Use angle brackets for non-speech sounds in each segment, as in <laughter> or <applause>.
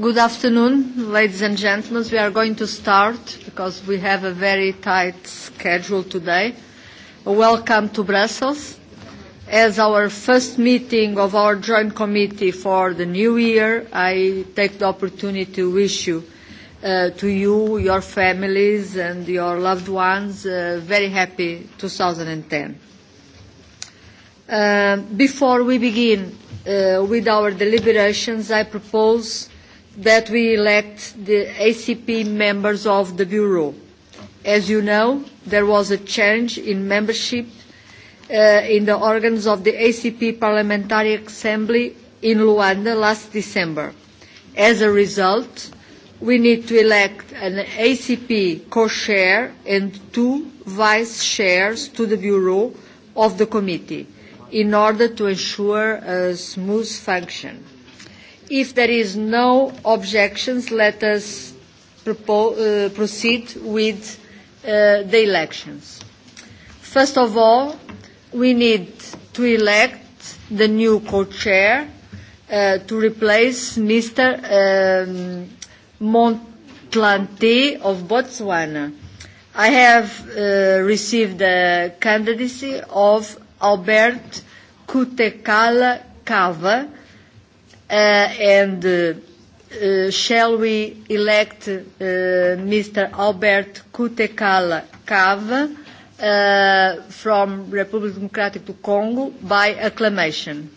Good afternoon, ladies and gentlemen. We are going to start because we have a very tight schedule today. Welcome to Brussels. As our first meeting of our joint committee for the new year, I take the opportunity to wish you, uh, to you, your families and your loved ones, a very happy 2010. Uh, before we begin uh, with our deliberations, I propose that we elect the ACP members of the Bureau. As you know, there was a change in membership uh, in the organs of the ACP Parliamentary Assembly in Luanda last December. As a result, we need to elect an ACP co-chair and two vice chairs to the Bureau of the Committee in order to ensure a smooth function. If there is no objections, let us uh, proceed with uh, the elections. First of all, we need to elect the new co-chair uh, to replace Mr. Um, Montlante of Botswana. I have uh, received the candidacy of Albert Kutekala Kava, uh, and uh, uh, shall we elect uh, Mr. Albert Kutekala Kava uh, from Republic Democratic to Congo by acclamation.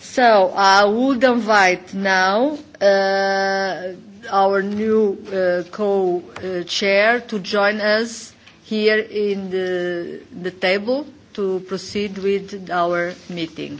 So I would invite now uh, our new uh, co-chair uh, to join us here in the, the table to proceed with our meeting.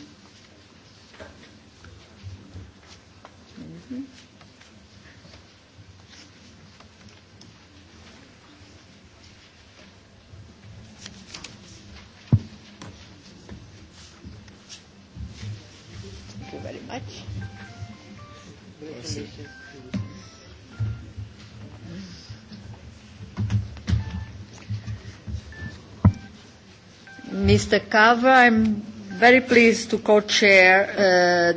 Mr. Carver. I'm very pleased to co-chair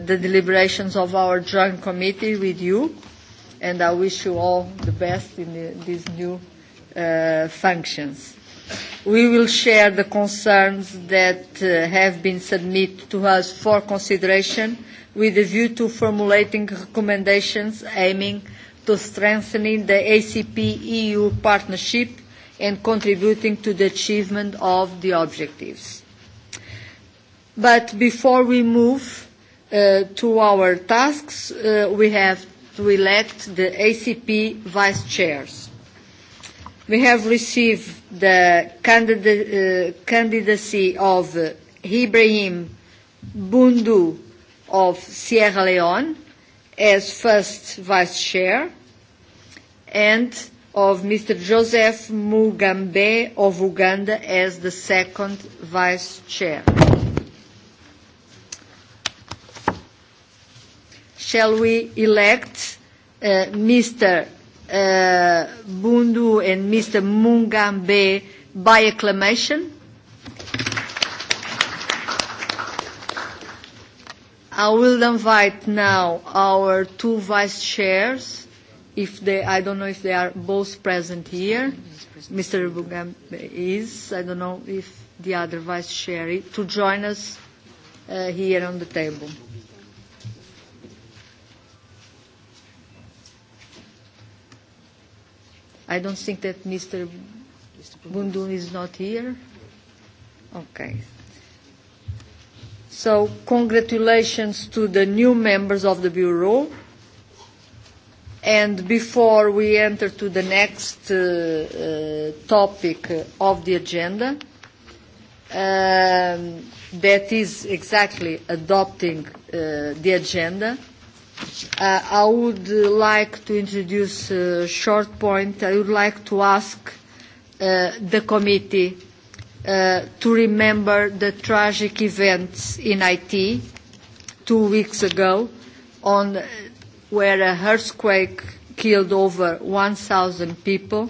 uh, the deliberations of our joint committee with you, and I wish you all the best in the, these new uh, functions. We will share the concerns that uh, have been submitted to us for consideration with a view to formulating recommendations aiming to strengthening the ACP-EU partnership and contributing to the achievement of the objectives. But before we move uh, to our tasks, uh, we have to elect the ACP vice chairs. We have received the candid uh, candidacy of uh, Ibrahim Bundu of Sierra Leone as first vice chair and of Mr. Joseph Mugambe of Uganda as the second vice chair. Shall we elect uh, Mr. Uh, Bundu and Mr. Mugambe by acclamation? I will invite now our two vice chairs if they, I don't know if they are both present here. Mr. Bugam is, I don't know if the other vice chair is, to join us uh, here on the table. I don't think that Mr. Bundun is not here. Okay. So congratulations to the new members of the Bureau And before we enter to the next uh, uh, topic of the agenda, um, that is exactly adopting uh, the agenda, uh, I would like to introduce a short point. I would like to ask uh, the committee uh, to remember the tragic events in IT two weeks ago on where a earthquake killed over 1,000 people,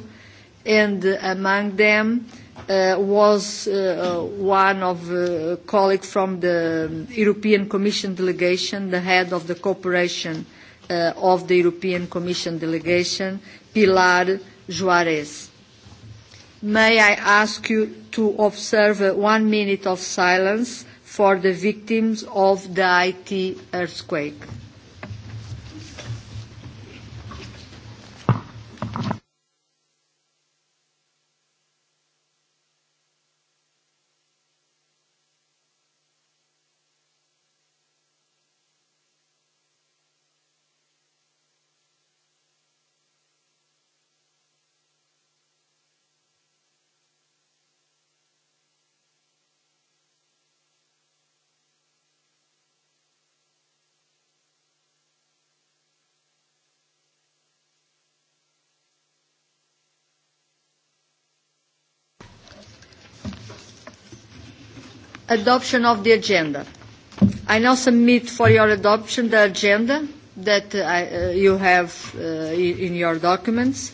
and among them uh, was uh, uh one of a uh, colleague from the European Commission delegation, the head of the cooperation uh, of the European Commission delegation, Pilar Juarez. May I ask you to observe uh, one minute of silence for the victims of the IT earthquake. adoption of the agenda. I now submit for your adoption the agenda that uh, uh you have uh, in your documents.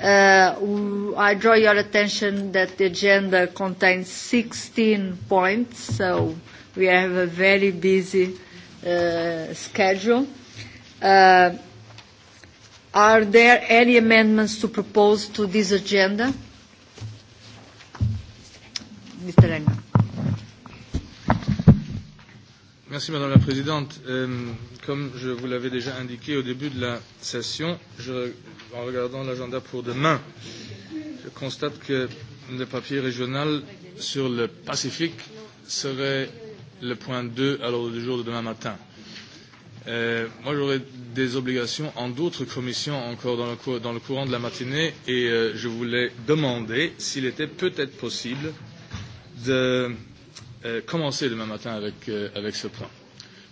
Uh, I draw your attention that the agenda contains 16 points, so we have a very busy uh, schedule. Uh, are there any amendments to propose to this agenda? Mr. Engel. Merci Madame la Présidente. Euh, comme je vous l'avais déjà indiqué au début de la session, je, en regardant l'agenda pour demain, je constate que le papier régional sur le Pacifique serait le point 2 à l'ordre du jour de demain matin. Euh, moi, j'aurai des obligations en d'autres commissions encore dans le, cours, dans le courant de la matinée et euh, je voulais demander s'il était peut-être possible de euh, commencer demain matin avec, euh, avec ce point.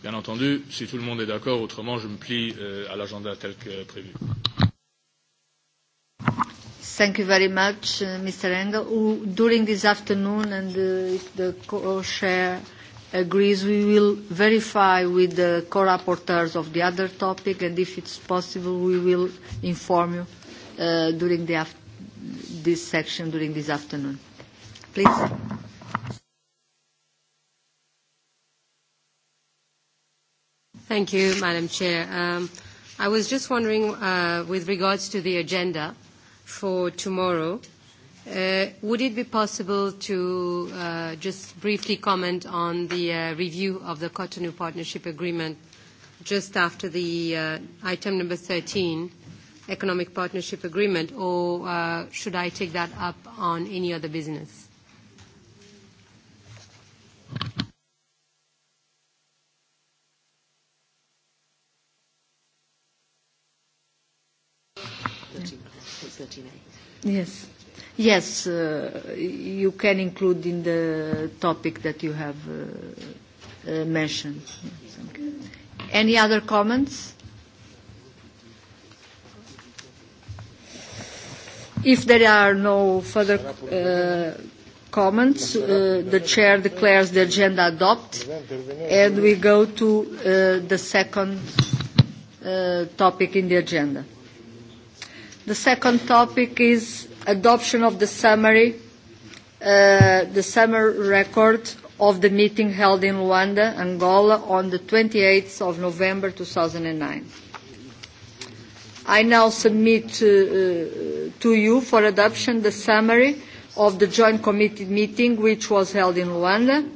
Bien entendu, si tout le monde est d'accord, autrement je me plie euh, à l'agenda tel que prévu. Thank you very much, uh, Mr. Engel. Who, during this afternoon, and uh, if the co-chair agrees, we will verify with the co-rapporteurs of the other topic, and if it's possible, we will inform you uh, during the this section during this afternoon. Please. Thank you, Madam Chair. Um, I was just wondering, uh, with regards to the agenda for tomorrow, uh, would it be possible to uh, just briefly comment on the uh, review of the Cotonou Partnership Agreement just after the uh, item number 13, Economic Partnership Agreement, or uh, should I take that up on any other business? 30 Yes. Yes, uh, you can include in the topic that you have uh, uh, mentioned. Yes, okay. Any other comments? If there are no further uh, comments, uh, the chair declares the agenda adopted, and we go to uh, the second uh, topic in the agenda. The second topic is adoption of the summary, uh, the summary record of the meeting held in Luanda, Angola, on the 28th of November 2009. I now submit uh, to you for adoption the summary of the joint committee meeting which was held in Luanda,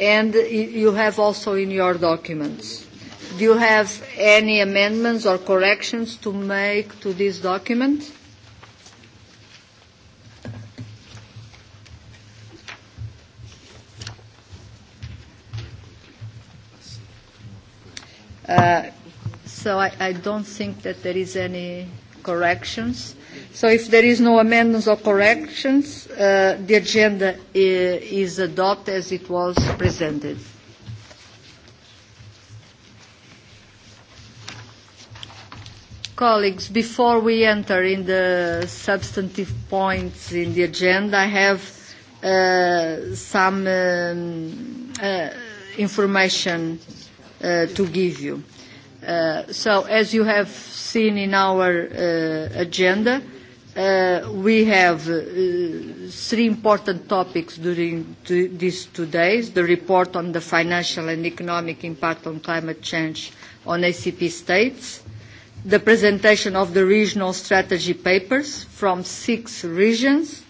and you have also in your documents. Do you have any amendments or corrections to make to this document? Uh, so I, I don't think that there is any corrections. So if there is no amendments or corrections, uh, the agenda is adopted as it was presented. Colleagues, before we enter in the substantive points in the agenda, I have uh, some um, uh, information uh, to give you. Uh, so, as you have seen in our uh, agenda, uh, we have uh, three important topics during to these two days, the report on the financial and economic impact on climate change on ACP states, the presentation of the regional strategy papers from six regions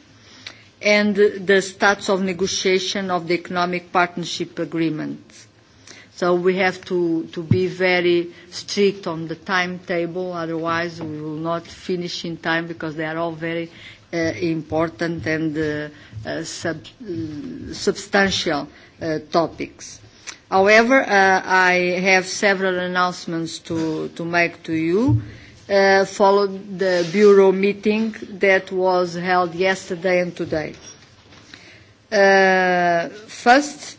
and the status of negotiation of the economic partnership agreement. So we have to, to be very strict on the timetable, otherwise we will not finish in time because they are all very uh, important and uh, uh, sub, uh, substantial uh, topics. However, uh, I have several announcements to, to make to you. Uh, the Bureau meeting that was held yesterday and today. Uh, first,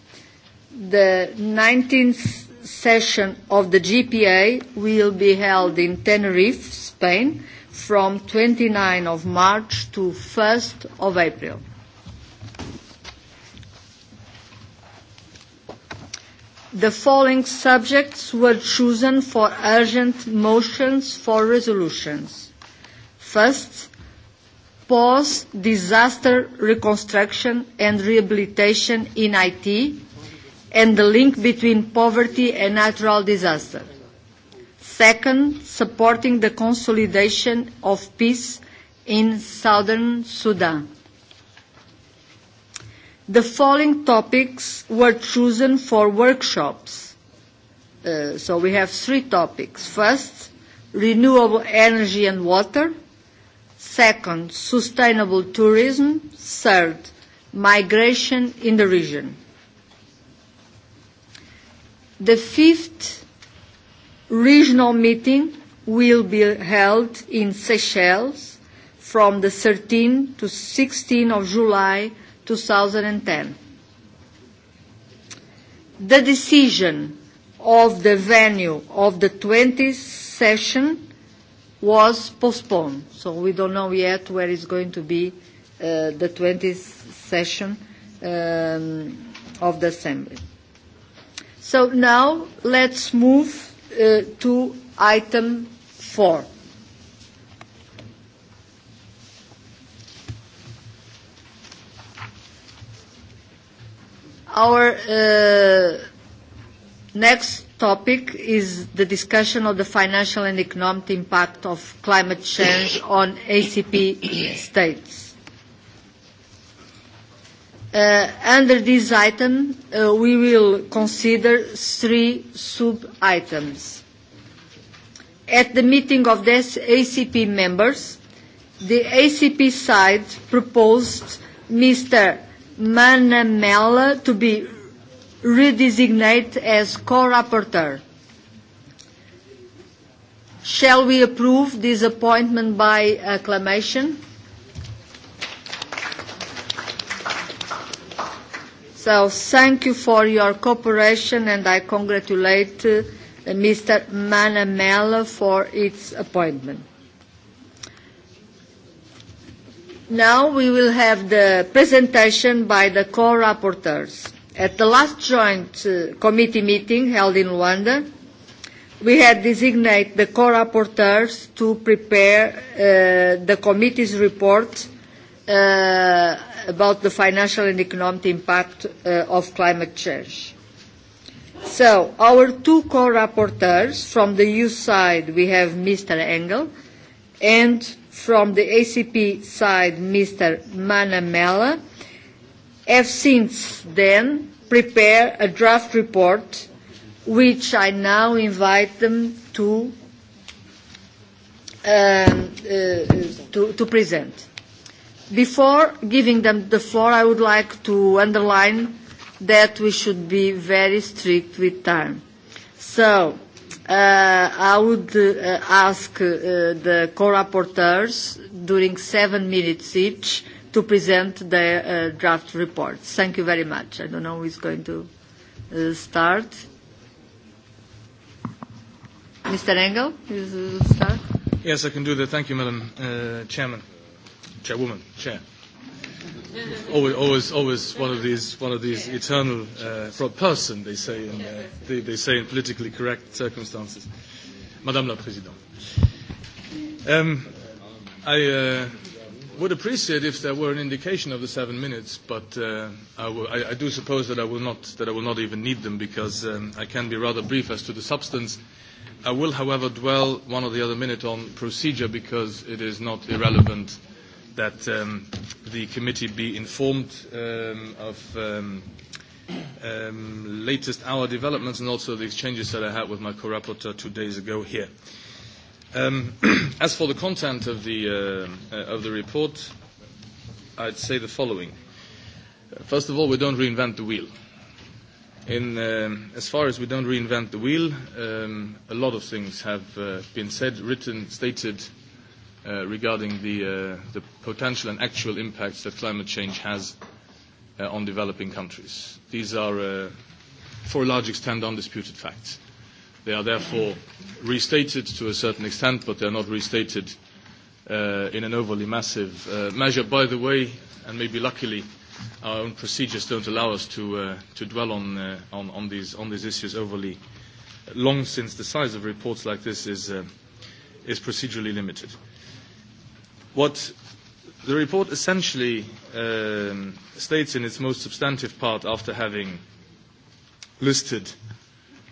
the 19th session of the GPA will be held in Tenerife, Spain, from 29 of March to 1st of April. the following subjects were chosen for urgent motions for resolutions. First, post-disaster reconstruction and rehabilitation in IT and the link between poverty and natural disaster. Second, supporting the consolidation of peace in southern Sudan. The following topics were chosen for workshops. Uh, so we have three topics. First, renewable energy and water. Second, sustainable tourism. Third, migration in the region. The fifth regional meeting will be held in Seychelles from the 13th to 16th of July 2010. The decision of the venue of the 20th session was postponed, so we don't know yet where is going to be uh, the 20th session um, of the Assembly. So now let's move uh, to item four Our uh, next topic is the discussion of the financial and economic impact of climate change on ACP <coughs> states. Uh, under this item, uh, we will consider three sub-items. At the meeting of the ACP members, the ACP side proposed Mr. Manamela to be redesignated as co-rapporteur. Shall we approve this appointment by acclamation? So thank you for your cooperation and I congratulate uh, Mr. Manamela for its appointment. Now we will have the presentation by the co-rapporteurs. At the last joint uh, committee meeting held in Luanda, we had designated the co-rapporteurs to prepare uh, the committee's report uh, about the financial and economic impact uh, of climate change. So, our two co-rapporteurs, from the EU side, we have Mr. Engel, and from the ACP side, Mr. Manamela, have since then prepared a draft report, which I now invite them to, um, uh, to, to present. Before giving them the floor, I would like to underline that we should be very strict with time. So, Uh, I would uh, ask uh, the co-rapporteurs during seven minutes each to present their uh, draft reports. Thank you very much. I don't know who is going to uh, start. Mr. Engel, you start. Yes, I can do that. Thank you, Madam uh, Chairman, Chairwoman, Chair. Uh, always, always, always one of these, one of these eternal uh, person, they say, in, uh, they, they say in politically correct circumstances. Madame la Présidente. Um, I uh, would appreciate if there were an indication of the seven minutes, but uh, I, will, I, I do suppose that I will not, that I will not even need them because um, I can be rather brief as to the substance. I will, however, dwell one or the other minute on procedure because it is not irrelevant that um, the committee be informed um, of um, um, latest hour developments and also the exchanges that I had with my co-rapporteur two days ago here. Um, <clears throat> as for the content of the, uh, uh, of the report, I'd say the following. First of all, we don't reinvent the wheel. In, um, as far as we don't reinvent the wheel, um, a lot of things have uh, been said, written, stated, uh, regarding the, uh, the potential and actual impacts that climate change has uh, on developing countries. These are, uh, for a large extent, undisputed facts. They are therefore restated to a certain extent, but they are not restated uh, in an overly massive uh, measure. By the way, and maybe luckily, our own procedures don't allow us to, uh, to dwell on, uh, on, on, these, on these issues overly long, since the size of reports like this is, uh, is procedurally limited. What the report essentially um, states in its most substantive part, after having listed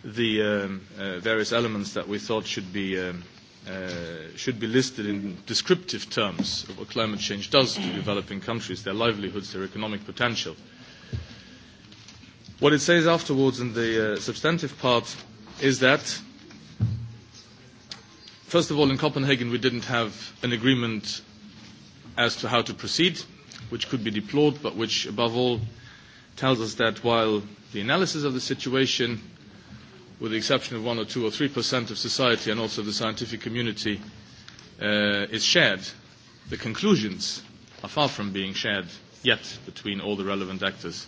the um, uh, various elements that we thought should be, um, uh, should be listed in descriptive terms of what climate change does to developing countries, their livelihoods, their economic potential. What it says afterwards in the uh, substantive part is that First of all, in Copenhagen, we didn't have an agreement as to how to proceed, which could be deplored, but which, above all, tells us that while the analysis of the situation, with the exception of one or two or three percent of society and also the scientific community, uh, is shared, the conclusions are far from being shared yet between all the relevant actors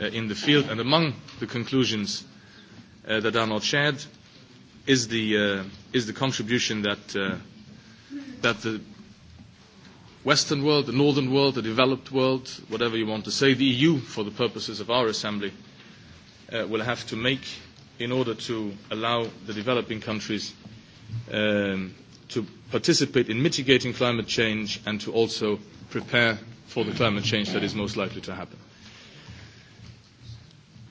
uh, in the field. And among the conclusions uh, that are not shared is the, uh, is the contribution that, uh, that the Western world, the Northern world, the developed world, whatever you want to say, the EU, for the purposes of our assembly, uh, will have to make in order to allow the developing countries um, to participate in mitigating climate change and to also prepare for the climate change that is most likely to happen.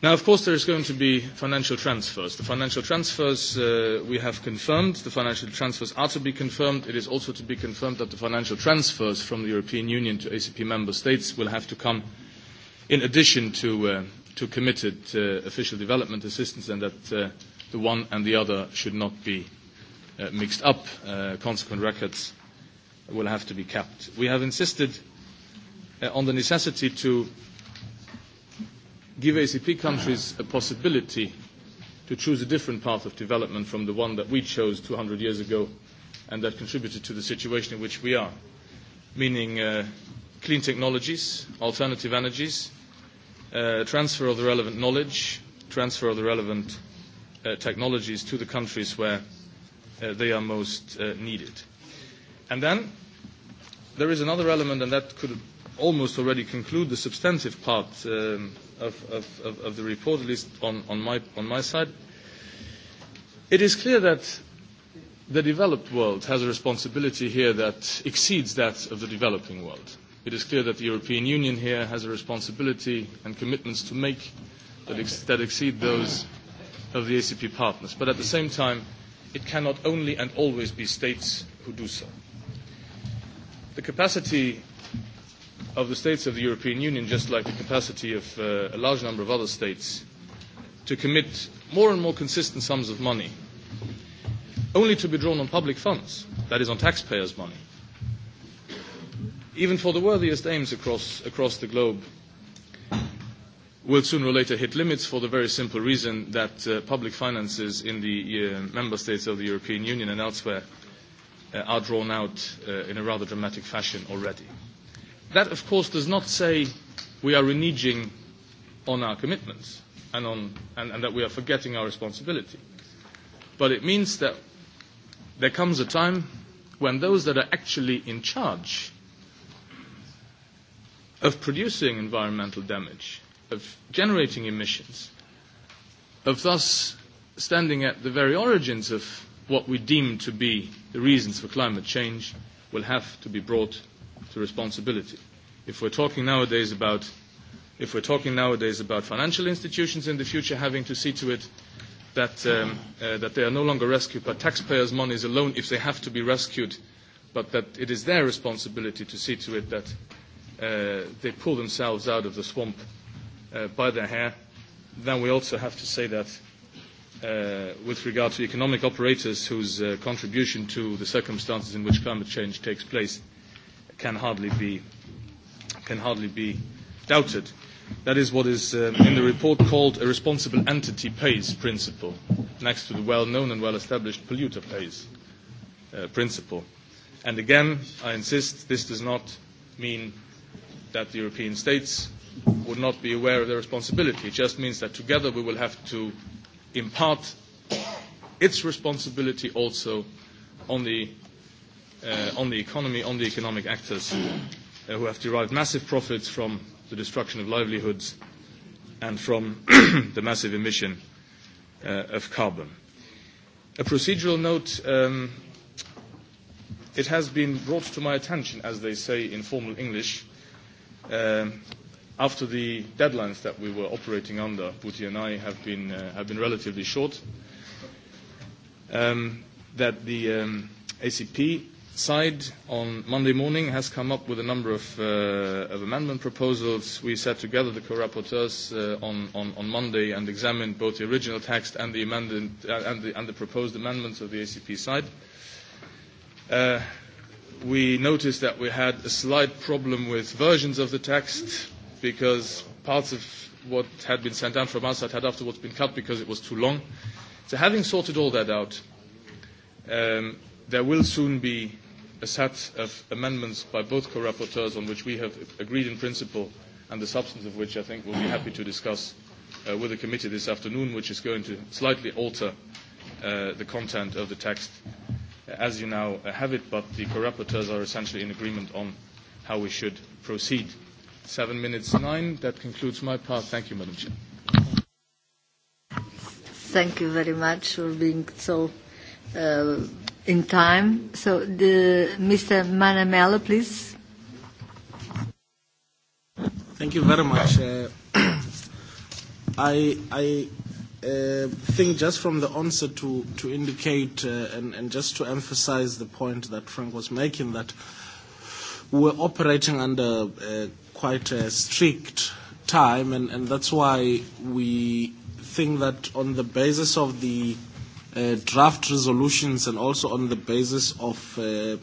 Now, of course, there is going to be financial transfers. The financial transfers uh, we have confirmed. The financial transfers are to be confirmed. It is also to be confirmed that the financial transfers from the European Union to ACP member states will have to come in addition to, uh, to committed uh, official development assistance and that uh, the one and the other should not be uh, mixed up. Uh, consequent records will have to be kept. We have insisted uh, on the necessity to give ACP countries a possibility to choose a different path of development from the one that we chose 200 years ago and that contributed to the situation in which we are, meaning uh, clean technologies, alternative energies, uh, transfer of the relevant knowledge, transfer of the relevant uh, technologies to the countries where uh, they are most uh, needed. And then there is another element, and that could almost already conclude the substantive part um, of, of, of the report, at least on, on, my, on my side. It is clear that the developed world has a responsibility here that exceeds that of the developing world. It is clear that the European Union here has a responsibility and commitments to make that, ex that exceed those of the ACP partners. But at the same time, it cannot only and always be states who do so. The capacity of the states of the European Union, just like the capacity of uh, a large number of other states, to commit more and more consistent sums of money, only to be drawn on public funds, that is, on taxpayers' money. Even for the worthiest aims across, across the globe, will sooner or later hit limits for the very simple reason that uh, public finances in the uh, member states of the European Union and elsewhere uh, are drawn out uh, in a rather dramatic fashion already. That, of course, does not say we are reneging on our commitments and, on, and, and that we are forgetting our responsibility. But it means that there comes a time when those that are actually in charge of producing environmental damage, of generating emissions, of thus standing at the very origins of what we deem to be the reasons for climate change will have to be brought to responsibility. If we're talking nowadays about if we're talking nowadays about financial institutions in the future having to see to it that, um, uh, that they are no longer rescued by taxpayers' monies alone if they have to be rescued, but that it is their responsibility to see to it that uh, they pull themselves out of the swamp uh, by their hair, then we also have to say that uh, with regard to economic operators whose uh, contribution to the circumstances in which climate change takes place can hardly be, can hardly be doubted. That is what is uh, in the report called a responsible entity pays principle, next to the well-known and well-established polluter pays uh, principle. And again, I insist, this does not mean that the European states would not be aware of their responsibility. It just means that together we will have to impart its responsibility also on the uh, on the economy, on the economic actors uh, who have derived massive profits from the destruction of livelihoods and from <clears throat> the massive emission uh, of carbon. A procedural note, um, it has been brought to my attention, as they say in formal English, uh, after the deadlines that we were operating under, buti and I have been, uh, have been relatively short, um, that the um, ACP side on Monday morning has come up with a number of, uh, of amendment proposals. We sat together, the co-rapporteurs, uh, on, on, on Monday and examined both the original text and the, amendment, uh, and the, and the proposed amendments of the ACP side. Uh, we noticed that we had a slight problem with versions of the text because parts of what had been sent down from us had afterwards been cut because it was too long. So having sorted all that out, um, there will soon be a set of amendments by both co-rapporteurs on which we have agreed in principle and the substance of which I think we'll be happy to discuss uh, with the committee this afternoon, which is going to slightly alter uh, the content of the text as you now have it, but the co-rapporteurs are essentially in agreement on how we should proceed. Seven minutes nine. That concludes my part. Thank you, Madam Chair. Thank you very much for being so uh, in time. So the, Mr. Manamela, please. Thank you very much. Uh, <clears throat> I, I uh, think just from the onset to, to indicate uh, and, and just to emphasize the point that Frank was making that we're operating under quite a strict time and, and that's why we think that on the basis of the uh, draft resolutions and also on the basis of uh, uh,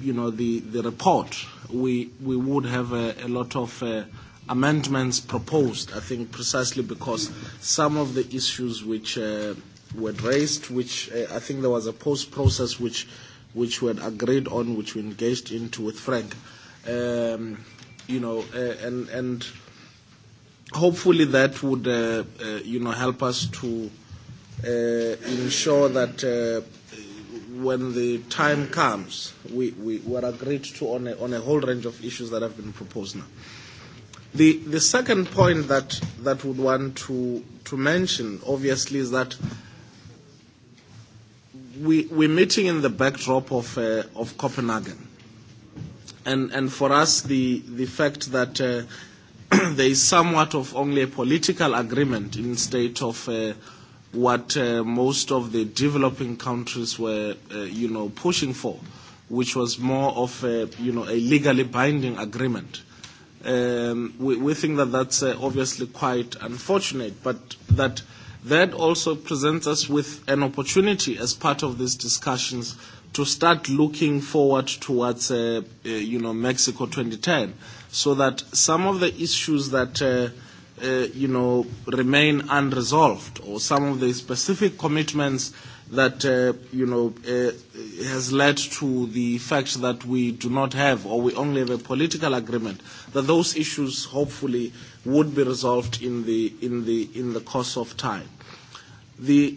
you know the, the report we we would have a, a lot of uh, amendments proposed I think precisely because some of the issues which uh, were raised which uh, I think there was a post process which which we had agreed on which we engaged into with Frank um, you know uh, and and hopefully that would uh, uh, you know help us to uh, ensure that uh, when the time comes, we, we, we are agreed to on a, on a whole range of issues that have been proposed now. The, the second point that, that would want to, to mention, obviously, is that we, we're meeting in the backdrop of, uh, of Copenhagen. And, and for us, the, the fact that uh, <clears throat> there is somewhat of only a political agreement in state of uh, what uh, most of the developing countries were, uh, you know, pushing for, which was more of a, you know, a legally binding agreement. Um, we, we think that that's uh, obviously quite unfortunate, but that that also presents us with an opportunity as part of these discussions to start looking forward towards, uh, uh, you know, Mexico 2010, so that some of the issues that uh, uh, you know, remain unresolved or some of the specific commitments that, uh, you know, uh, has led to the fact that we do not have or we only have a political agreement, that those issues hopefully would be resolved in the, in the, in the course of time. The,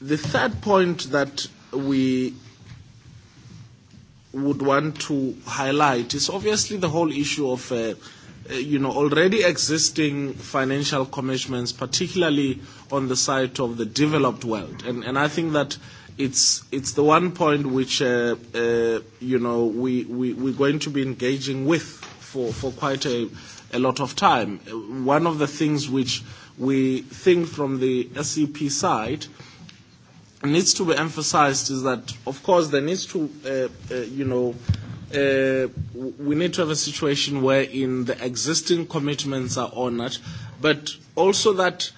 the third point that we would want to highlight is obviously the whole issue of uh, Uh, you know, already existing financial commitments, particularly on the side of the developed world. And, and I think that it's, it's the one point which, uh, uh, you know, we, we, we're going to be engaging with for, for quite a, a lot of time. Uh, one of the things which we think from the SEP side needs to be emphasized is that, of course, there needs to, uh, uh, you know, uh, we need to have a situation wherein the existing commitments are honoured, but also that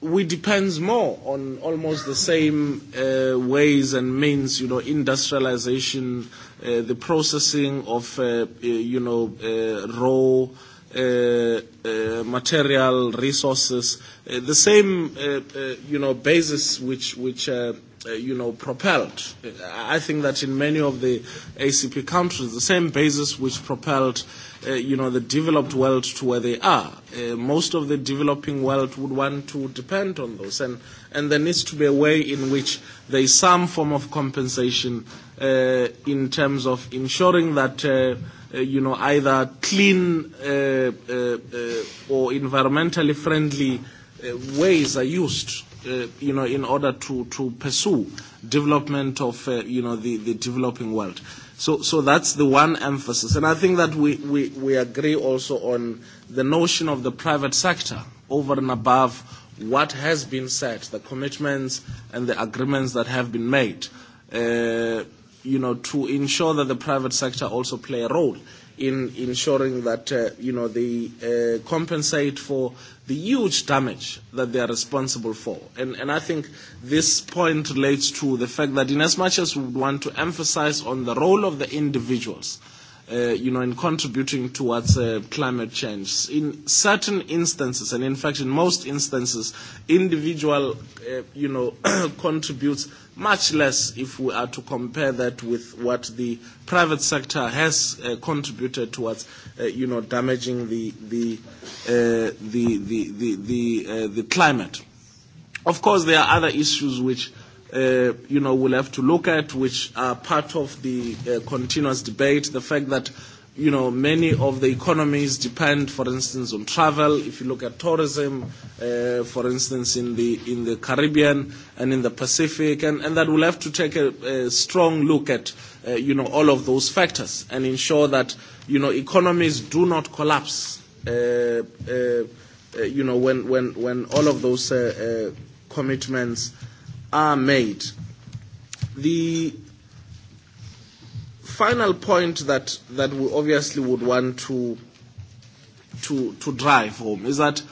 we depends more on almost the same uh, ways and means, you know, industrialization, uh, the processing of, uh, you know, uh, raw uh, uh, material resources, uh, the same, uh, uh, you know, basis which, which uh, uh, you know, propelled. I think that in many of the ACP countries, the same basis which propelled, uh, you know, the developed world to where they are. Uh, most of the developing world would want to depend on those, and, and there needs to be a way in which there is some form of compensation uh, in terms of ensuring that. Uh, Uh, you know, either clean uh, uh, uh, or environmentally friendly uh, ways are used uh, you know, in order to, to pursue development of, uh, you know, the, the developing world. So, so that's the one emphasis. And I think that we, we, we agree also on the notion of the private sector over and above what has been said, the commitments and the agreements that have been made, uh, you know, to ensure that the private sector also play a role in ensuring that uh, you know they uh, compensate for the huge damage that they are responsible for. And, and I think this point relates to the fact that in as much as we want to emphasize on the role of the individuals, uh, Uh, you know, in contributing towards uh, climate change. In certain instances, and in fact, in most instances, individual, uh, you know, <coughs> contributes much less if we are to compare that with what the private sector has uh, contributed towards, uh, you know, damaging the the uh, the the the the, uh, the climate. Of course, there are other issues which uh, you know, we'll have to look at, which are part of the uh, continuous debate. The fact that, you know, many of the economies depend, for instance, on travel. If you look at tourism, uh, for instance, in the in the Caribbean and in the Pacific, and, and that we'll have to take a, a strong look at, uh, you know, all of those factors and ensure that, you know, economies do not collapse. Uh, uh, uh, you know, when, when, when all of those uh, uh, commitments uh, are made. The final point that, that we obviously would want to, to, to drive home is that,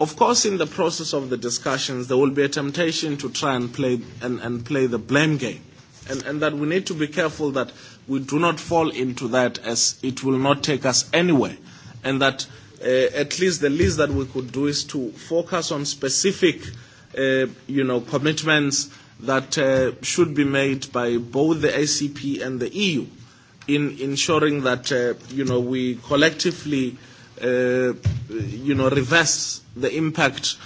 of course, in the process of the discussions, there will be a temptation to try and play, and, and play the blame game. And, and that we need to be careful that we do not fall into that as it will not take us anywhere. And that uh, at least the least that we could do is to focus on specific uh, Uh, you know, commitments that uh, should be made by both the ACP and the EU in ensuring that, uh, you know, we collectively, uh, you know, reverse the impact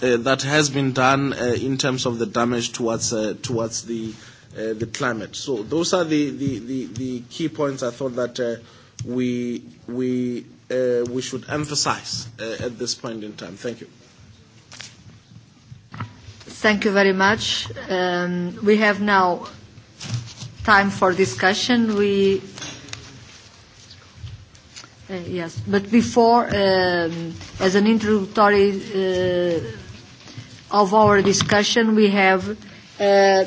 uh, that has been done uh, in terms of the damage towards, uh, towards the, uh, the climate. So those are the, the, the, the key points I thought that uh, we, we, uh, we should emphasize uh, at this point in time. Thank you. Thank you very much. Um, we have now time for discussion. We, uh, yes, but before, um, as an introductory uh, of our discussion, we have uh,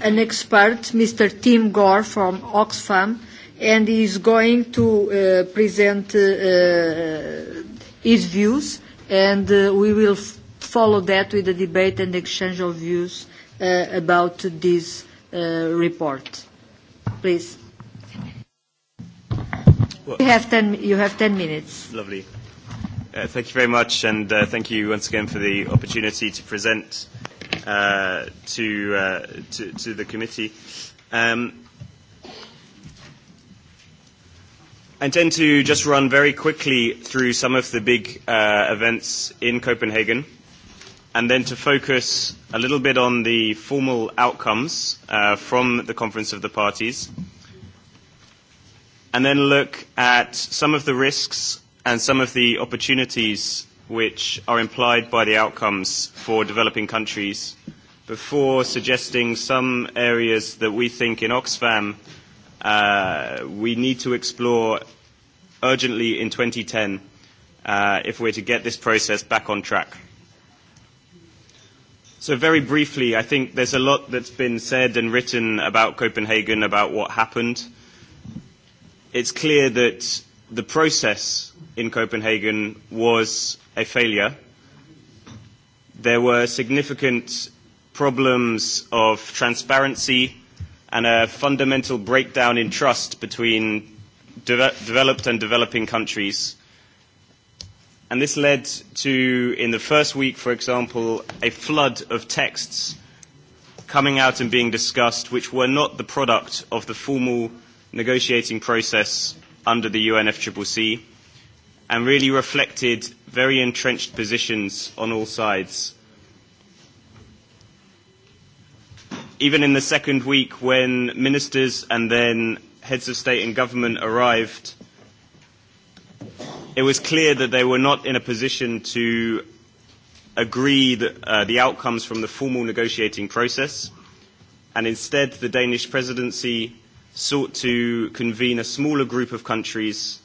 an expert, Mr. Tim Gore from Oxfam, and he is going to uh, present uh, uh, his views, and uh, we will follow that with a debate and exchange of views uh, about this uh, report. Please. Well, you, have ten, you have 10 minutes. Lovely. Uh, thank you very much, and uh, thank you once again for the opportunity to present uh, to, uh, to, to the committee. Um, I intend to just run very quickly through some of the big uh, events in Copenhagen and then to focus a little bit on the formal outcomes uh, from the Conference of the Parties, and then look at some of the risks and some of the opportunities which are implied by the outcomes for developing countries before suggesting some areas that we think in Oxfam uh, we need to explore urgently in 2010 uh, if we're to get this process back on track. So very briefly, I think there's a lot that's been said and written about Copenhagen, about what happened. It's clear that the process in Copenhagen was a failure. There were significant problems of transparency and a fundamental breakdown in trust between de developed and developing countries And this led to, in the first week, for example, a flood of texts coming out and being discussed, which were not the product of the formal negotiating process under the UNFCCC, and really reflected very entrenched positions on all sides. Even in the second week, when ministers and then heads of state and government arrived, it was clear that they were not in a position to agree the, uh, the outcomes from the formal negotiating process, and instead the Danish presidency sought to convene a smaller group of countries,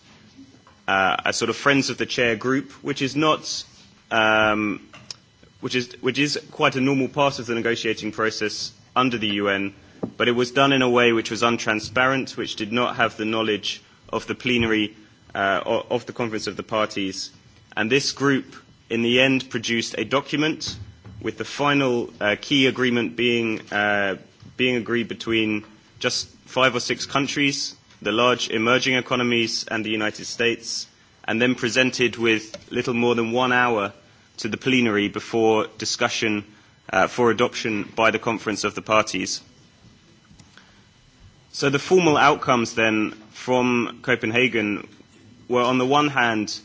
uh, a sort of friends of the chair group, which is not, um, which is which is quite a normal part of the negotiating process under the UN, but it was done in a way which was untransparent, which did not have the knowledge of the plenary uh, of the Conference of the Parties. And this group, in the end, produced a document with the final uh, key agreement being, uh, being agreed between just five or six countries, the large emerging economies, and the United States, and then presented with little more than one hour to the plenary before discussion uh, for adoption by the Conference of the Parties. So the formal outcomes then from Copenhagen were, on the one hand,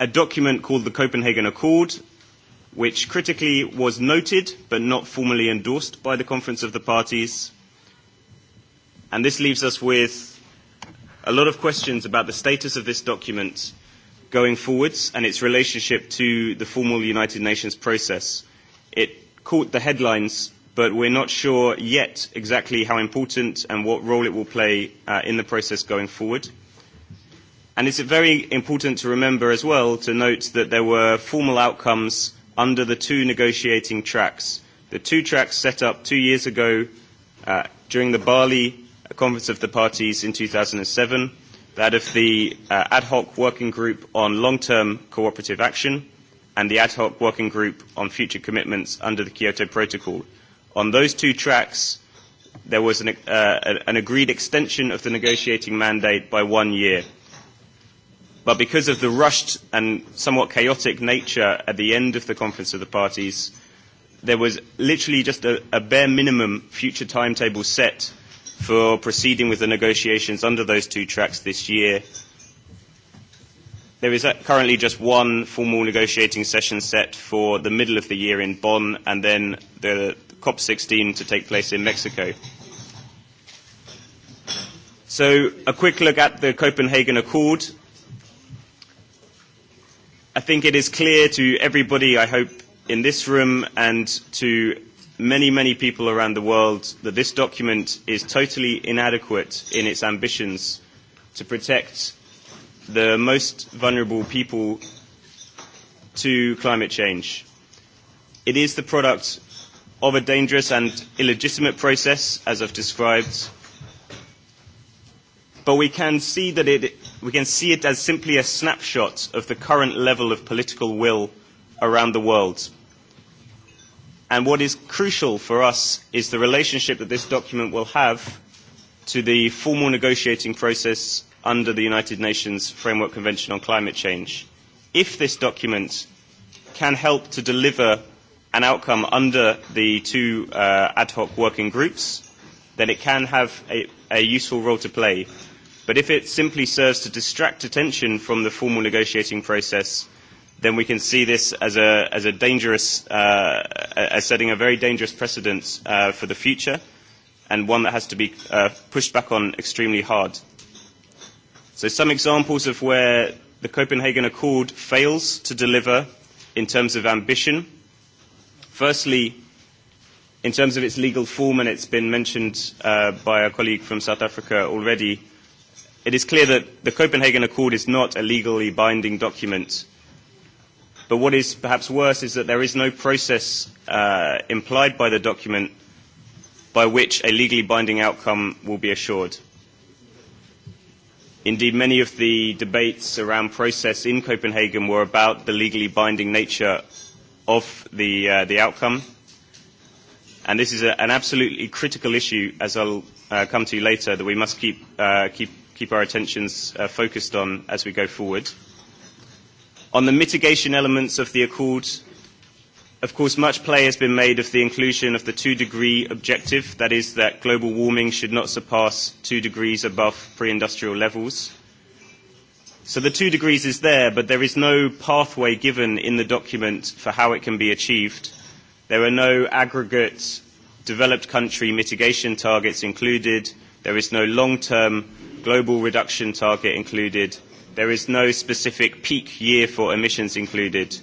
a document called the Copenhagen Accord, which critically was noted but not formally endorsed by the Conference of the Parties. And this leaves us with a lot of questions about the status of this document going forwards and its relationship to the formal United Nations process. It caught the headlines, but we're not sure yet exactly how important and what role it will play uh, in the process going forward. And it's very important to remember as well to note that there were formal outcomes under the two negotiating tracks. The two tracks set up two years ago uh, during the Bali Conference of the Parties in 2007, that of the uh, ad hoc working group on long-term cooperative action and the ad hoc working group on future commitments under the Kyoto Protocol. On those two tracks, there was an, uh, an agreed extension of the negotiating mandate by one year But because of the rushed and somewhat chaotic nature at the end of the Conference of the Parties, there was literally just a, a bare minimum future timetable set for proceeding with the negotiations under those two tracks this year. There is currently just one formal negotiating session set for the middle of the year in Bonn and then the COP16 to take place in Mexico. So a quick look at the Copenhagen Accord. I think it is clear to everybody, I hope, in this room and to many, many people around the world that this document is totally inadequate in its ambitions to protect the most vulnerable people to climate change. It is the product of a dangerous and illegitimate process, as I've described, but we can see that it we can see it as simply a snapshot of the current level of political will around the world. And what is crucial for us is the relationship that this document will have to the formal negotiating process under the United Nations Framework Convention on Climate Change. If this document can help to deliver an outcome under the two uh, ad hoc working groups, then it can have a, a useful role to play But if it simply serves to distract attention from the formal negotiating process, then we can see this as a, as a dangerous, uh, as setting a very dangerous precedent uh, for the future, and one that has to be uh, pushed back on extremely hard. So some examples of where the Copenhagen Accord fails to deliver in terms of ambition. Firstly, in terms of its legal form, and it's been mentioned uh, by a colleague from South Africa already, It is clear that the Copenhagen Accord is not a legally binding document. But what is perhaps worse is that there is no process uh, implied by the document by which a legally binding outcome will be assured. Indeed, many of the debates around process in Copenhagen were about the legally binding nature of the, uh, the outcome. And this is a, an absolutely critical issue, as I'll uh, come to later, that we must keep, uh, keep keep our attentions uh, focused on as we go forward. On the mitigation elements of the Accord, of course, much play has been made of the inclusion of the two-degree objective, that is, that global warming should not surpass two degrees above pre-industrial levels. So the two degrees is there, but there is no pathway given in the document for how it can be achieved. There are no aggregate developed country mitigation targets included. There is no long-term global reduction target included. There is no specific peak year for emissions included,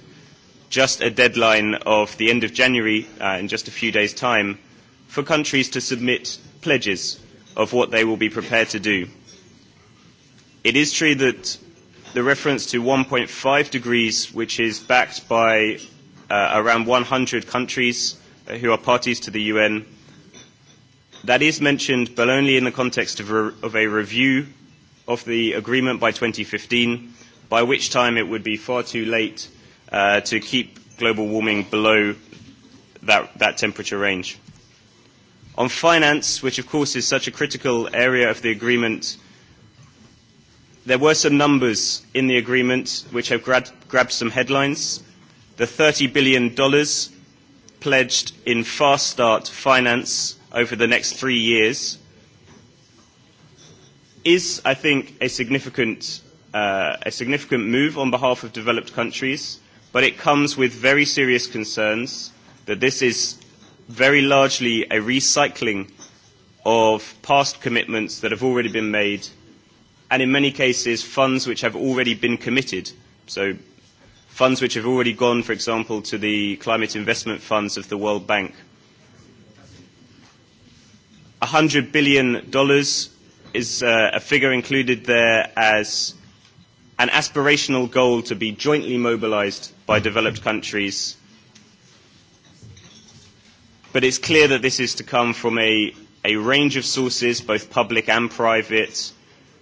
just a deadline of the end of January uh, in just a few days' time for countries to submit pledges of what they will be prepared to do. It is true that the reference to 1.5 degrees, which is backed by uh, around 100 countries uh, who are parties to the UN, That is mentioned, but only in the context of, a, of a review of the agreement by 2015, by which time it would be far too late uh, to keep global warming below that, that temperature range. On finance, which of course is such a critical area of the agreement, there were some numbers in the agreement which have grab grabbed some headlines. The $30 billion pledged in Fast Start finance over the next three years is, I think, a significant, uh, a significant move on behalf of developed countries, but it comes with very serious concerns that this is very largely a recycling of past commitments that have already been made, and in many cases, funds which have already been committed. So funds which have already gone, for example, to the climate investment funds of the World Bank – $100 billion dollars is uh, a figure included there as an aspirational goal to be jointly mobilized by developed countries. But it's clear that this is to come from a, a range of sources, both public and private.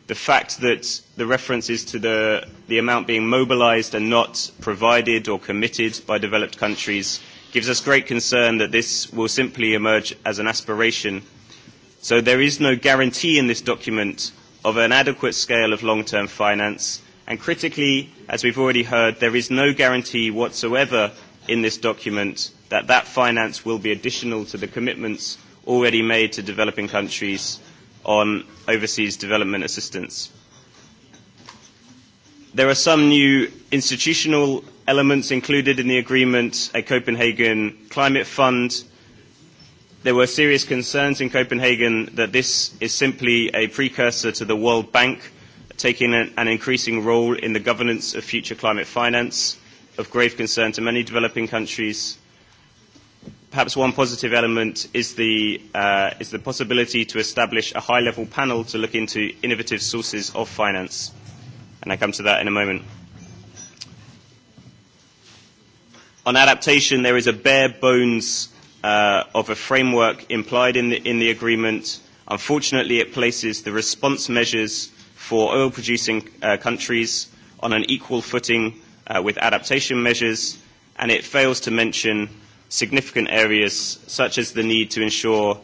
The fact that the reference is to the, the amount being mobilized and not provided or committed by developed countries gives us great concern that this will simply emerge as an aspiration So there is no guarantee in this document of an adequate scale of long-term finance. And critically, as we've already heard, there is no guarantee whatsoever in this document that that finance will be additional to the commitments already made to developing countries on overseas development assistance. There are some new institutional elements included in the agreement, a Copenhagen Climate Fund, There were serious concerns in Copenhagen that this is simply a precursor to the World Bank taking an, an increasing role in the governance of future climate finance, of grave concern to many developing countries. Perhaps one positive element is the, uh, is the possibility to establish a high-level panel to look into innovative sources of finance. And I come to that in a moment. On adaptation, there is a bare bones uh, of a framework implied in the, in the agreement. Unfortunately, it places the response measures for oil-producing uh, countries on an equal footing uh, with adaptation measures, and it fails to mention significant areas such as the need to ensure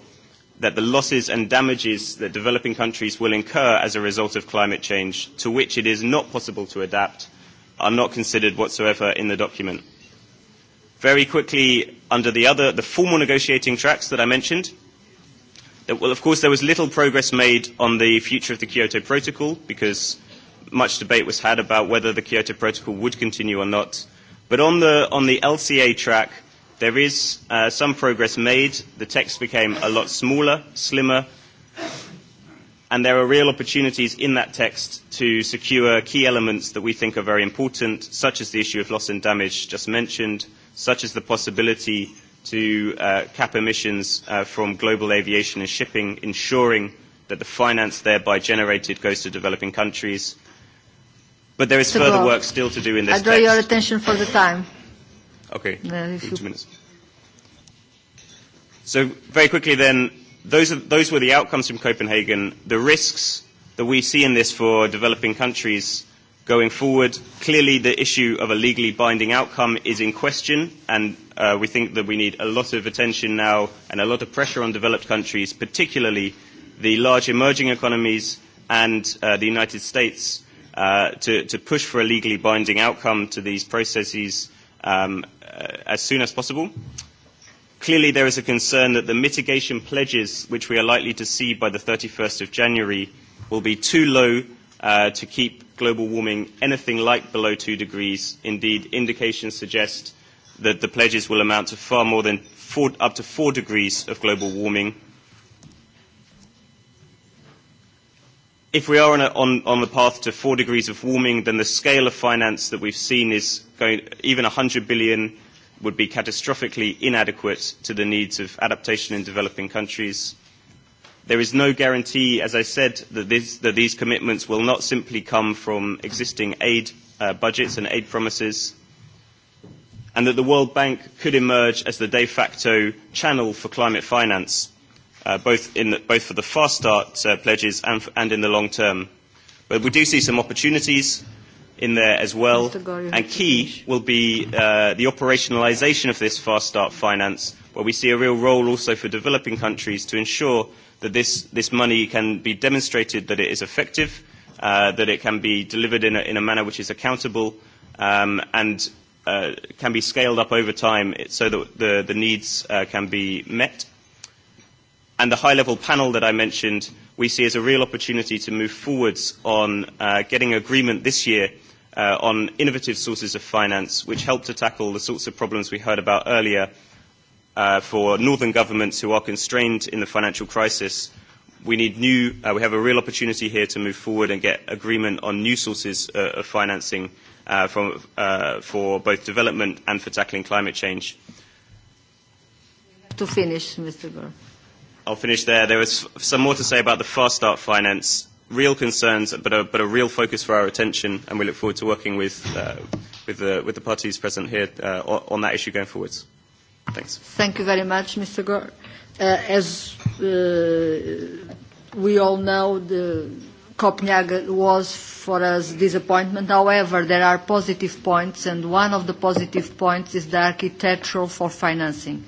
that the losses and damages that developing countries will incur as a result of climate change, to which it is not possible to adapt, are not considered whatsoever in the document. Very quickly, under the other, the formal negotiating tracks that I mentioned, well, of course, there was little progress made on the future of the Kyoto Protocol because much debate was had about whether the Kyoto Protocol would continue or not. But on the, on the LCA track, there is uh, some progress made. The text became a lot smaller, slimmer, and there are real opportunities in that text to secure key elements that we think are very important, such as the issue of loss and damage just mentioned, such as the possibility to uh, cap emissions uh, from global aviation and shipping, ensuring that the finance thereby generated goes to developing countries. But there is to further work still to do in this I draw text. your attention for the time. Okay, uh, two minutes. So very quickly then, those, are, those were the outcomes from Copenhagen. The risks that we see in this for developing countries going forward, clearly the issue of a legally binding outcome is in question, and uh, we think that we need a lot of attention now and a lot of pressure on developed countries, particularly the large emerging economies and uh, the United States, uh, to, to push for a legally binding outcome to these processes um, uh, as soon as possible. Clearly, there is a concern that the mitigation pledges, which we are likely to see by the 31st of January, will be too low uh, to keep global warming anything like below two degrees. Indeed, indications suggest that the pledges will amount to far more than four, up to four degrees of global warming. If we are on, a, on, on the path to four degrees of warming, then the scale of finance that we've seen is going even 100 billion would be catastrophically inadequate to the needs of adaptation in developing countries. There is no guarantee, as I said, that, this, that these commitments will not simply come from existing aid uh, budgets and aid promises, and that the World Bank could emerge as the de facto channel for climate finance, uh, both, in the, both for the Fast Start uh, pledges and, and in the long term. But we do see some opportunities in there as well. and key will be uh, the operationalisation of this fast start finance, where we see a real role also for developing countries to ensure that this, this money can be demonstrated that it is effective, uh, that it can be delivered in a, in a manner which is accountable, um, and uh, can be scaled up over time so that the, the needs uh, can be met. And the high-level panel that I mentioned we see as a real opportunity to move forwards on uh, getting agreement this year uh, on innovative sources of finance, which help to tackle the sorts of problems we heard about earlier uh, for northern governments who are constrained in the financial crisis. We need new, uh, we have a real opportunity here to move forward and get agreement on new sources uh, of financing uh, from, uh, for both development and for tackling climate change. To finish, Mr. Gore. I'll finish there. There was some more to say about the Fast Start finance real concerns, but a, but a real focus for our attention, and we look forward to working with, uh, with, the, with the parties present here uh, on that issue going forwards. Thanks. Thank you very much, Mr. Gore. Uh, as uh, we all know, the Copenhagen was for us disappointment. However, there are positive points, and one of the positive points is the architectural for financing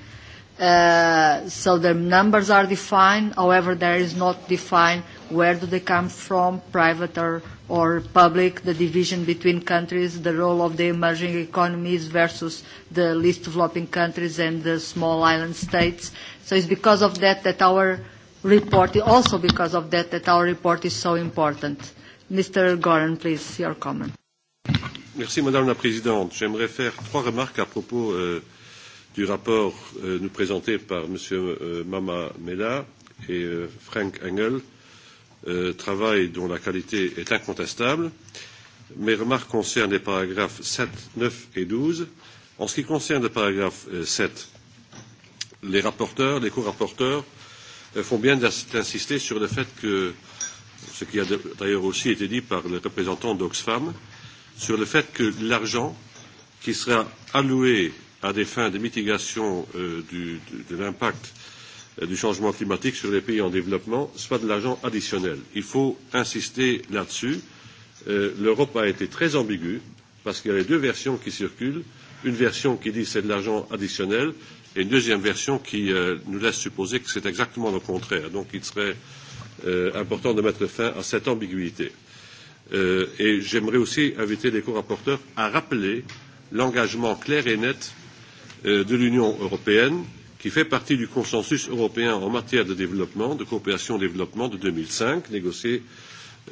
Uh, so the numbers are defined, however, there is not defined where do they come from, private or, or public, the division between countries, the role of the emerging economies versus the least developing countries and the small island states. So it's because of that that our report, also because of that, that our report is so important. Mr. Goran, please, your comment. Merci, Madame la Présidente. J'aimerais faire trois remarques à propos euh, du rapport euh, nous présenté par M. Euh, Mama Mela et euh, Frank Engel, euh, travail dont la qualité est incontestable. Mes remarques concernent les paragraphes 7, 9 et 12. En ce qui concerne le paragraphe euh, 7, les rapporteurs, les co-rapporteurs euh, font bien d'insister sur le fait que, ce qui a d'ailleurs aussi été dit par le représentant d'Oxfam, sur le fait que l'argent qui sera alloué à des fins de mitigation euh, du, de, l'impact euh, du changement climatique sur les pays en développement, soit de l'argent additionnel. Il faut insister là-dessus. Euh, L'Europe a été très ambiguë parce qu'il y a les deux versions qui circulent. Une version qui dit que c'est de l'argent additionnel et une deuxième version qui euh, nous laisse supposer que c'est exactement le contraire. Donc il serait euh, important de mettre fin à cette ambiguïté. Euh, et j'aimerais aussi inviter les co-rapporteurs à rappeler l'engagement clair et net Euh, de l'Union européenne qui fait partie du consensus européen en matière de développement, de coopération au développement de 2005, négocié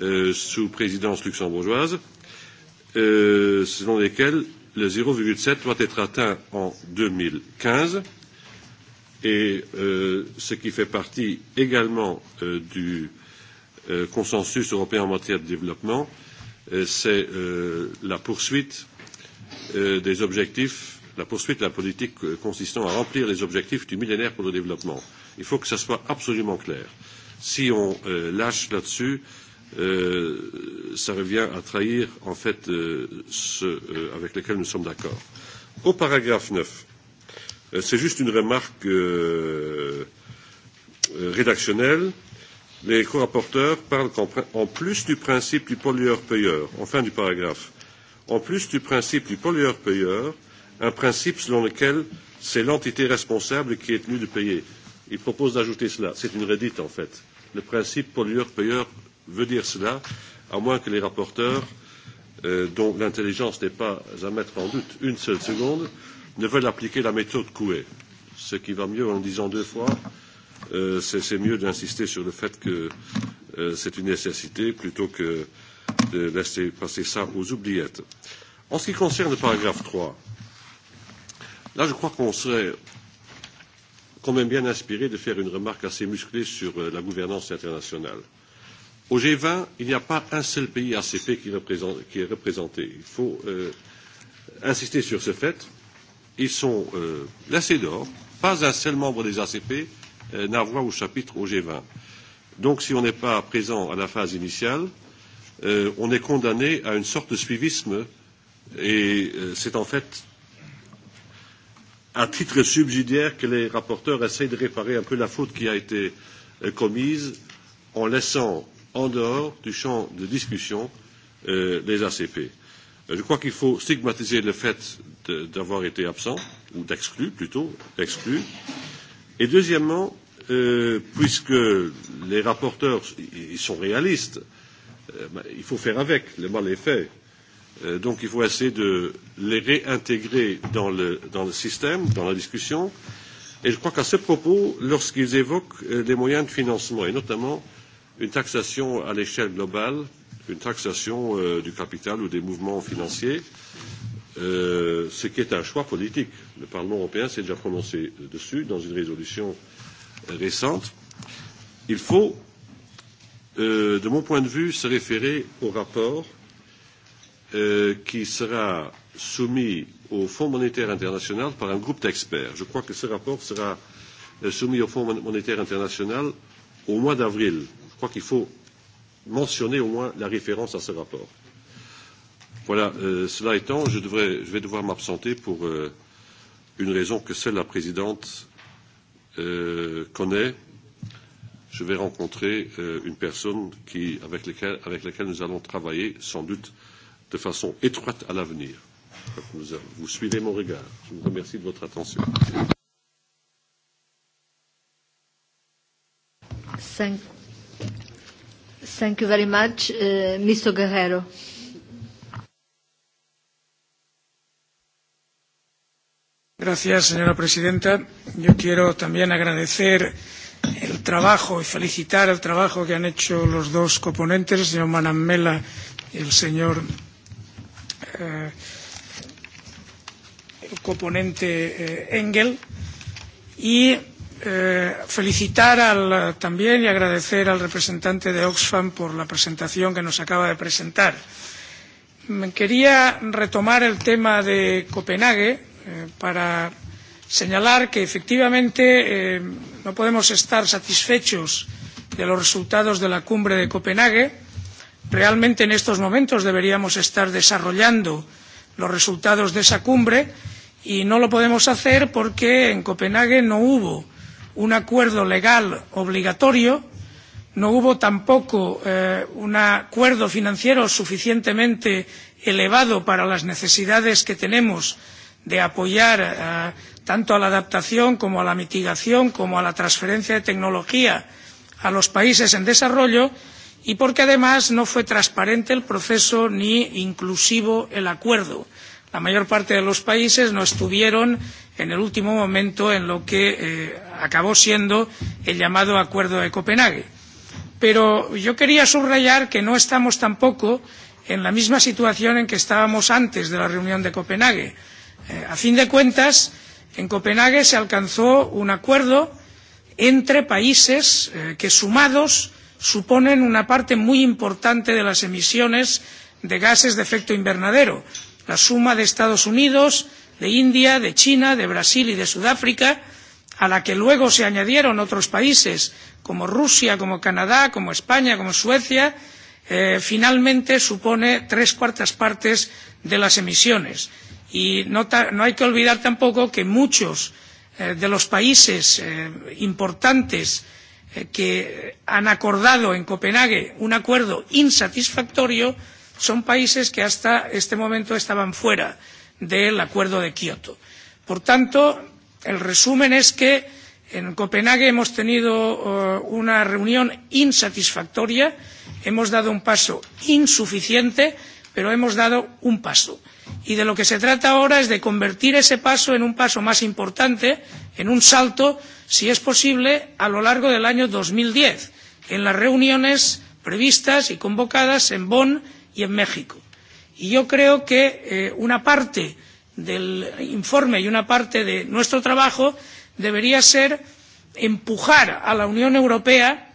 euh, sous présidence luxembourgeoise, euh, selon lesquels le 0,7 doit être atteint en 2015, et euh, ce qui fait partie également euh, du euh, consensus européen en matière de développement, euh, c'est euh, la poursuite euh, des objectifs la poursuite de la politique euh, consistant à remplir les objectifs du millénaire pour le développement. Il faut que ça soit absolument clair. Si on euh, lâche là-dessus, euh, ça revient à trahir en fait euh, ce euh, avec lequel nous sommes d'accord. Au paragraphe 9, euh, c'est juste une remarque euh, euh rédactionnelle. Les co-rapporteurs parlent qu'en plus du principe du pollueur-payeur, en fin du paragraphe, en plus du principe du pollueur-payeur, euh, un principe selon lequel c'est l'entité responsable qui est tenue de payer. Il propose d'ajouter cela. C'est une redite en fait. Le principe pollueur-payeur veut dire cela, à moins que les rapporteurs, euh, dont l'intelligence n'est pas à mettre en doute une seule seconde, ne veulent appliquer la méthode Coué. Ce qui va mieux en le disant deux fois, euh, c'est mieux d'insister sur le fait que euh, c'est une nécessité plutôt que de laisser passer ça aux oubliettes. En ce qui concerne le paragraphe 3, Là, je crois qu'on serait quand même bien inspiré de faire une remarque assez musclée sur euh, la gouvernance internationale. Au G20, il n'y a pas un seul pays ACP qui, représente, qui est représenté. Il faut euh, insister sur ce fait. Ils sont euh, lassés d'or. Pas un seul membre des ACP euh, n'a voix au chapitre au G20. Donc, si on n'est pas présent à la phase initiale, euh, on est condamné à une sorte de suivisme et euh, c'est en fait à titre subsidiaire que les rapporteurs essayent de réparer un peu la faute qui a été euh, commise en laissant en dehors du champ de discussion euh, les ACP. Euh, je crois qu'il faut stigmatiser le fait d'avoir été absent, ou d'exclu plutôt, d'exclu. Et deuxièmement, euh, puisque les rapporteurs ils sont réalistes, euh, ben, il faut faire avec, le mal est fait. Euh, donc il faut essayer de les réintégrer dans le, dans le système, dans la discussion. Et je crois qu'à ce propos, lorsqu'ils évoquent euh, les moyens de financement, et notamment une taxation à l'échelle globale, une taxation euh, du capital ou des mouvements financiers, euh, ce qui est un choix politique. Le Parlement européen s'est déjà prononcé dessus dans une résolution euh, récente. Il faut, euh, de mon point de vue, se référer au rapport euh, Euh, qui sera soumis au Fonds monétaire international par un groupe d'experts. Je crois que ce rapport sera euh, soumis au Fonds monétaire international au mois d'avril. Je crois qu'il faut mentionner au moins la référence à ce rapport. Voilà, euh, cela étant, je, devrais, je vais devoir m'absenter pour euh, une raison que seule la présidente euh, connaît. Je vais rencontrer euh, une personne qui, avec, laquelle, avec laquelle nous allons travailler sans doute de façon étroite à l'avenir. Vous, suivez mon regard. Je vous remercie de votre attention. Thank, thank you very much, uh, Mr. Guerrero. Gracias, señora presidenta. Yo quiero también agradecer el trabajo y felicitar el trabajo que han hecho los dos coponentes, el señor Manamela y el señor eh, coponente eh, Engel y eh, felicitar al, también y agradecer al representante de Oxfam por la presentación que nos acaba de presentar. Quería retomar el tema de Copenhague eh, para señalar que efectivamente eh, no podemos estar satisfechos de los resultados de la cumbre de Copenhague realmente en estos momentos deberíamos estar desarrollando los resultados de esa cumbre y no lo podemos hacer porque en copenhague no hubo un acuerdo legal obligatorio no hubo tampoco eh, un acuerdo financiero suficientemente elevado para las necesidades que tenemos de apoyar eh, tanto a la adaptación como a la mitigación como a la transferencia de tecnología a los países en desarrollo y y porque además no fue transparente el proceso ni inclusivo el acuerdo. La mayor parte de los países no estuvieron en el último momento en lo que eh, acabó siendo el llamado Acuerdo de Copenhague. Pero yo quería subrayar que no estamos tampoco en la misma situación en que estábamos antes de la reunión de Copenhague. Eh, a fin de cuentas, en Copenhague se alcanzó un acuerdo entre países eh, que sumados eh, suponen una parte muy importante de las emisiones de gases de efecto invernadero la suma de los estados unidos de la india de china de brasil y de sudáfrica a la que luego se añadieron otros países como rusia como canadá como españa como suecia eh, finalmente supone tres cuartas partes de las emisiones y no, no hay que olvidar tampoco que muchos eh, de los países eh, importantes eh, Eh, que han acordado en Copenhague un acuerdo insatisfactorio son países que hasta este momento estaban fuera del acuerdo de Kioto. Por tanto, el resumen es que en Copenhague hemos tenido uh, una reunión insatisfactoria, hemos dado un paso insuficiente, pero hemos dado un paso y de lo que se trata ahora es de convertir ese paso en un paso más importante en un salto si es posible a lo largo del año dos mil diez en las reuniones previstas y convocadas en bonn y en méxico. y yo creo que eh, una parte del informe y una parte de nuestro trabajo debería ser empujar a la unión europea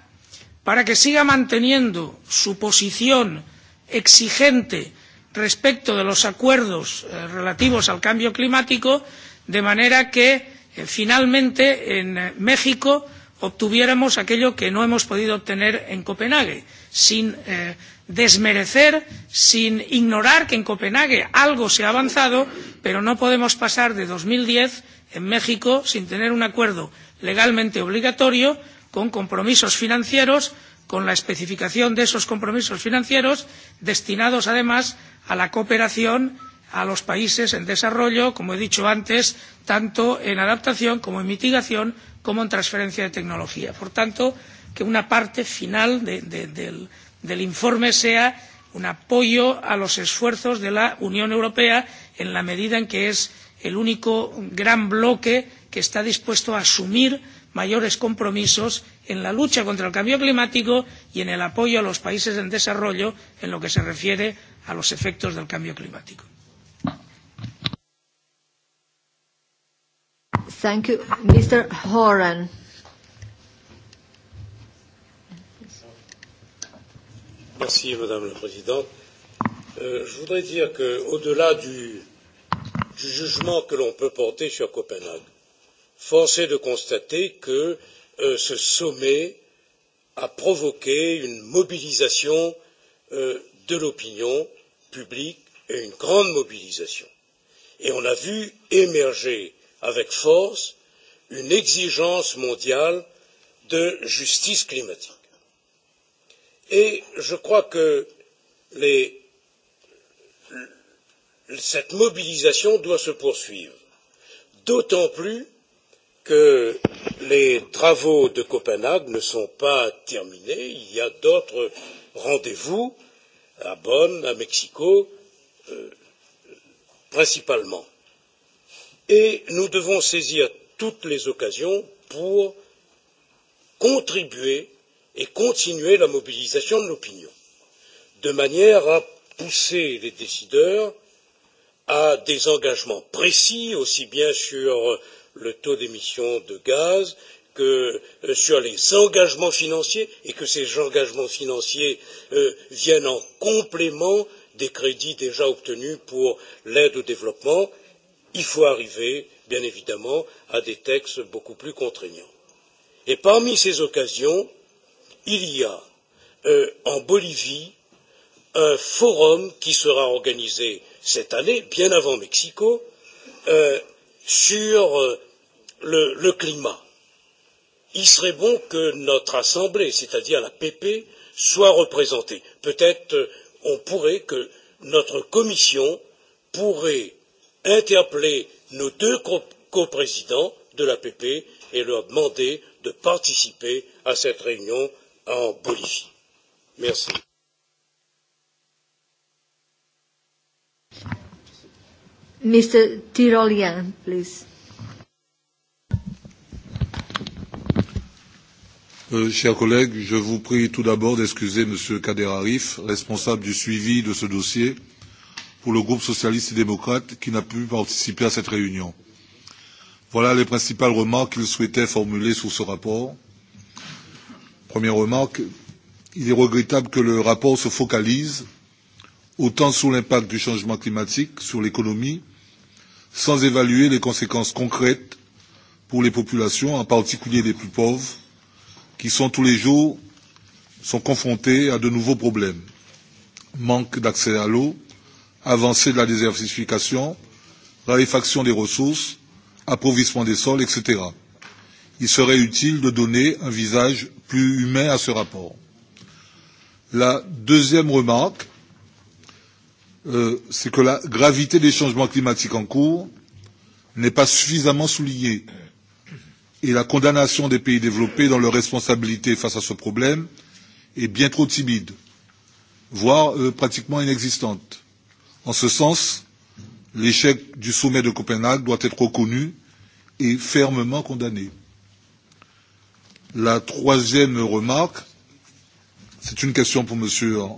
para que siga manteniendo su posición exigente respecto de los acuerdos eh, relativos al cambio climático de manera que eh, finalmente en eh, México obtuviéramos aquello que no hemos podido obtener en Copenhague, sin eh, desmerecer, sin ignorar que en Copenhague algo se ha avanzado, pero no podemos pasar de 2010 en México sin tener un acuerdo legalmente obligatorio con compromisos financieros, con la especificación de esos compromisos financieros destinados además a la cooperación a los países en desarrollo como he dicho antes tanto en adaptación como en mitigación como en transferencia de tecnología. por tanto que una parte final de, de, del, del informe sea un apoyo a los esfuerzos de la unión europea en la medida en que es el único gran bloque que está dispuesto a asumir mayores compromisos en la lucha contra el cambio climático y en el apoyo a los países en desarrollo en lo que se refiere a los efectos del cambio climático. Thank you. Mr. Horan. Merci, Madame la Présidente. Euh, je voudrais dire qu'au-delà du, du jugement que l'on peut porter sur Copenhague, force est de constater que euh, ce sommet a provoqué une mobilisation euh, de l'opinion publique et une grande mobilisation. Et on a vu émerger avec force une exigence mondiale de justice climatique. Et je crois que les, cette mobilisation doit se poursuivre, d'autant plus que les travaux de Copenhague ne sont pas terminés, il y a d'autres rendez-vous à Bonn, à Mexico, euh, principalement. Et nous devons saisir toutes les occasions pour contribuer et continuer la mobilisation de l'opinion, de manière à pousser les décideurs à des engagements précis, aussi bien sur le taux d'émission de gaz que euh, sur les engagements financiers et que ces engagements financiers euh, viennent en complément des crédits déjà obtenus pour l'aide au développement, il faut arriver, bien évidemment, à des textes beaucoup plus contraignants. Et parmi ces occasions, il y a euh, en Bolivie un forum qui sera organisé cette année, bien avant Mexico, euh, sur euh, le, le climat il serait bon que notre assemblée, c'est-à-dire la PP, soit représentée. Peut-être euh, on pourrait que notre commission pourrait interpeller nos deux coprésidents de la PP et leur demander de participer à cette réunion en Bolivie. Merci. Mr. Tirolian, please. Euh, chers collègues, je vous prie tout d'abord d'excuser M. Kader Arif, responsable du suivi de ce dossier pour le groupe socialiste et démocrate, qui n'a pu participer à cette réunion. Voilà les principales remarques qu'il souhaitait formuler sur ce rapport. Première remarque, il est regrettable que le rapport se focalise autant sur l'impact du changement climatique sur l'économie, sans évaluer les conséquences concrètes pour les populations, en particulier les plus pauvres, qui sont tous les jours sont confrontés à de nouveaux problèmes manque d'accès à l'eau, avancée de la désertification, raréfaction des ressources, appauvrissement des sols, etc. Il serait utile de donner un visage plus humain à ce rapport. La deuxième remarque, euh, c'est que la gravité des changements climatiques en cours n'est pas suffisamment soulignée et la condamnation des pays développés dans leur responsabilité face à ce problème est bien trop timide, voire euh, pratiquement inexistante. En ce sens, l'échec du sommet de Copenhague doit être reconnu et fermement condamné. La troisième remarque, c'est une question pour M.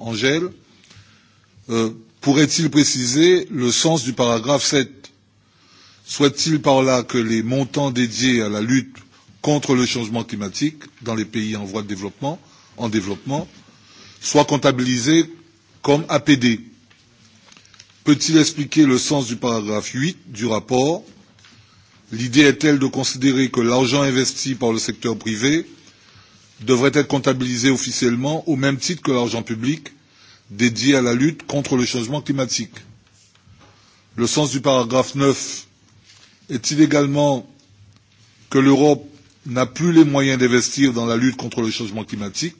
Angèle, euh, pourrait-il préciser le sens du paragraphe 7 Soit-il par là que les montants dédiés à la lutte contre le changement climatique dans les pays en voie de développement, en développement, soient comptabilisés comme APD. Peut-il expliquer le sens du paragraphe 8 du rapport L'idée est-elle de considérer que l'argent investi par le secteur privé devrait être comptabilisé officiellement au même titre que l'argent public dédié à la lutte contre le changement climatique Le sens du paragraphe 9 Est-il également que l'Europe n'a plus les moyens d'investir dans la lutte contre le changement climatique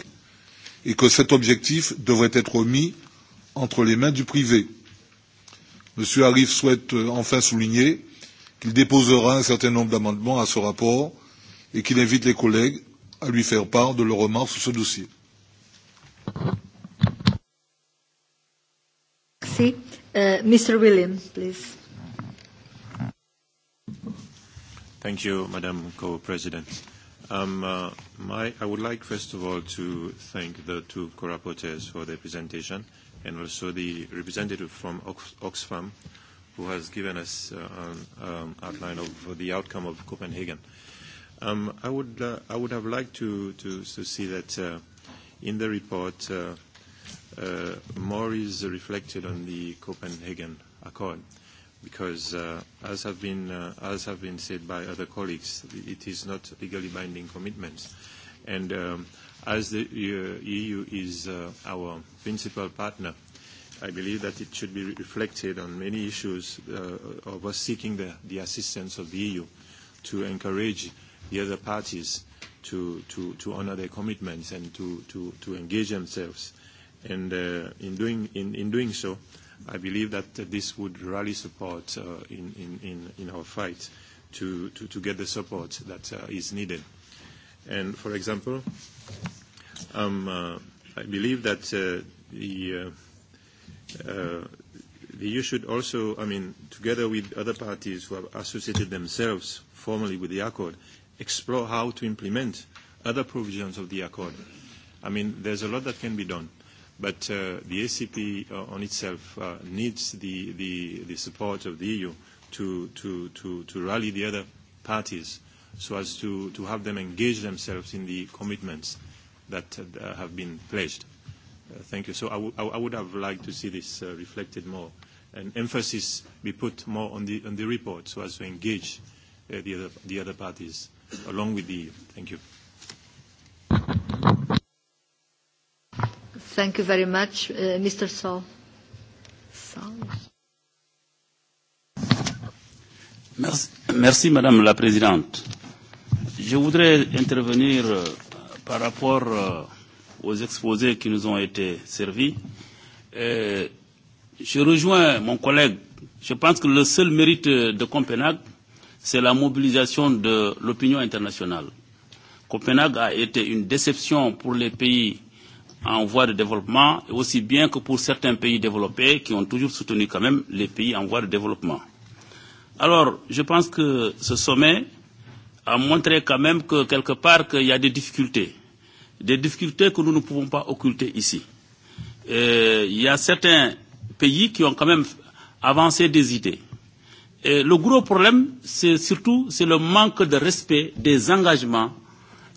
et que cet objectif devrait être mis entre les mains du privé. M. Arif souhaite euh, enfin souligner qu'il déposera un certain nombre d'amendements à ce rapport et qu'il invite les collègues à lui faire part de leurs remarques sur ce dossier. Merci. Uh, Mr. William, please. Thank you, Madam Co-President. Um, uh, my, I would like, first of all, to thank the two co-rapporteurs for their presentation and also the representative from Ox Oxfam who has given us uh, an um, outline of the outcome of Copenhagen. Um, I, would, uh, I would have liked to, to, to see that uh, in the report uh, uh, more is reflected on the Copenhagen Accord. Uh, because uh, as, have been, uh, as have been said by other colleagues, it is not legally binding commitments. And um, as the uh, EU is uh, our principal partner, I believe that it should be reflected on many issues uh, of us seeking the, the assistance of the EU to encourage the other parties to, to, to honor their commitments and to, to, to engage themselves. And uh, in, doing, in, in doing so, uh, I believe that this would rally support uh, in, in, in our fight to, to, to get the support that uh, is needed. And for example, um, uh, I believe that uh, the, uh, uh, the EU should also, I mean, together with other parties who have associated themselves formally with the Accord, explore how to implement other provisions of the Accord. I mean, there's a lot that can be done. But uh, the ACP uh, on itself uh, needs the, the, the support of the EU to, to, to, to rally the other parties so as to, to have them engage themselves in the commitments that uh, have been pledged. Uh, thank you. So I, I would have liked to see this uh, reflected more and emphasis be put more on the, on the report so as to engage uh, the, other, the other parties along with the EU. Thank you. Thank you very much, uh, Mr. So. Merci, merci, Madame la Présidente. Je voudrais intervenir euh, par rapport euh, aux exposés qui nous ont été servis. Et euh, je rejoins mon collègue. Je pense que le seul mérite de Copenhague, c'est la mobilisation de l'opinion internationale. Copenhague a été une déception pour les pays en voie de développement, aussi bien que pour certains pays développés qui ont toujours soutenu quand même les pays en voie de développement. Alors, je pense que ce sommet a montré quand même que quelque part qu'il y a des difficultés, des difficultés que nous ne pouvons pas occulter ici. Et euh, il y a certains pays qui ont quand même avancé des idées. Et le gros problème, c'est surtout c'est le manque de respect des engagements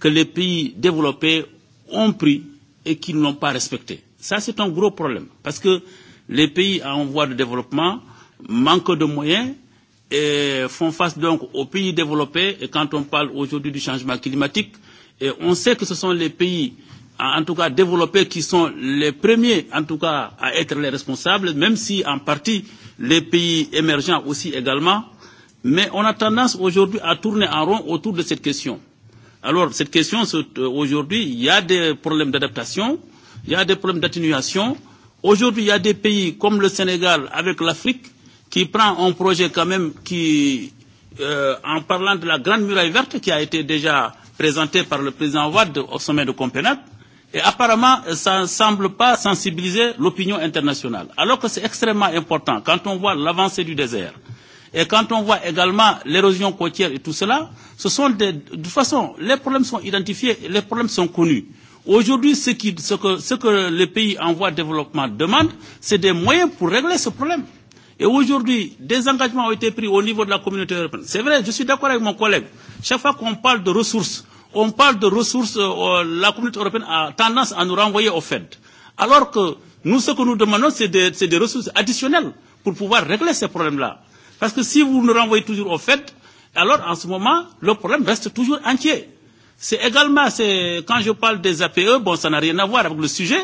que les pays développés ont pris et qui ne l'ont pas respecté. Ça, c'est un gros problème parce que les pays en voie de développement manquent de moyens et font face donc aux pays développés. Et quand on parle aujourd'hui du changement climatique, et on sait que ce sont les pays en tout cas développés qui sont les premiers en tout cas à être les responsables, même si en partie les pays émergents aussi également. Mais on a tendance aujourd'hui à tourner en rond autour de cette question. Alors, cette question, euh, aujourd'hui, il y a des problèmes d'adaptation, il y a des problèmes d'atténuation. Aujourd'hui, il y a des pays comme le Sénégal avec l'Afrique qui prend un projet quand même qui, euh, en parlant de la Grande Muraille Verte qui a été déjà présentée par le président Ouad au sommet de Copenhague, et apparemment, ça ne semble pas sensibiliser l'opinion internationale. Alors que c'est extrêmement important quand on voit l'avancée du désert et quand on voit également l'érosion côtière et tout cela, ce sont des, de toute façon, les problèmes sont identifiés, les problèmes sont connus. Aujourd'hui, ce, qui, ce, que, ce que les pays en voie de développement demandent, c'est des moyens pour régler ce problème. Et aujourd'hui, des engagements ont été pris au niveau de la communauté européenne. C'est vrai, je suis d'accord avec mon collègue. Chaque fois qu'on parle de ressources, on parle de ressources, euh, euh la communauté européenne a tendance à nous renvoyer au Fed. Alors que nous, ce que nous demandons, c'est des, des ressources additionnelles pour pouvoir régler ces problèmes-là. Parce que si vous nous renvoyez toujours au Fed, Alors en ce moment, le problème reste toujours entier. C'est également, c'est quand je parle des APE, bon, ça n'a rien à voir avec le sujet.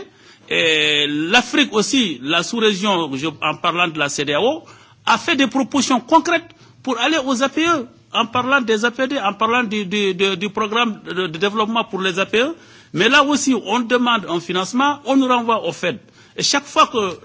L'Afrique aussi, la sous-région, en parlant de la CDAO, a fait des propositions concrètes pour aller aux APE, en parlant des APD, en parlant du, du, du, du programme de, de développement pour les APE. Mais là aussi, on demande un financement, on nous renvoie au FED. Et chaque fois que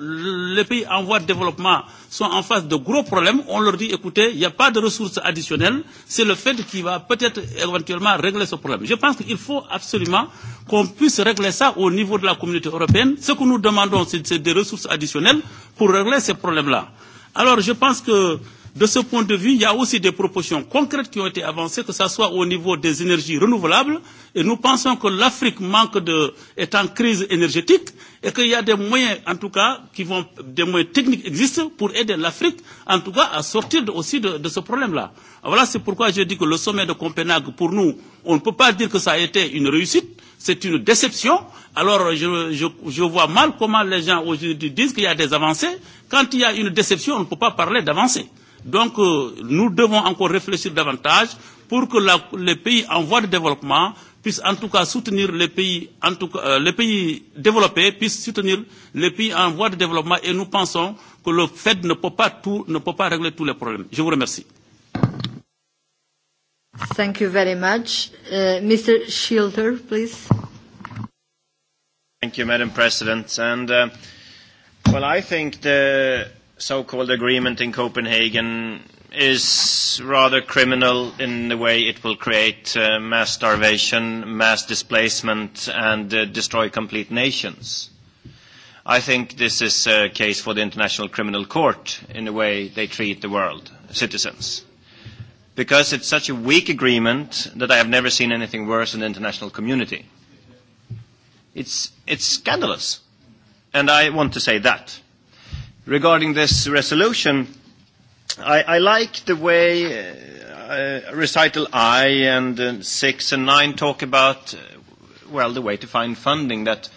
les pays en voie de développement sont en face de gros problèmes, on leur dit écoutez, il n'y a pas de ressources additionnelles, c'est le fait qui va peut-être éventuellement régler ce problème. Je pense qu'il faut absolument qu'on puisse régler ça au niveau de la communauté européenne. Ce que nous demandons, c'est des ressources additionnelles pour régler ces problèmes-là. Alors je pense que euh, de ce point de vue, il y a aussi des propositions concrètes qui ont été avancées, que ce soit au niveau des énergies renouvelables. Et nous pensons que l'Afrique manque de, est en crise énergétique et qu'il y a des moyens, en tout cas, qui vont, des moyens techniques existent pour aider l'Afrique, en tout cas, à sortir de, aussi de, de ce problème-là. Voilà, c'est pourquoi je dis que le sommet de Copenhague, pour nous, on ne peut pas dire que ça a été une réussite c'est une déception. Alors je, je, je vois mal comment les gens aujourd'hui disent qu'il y a des avancées. Quand il y a une déception, on ne peut pas parler d'avancées. Donc euh, nous devons encore réfléchir davantage pour que la, les pays en voie de développement puissent en tout cas soutenir les pays, en tout cas, euh, les pays développés puissent soutenir les pays en voie de développement et nous pensons que le Fed ne peut pas tout, ne peut pas régler tous les problèmes. Je vous remercie. Thank you very much. Uh, Mr. Schilder, please. Thank you, Madam President. And uh, well, I think the so-called agreement in Copenhagen is rather criminal in the way it will create uh, mass starvation, mass displacement, and uh, destroy complete nations. I think this is a case for the International Criminal Court in the way they treat the world, citizens. Because it's such a weak agreement that I have never seen anything worse in the international community. It's, it's scandalous. And I want to say that regarding this resolution, I, I like the way uh, uh recital I and uh, and nine talk about, uh, well, the way to find funding, that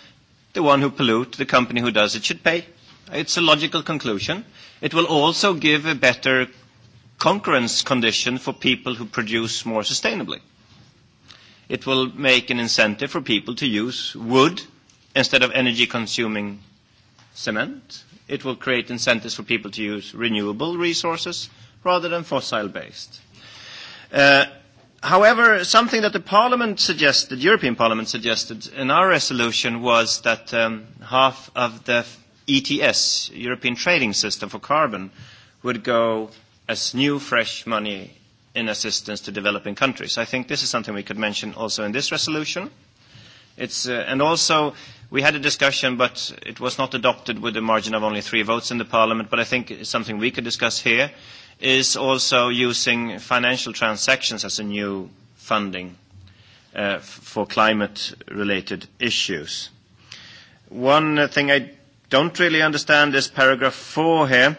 the one who pollutes, the company who does it, should pay. It's a logical conclusion. It will also give a better concurrence condition for people who produce more sustainably. It will make an incentive for people to use wood instead of energy-consuming cement it will create incentives for people to use renewable resources rather than fossil-based. Uh, however, something that the Parliament suggested, European Parliament suggested in our resolution was that um, half of the ETS, European Trading System for carbon, would go as new fresh money in assistance to developing countries. I think this is something we could mention also in this resolution. Uh, It's, uh, and also, we had a discussion, but it was not adopted with a margin of only three votes in the Parliament, but I think it's something we could discuss here, is also using financial transactions as a new funding uh, for climate-related issues. One thing I don't really understand is paragraph four here,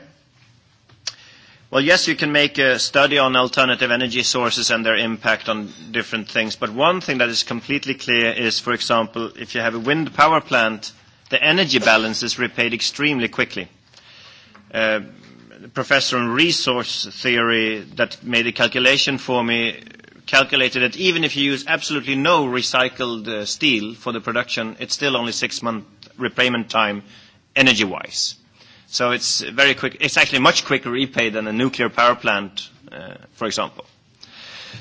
Well, yes, you can make a study on alternative energy sources and their impact on different things. But one thing that is completely clear is, for example, if you have a wind power plant, the energy balance is repaid extremely quickly. Uh, the professor in resource theory that made a calculation for me calculated that even if you use absolutely no recycled uh, steel for the production, it's still only six month repayment time energy-wise. Uh, So it's very quick. It's actually much quicker repay than a nuclear power plant, uh, for example.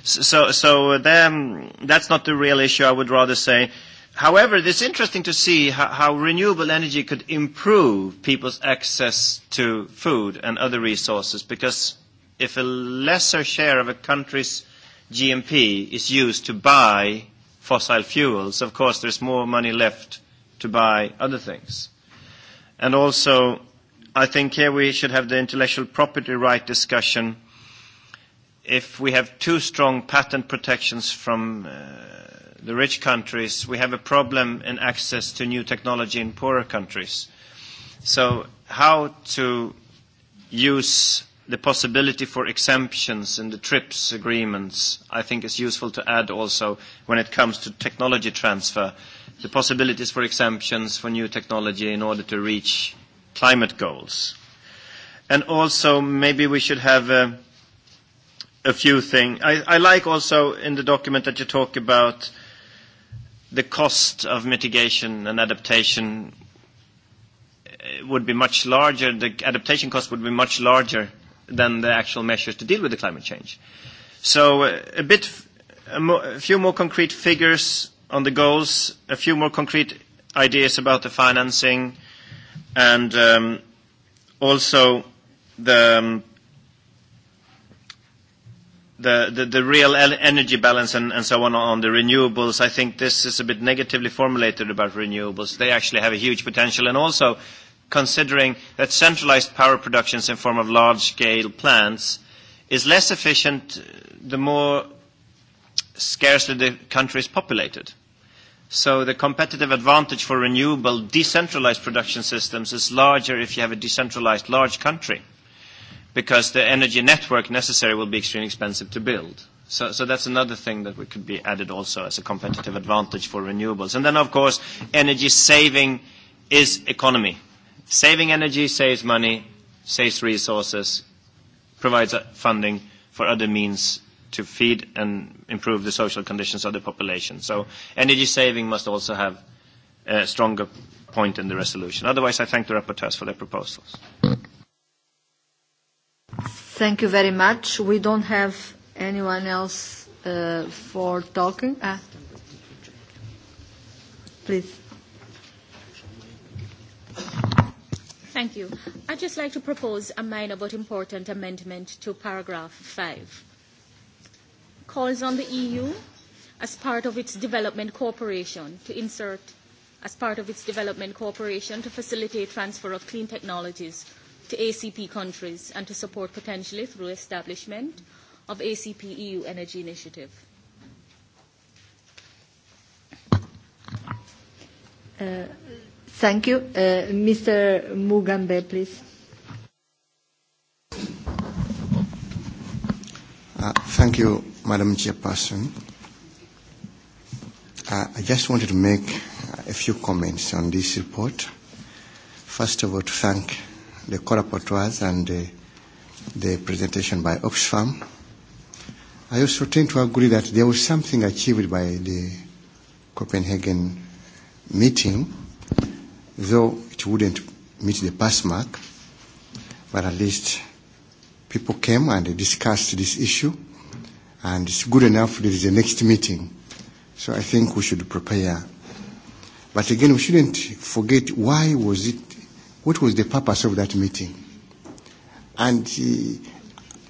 So, so that's not the real issue, I would rather say. However, it's interesting to see how, how renewable energy could improve people's access to food and other resources, because if a lesser share of a country's GMP is used to buy fossil fuels, of course, there's more money left to buy other things. And also, I think here we should have the intellectual property right discussion. If we have too strong patent protections from uh, the rich countries, we have a problem in access to new technology in poorer countries. So how to use the possibility for exemptions in the TRIPS agreements, I think is useful to add also when it comes to technology transfer, the possibilities for exemptions for new technology in order to reach climate goals. And also, maybe we should have a, uh, a few things. I, I like also in the document that you talk about the cost of mitigation and adaptation uh, would be much larger, the adaptation cost would be much larger than the actual measures to deal with the climate change. So uh, a bit, a, mo a few more concrete figures on the goals, a few more concrete ideas about the financing, and um, also the, um, the, the, the real energy balance and, and so on on the renewables. I think this is a bit negatively formulated about renewables. They actually have a huge potential. And also considering that centralized power productions in form of large-scale plants is less efficient the more scarcely the country is populated. So the competitive advantage for renewable decentralized production systems is larger if you have a decentralized large country, because the energy network necessary will be extremely expensive to build. So, so that's another thing that we could be added also as a competitive advantage for renewables. And then, of course, energy saving is economy. Saving energy saves money, saves resources, provides uh, funding for other means to feed and improve the social conditions of the population. So energy saving must also have a stronger point in the resolution. Otherwise, I thank the rapporteurs for their proposals. Thank you very much. We don't have anyone else uh, for talking. Ah. Please. Thank you. I'd just like to propose a minor but important amendment to paragraph five calls on the EU, as part of its development cooperation, to insert as part of its development cooperation to facilitate transfer of clean technologies to ACP countries and to support potentially through establishment of ACP EU Energy Initiative. Uh, thank you. Uh, Mr. Mugambe, please. Uh, thank you, Madam Chairperson. Uh, I just wanted to make a few comments on this report. First of all, to thank the co-rapporteurs and the, the presentation by Oxfam. I also tend to agree that there was something achieved by the Copenhagen meeting, though it wouldn't meet the pass mark, but at least people came and discussed this issue and it's good enough there is a next meeting. So I think we should prepare. But again, we shouldn't forget why was it, what was the purpose of that meeting? And uh,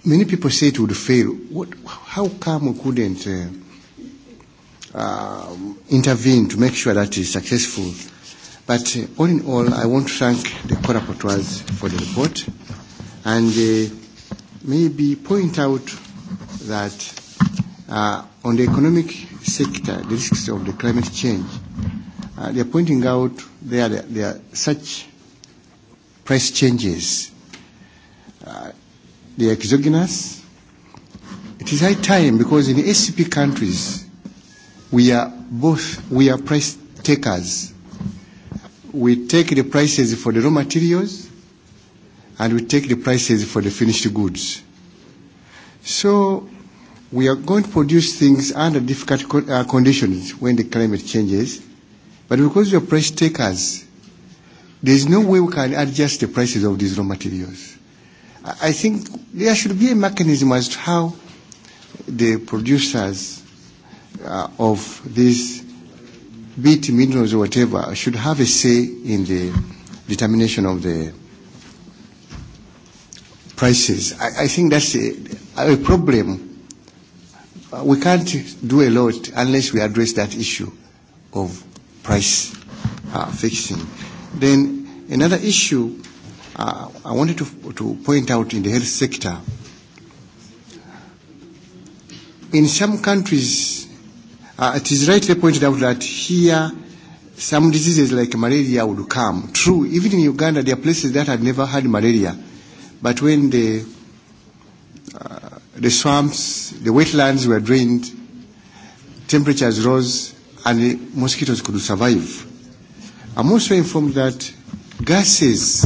many people say it would fail. What, how come we couldn't uh, uh, intervene to make sure that it's successful? But uh, all in all, I want to thank the co-rapporteurs for the report and uh, maybe point out that uh, on the economic sector, the risks of the climate change, uh, they are pointing out there are, there are such price changes. Uh, they are exogenous. It is high time because in ACP countries, we are both, we are price takers. We take the prices for the raw materials and we take the prices for the finished goods. So we are going to produce things under difficult co- uh, conditions when the climate changes, but because we are price takers, there is no way we can adjust the prices of these raw materials. I, I think there should be a mechanism as to how the producers uh, of these bit minerals or whatever should have a say in the determination of the prices. I, I think that's a, a problem Uh, we can't do a lot unless we address that issue of price uh, fixing. Then another issue uh, I wanted to, to point out in the health sector. In some countries, uh, it is rightly pointed out that here some diseases like malaria would come. True, even in Uganda there are places that had never had malaria. But when the the swamps, the wetlands were drained, temperatures rose, and the mosquitoes could survive. I'm also informed that gases,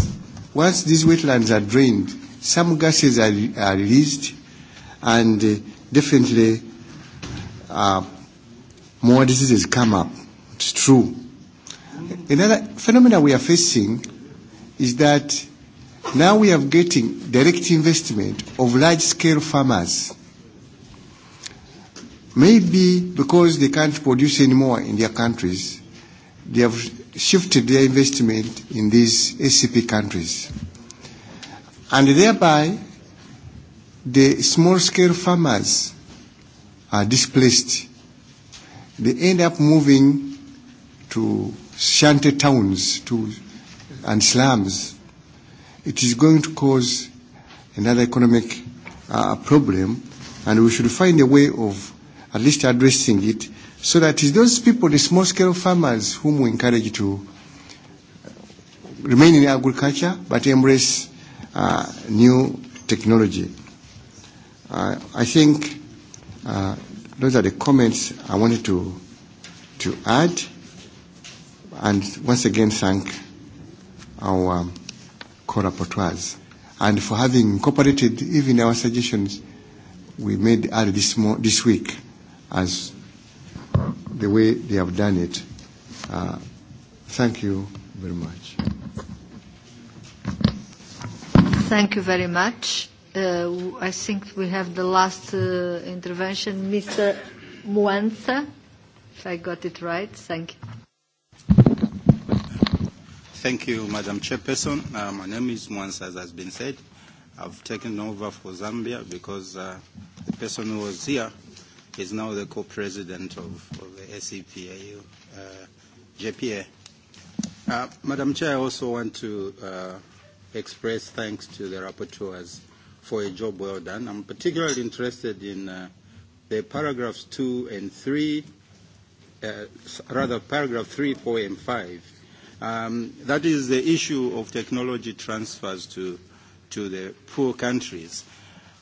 once these wetlands are drained, some gases are, are released, and uh, definitely uh, more diseases come up. It's true. Another phenomenon we are facing is that Now we are getting direct investment of large-scale farmers. Maybe because they can't produce anymore in their countries, they have shifted their investment in these ACP countries. And thereby, the small-scale farmers are displaced. They end up moving to shanty towns to, and slums it is going to cause another economic uh, problem, and we should find a way of at least addressing it so that it's those people, the small-scale farmers, whom we encourage to remain in agriculture but embrace uh, new technology. Uh, I think uh, those are the comments I wanted to, to add. And once again, thank our um, co-rapporteurs and for having incorporated even our suggestions we made early this, mo- this week as the way they have done it. Uh, thank you very much. Thank you very much. Uh, I think we have the last uh, intervention, Mr. Muanza, if I got it right. Thank you. Thank you, Madam Chairperson. Uh, my name is Mwansa, as has been said. I've taken over for Zambia because uh, the person who was here is now the co-president of, of the SEPAU, uh, JPA. Uh, Madam Chair, I also want to uh, express thanks to the rapporteurs for a job well done. I'm particularly interested in uh, the paragraphs two and three, uh, rather paragraph three, four and five. Um, that is the issue of technology transfers to, to the poor countries.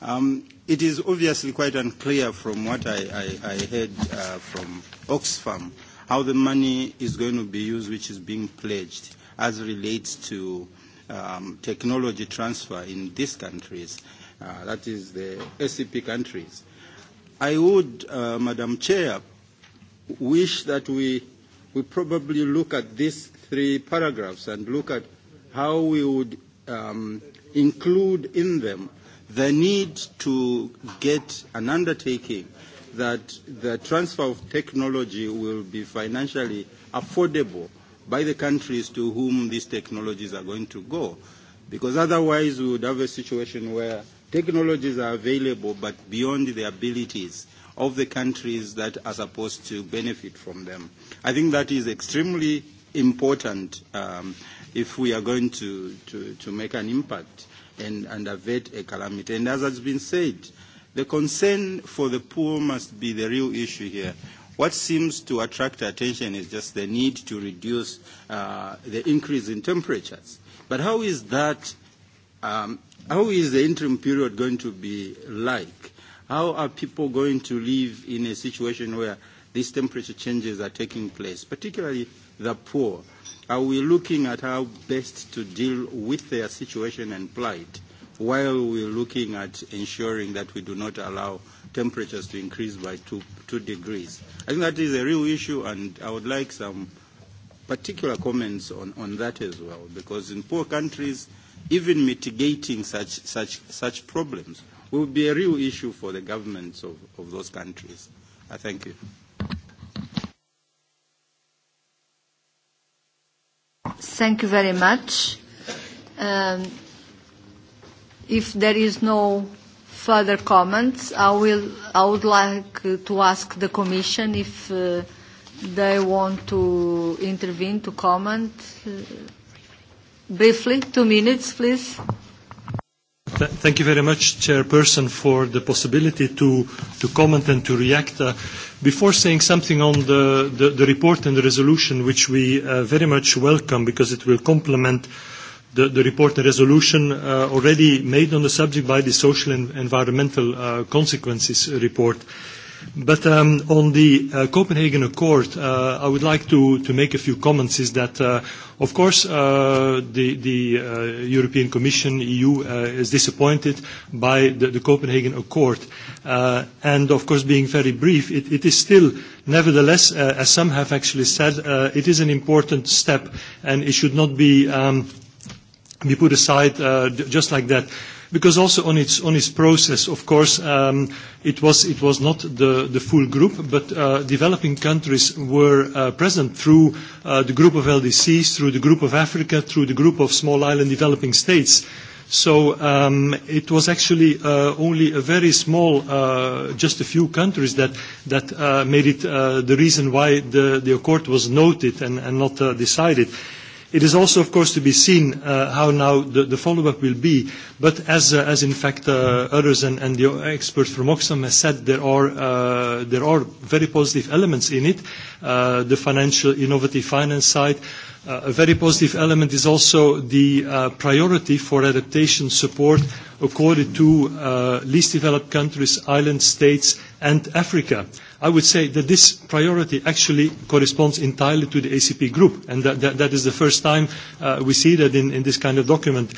Um, it is obviously quite unclear from what I, I, I heard uh, from Oxfam how the money is going to be used which is being pledged as relates to um, technology transfer in these countries, uh, that is the SCP countries. I would, uh, Madam Chair, wish that we, we probably look at this three paragraphs and look at how we would um, include in them the need to get an undertaking that the transfer of technology will be financially affordable by the countries to whom these technologies are going to go. Because otherwise we would have a situation where technologies are available but beyond the abilities of the countries that are supposed to benefit from them. I think that is extremely important um, if we are going to, to, to make an impact and, and avert a calamity. And as has been said, the concern for the poor must be the real issue here. What seems to attract attention is just the need to reduce uh, the increase in temperatures. But how is that, um, how is the interim period going to be like? How are people going to live in a situation where these temperature changes are taking place, particularly the poor? Are we looking at how best to deal with their situation and plight while we're looking at ensuring that we do not allow temperatures to increase by two, two degrees? I think that is a real issue, and I would like some particular comments on, on that as well, because in poor countries, even mitigating such, such, such problems will be a real issue for the governments of, of those countries. I thank you. Thank you very much. Um, if there is no further comments, I, will, I would like to ask the Commission if uh, they want to intervene, to comment. Uh, briefly, two minutes, please thank you very much, Chairperson, for the possibility to, to comment and to react. Uh, before saying something on the, the, the report and the resolution, which we uh, very much welcome because it will complement the, the report and resolution uh, already made on the subject by the Social and Environmental uh, Consequences report. Uh, But um, on the uh, Copenhagen Accord, uh, I would like to, to make a few comments is that, uh, of course, uh, the, the uh, European Commission, EU, uh, is disappointed by the, the Copenhagen Accord. Uh, and, of course, being very brief, it, it is still Nevertheless, uh, as some have actually said, uh, it is an important step and it should not be, um, be put aside uh, just like that because also on its, on its process, of course, um, it, was, it was not the, the full group, but uh, developing countries were uh, present through uh, the group of LDCs, through the group of Africa, through the group of small island developing states. So um, it was actually uh, only a very small, uh, just a few countries that, that uh, made it uh, the reason why the, the accord was noted and, and not uh, decided. It is also, of course, to be seen uh, how now the, the follow-up will be. But as, uh, as in fact uh, others and, and the experts from Oxfam have said, there are, uh, there are very positive elements in it. Uh, the financial innovative finance side. Uh, a very positive element is also the uh, priority for adaptation support accorded to uh, least developed countries, island states, and Africa. I would say that this priority actually corresponds entirely to the ACP group, and that, that, that is the first time uh, we see that in, in this kind of document.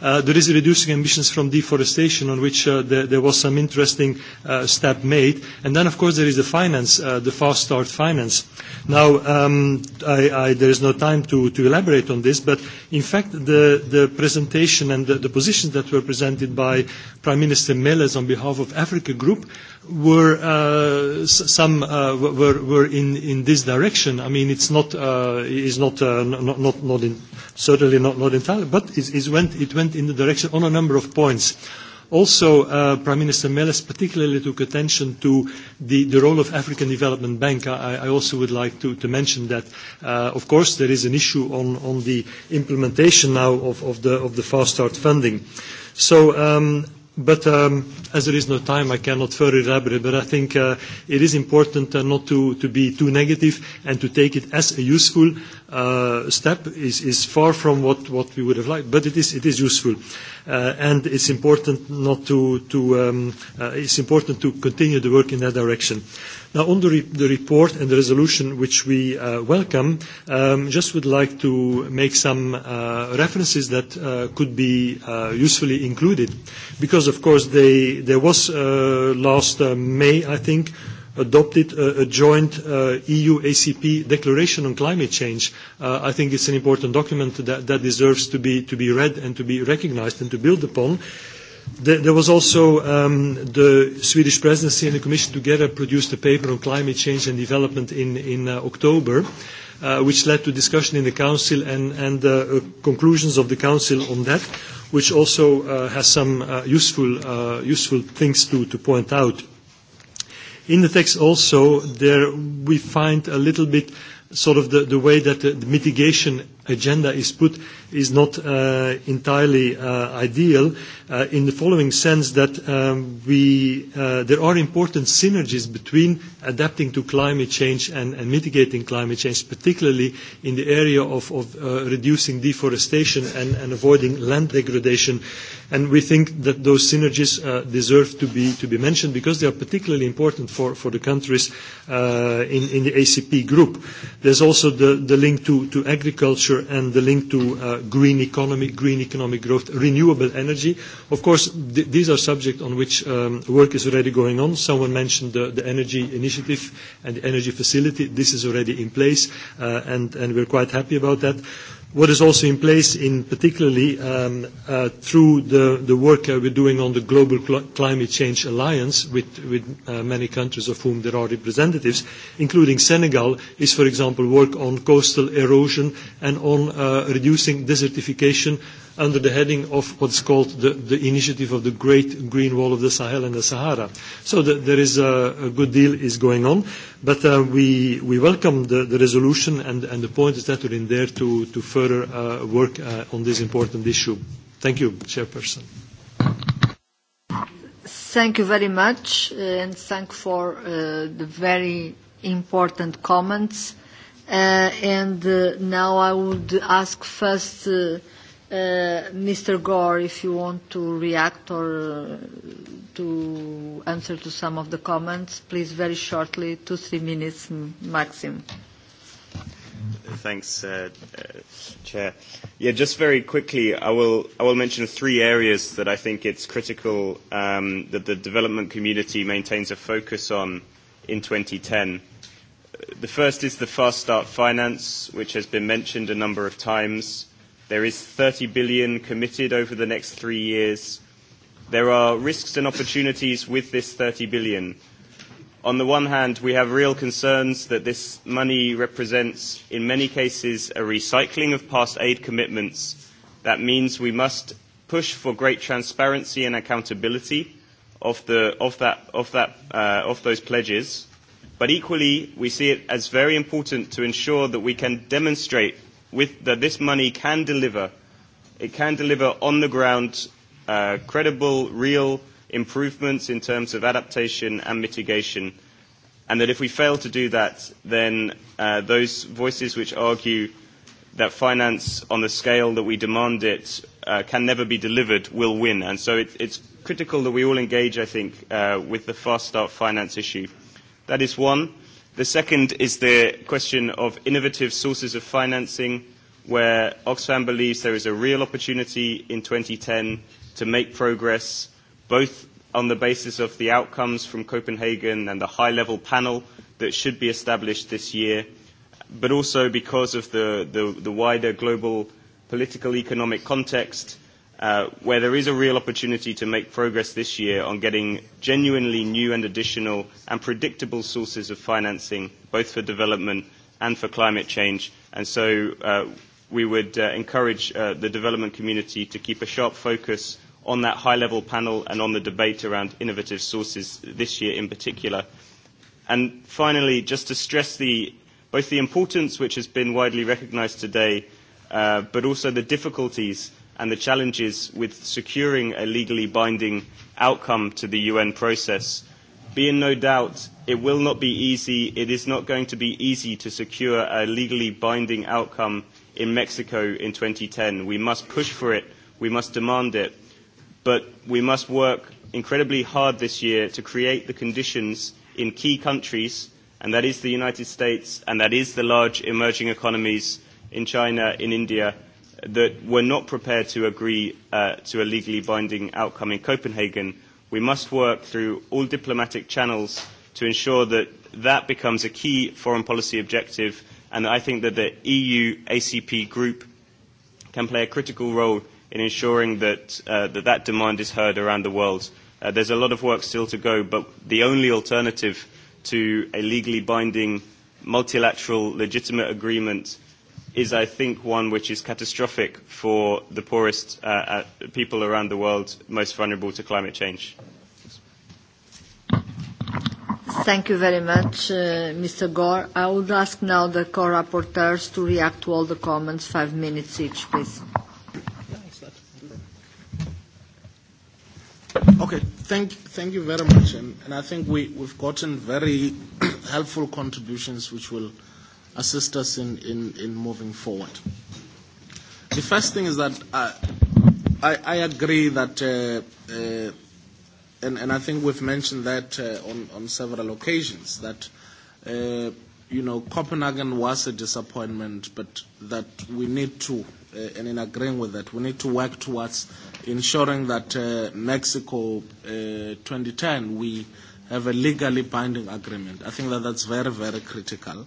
Uh, there is reducing emissions from deforestation, on which uh, there, there, was some interesting uh, step made. And then, of course, there is the finance, uh, the fast start finance. Now, um, I, I, there is no time to, to, elaborate on this, but in fact, the, the presentation and the, the, positions that were presented by Prime Minister Meles on behalf of Africa Group were uh, some uh, were were in in this direction. I mean, it's not uh, is not, uh, not not not in, certainly not not entirely, but it, it went it went in the direction on a number of points. Also, uh, Prime Minister Meles particularly took attention to the, the role of African Development Bank. I, I also would like to, to mention that, uh, of course, there is an issue on, on the implementation now of, of, the, of the Fast Start funding. So um, But um, as there is no time, I cannot further elaborate, but I think uh, it is important uh, not to, to be too negative and to take it as a useful uh, step is, is far from what, what we would have liked, but it is, it is useful. Uh, and it's important, not to, to, um, uh, it's important to continue the work in that direction. Uh, Now, on the, re the report and the resolution, which we uh, welcome, um, just would like to make some uh, references that uh, could be uh, usefully included, because, of course, they, there was uh, last uh, May, I think, adopted a, a joint uh, EU-ACP declaration on climate change. Uh, I think it's an important document that, that deserves to be, to be read and to be recognized and to build upon. Uh, There was also um, the Swedish presidency and the Commission together produced a paper on climate change and development in, in uh, October, uh, which led to discussion in the Council and, and uh, uh, conclusions of the Council on that, which also uh, has some uh, useful, uh, useful things to, to point out. In the text also, there we find a little bit sort of the, the way that the, the mitigation agenda is put is not uh, entirely uh, ideal uh, in the following sense that um, we, uh, there are important synergies between adapting to climate change and, and mitigating climate change, particularly in the area of, of uh, reducing deforestation and, and avoiding land degradation. And we think that those synergies uh, deserve to be, to be mentioned because they are particularly important for, for the countries uh, in, in the ACP group. There's also the, the link to, to agriculture future and the link to uh, green economy, green economic growth, renewable energy. Of course, th these are subjects on which um, work is already going on. Someone mentioned the, the energy initiative and the energy facility. This is already in place, uh, and, and we're quite happy about that. What is also in place in particularly um, uh, through the, the work uh, we're doing on the Global Cl Climate Change Alliance with, with uh, many countries of whom there are representatives, including Senegal, is, for example, work on coastal erosion and on uh, reducing desertification under the heading of what's called the, the initiative of the Great Green Wall of the Sahel and the Sahara. So the, there is a, a good deal is going on, but uh, we, we welcome the, the resolution and, and the point is that we're in there to, to further uh, work uh, on this important issue. Thank you, Chairperson. Thank you very much, uh, and thank for uh, the very important comments. Uh, and uh, now I would ask first uh, Uh, Mr. Gore, if you want to react or uh, to answer to some of the comments, please very shortly, two, three minutes maximum. Thanks, uh, uh, Chair. Yeah, just very quickly, I will, I will mention three areas that I think it's critical um, that the development community maintains a focus on in 2010. The first is the Fast Start Finance, which has been mentioned a number of times There is 30 billion committed over the next three years. There are risks and opportunities with this 30 billion. On the one hand, we have real concerns that this money represents, in many cases, a recycling of past aid commitments. That means we must push for great transparency and accountability of, the, of, that, of, that, uh, of those pledges. But equally, we see it as very important to ensure that we can demonstrate with, that this money can deliver. It can deliver on the ground uh, credible, real improvements in terms of adaptation and mitigation. And that if we fail to do that, then uh, those voices which argue that finance on the scale that we demand it uh, can never be delivered will win. And so it, it's critical that we all engage, I think, uh, with the Fast Start finance issue. That is one. The second is the question of innovative sources of financing, where Oxfam believes there is a real opportunity in 2010 to make progress, both on the basis of the outcomes from Copenhagen and the high-level panel that should be established this year, but also because of the, the, the wider global political economic context Uh, where there is a real opportunity to make progress this year on getting genuinely new and additional and predictable sources of financing, both for development and for climate change. And so uh, we would uh, encourage uh, the development community to keep a sharp focus on that high-level panel and on the debate around innovative sources this year in particular. And finally, just to stress the, both the importance, which has been widely recognised today, uh, but also the difficulties and the challenges with securing a legally binding outcome to the UN process. Be in no doubt, it will not be easy. It is not going to be easy to secure a legally binding outcome in Mexico in 2010. We must push for it. We must demand it. But we must work incredibly hard this year to create the conditions in key countries, and that is the United States, and that is the large emerging economies in China, in India, that we're not prepared to agree uh, to a legally binding outcome in Copenhagen, we must work through all diplomatic channels to ensure that that becomes a key foreign policy objective. And I think that the EU ACP group can play a critical role in ensuring that uh, that, that demand is heard around the world. Uh, there's a lot of work still to go, but the only alternative to a legally binding multilateral legitimate agreement is, I think, one which is catastrophic for the poorest uh, uh, people around the world most vulnerable to climate change. Thank you very much, uh, Mr. Gore. I would ask now the co-rapporteurs to react to all the comments, five minutes each, please. Okay, thank, thank you very much. And, and I think we, we've gotten very <coughs> helpful contributions which will – assist us in, in, in moving forward. The first thing is that I, I, I agree that, uh, uh, and, and I think we've mentioned that uh, on, on several occasions, that, uh, you know, Copenhagen was a disappointment, but that we need to, uh, and in agreeing with that, we need to work towards ensuring that uh, Mexico uh, 2010, we have a legally binding agreement. I think that that's very, very critical.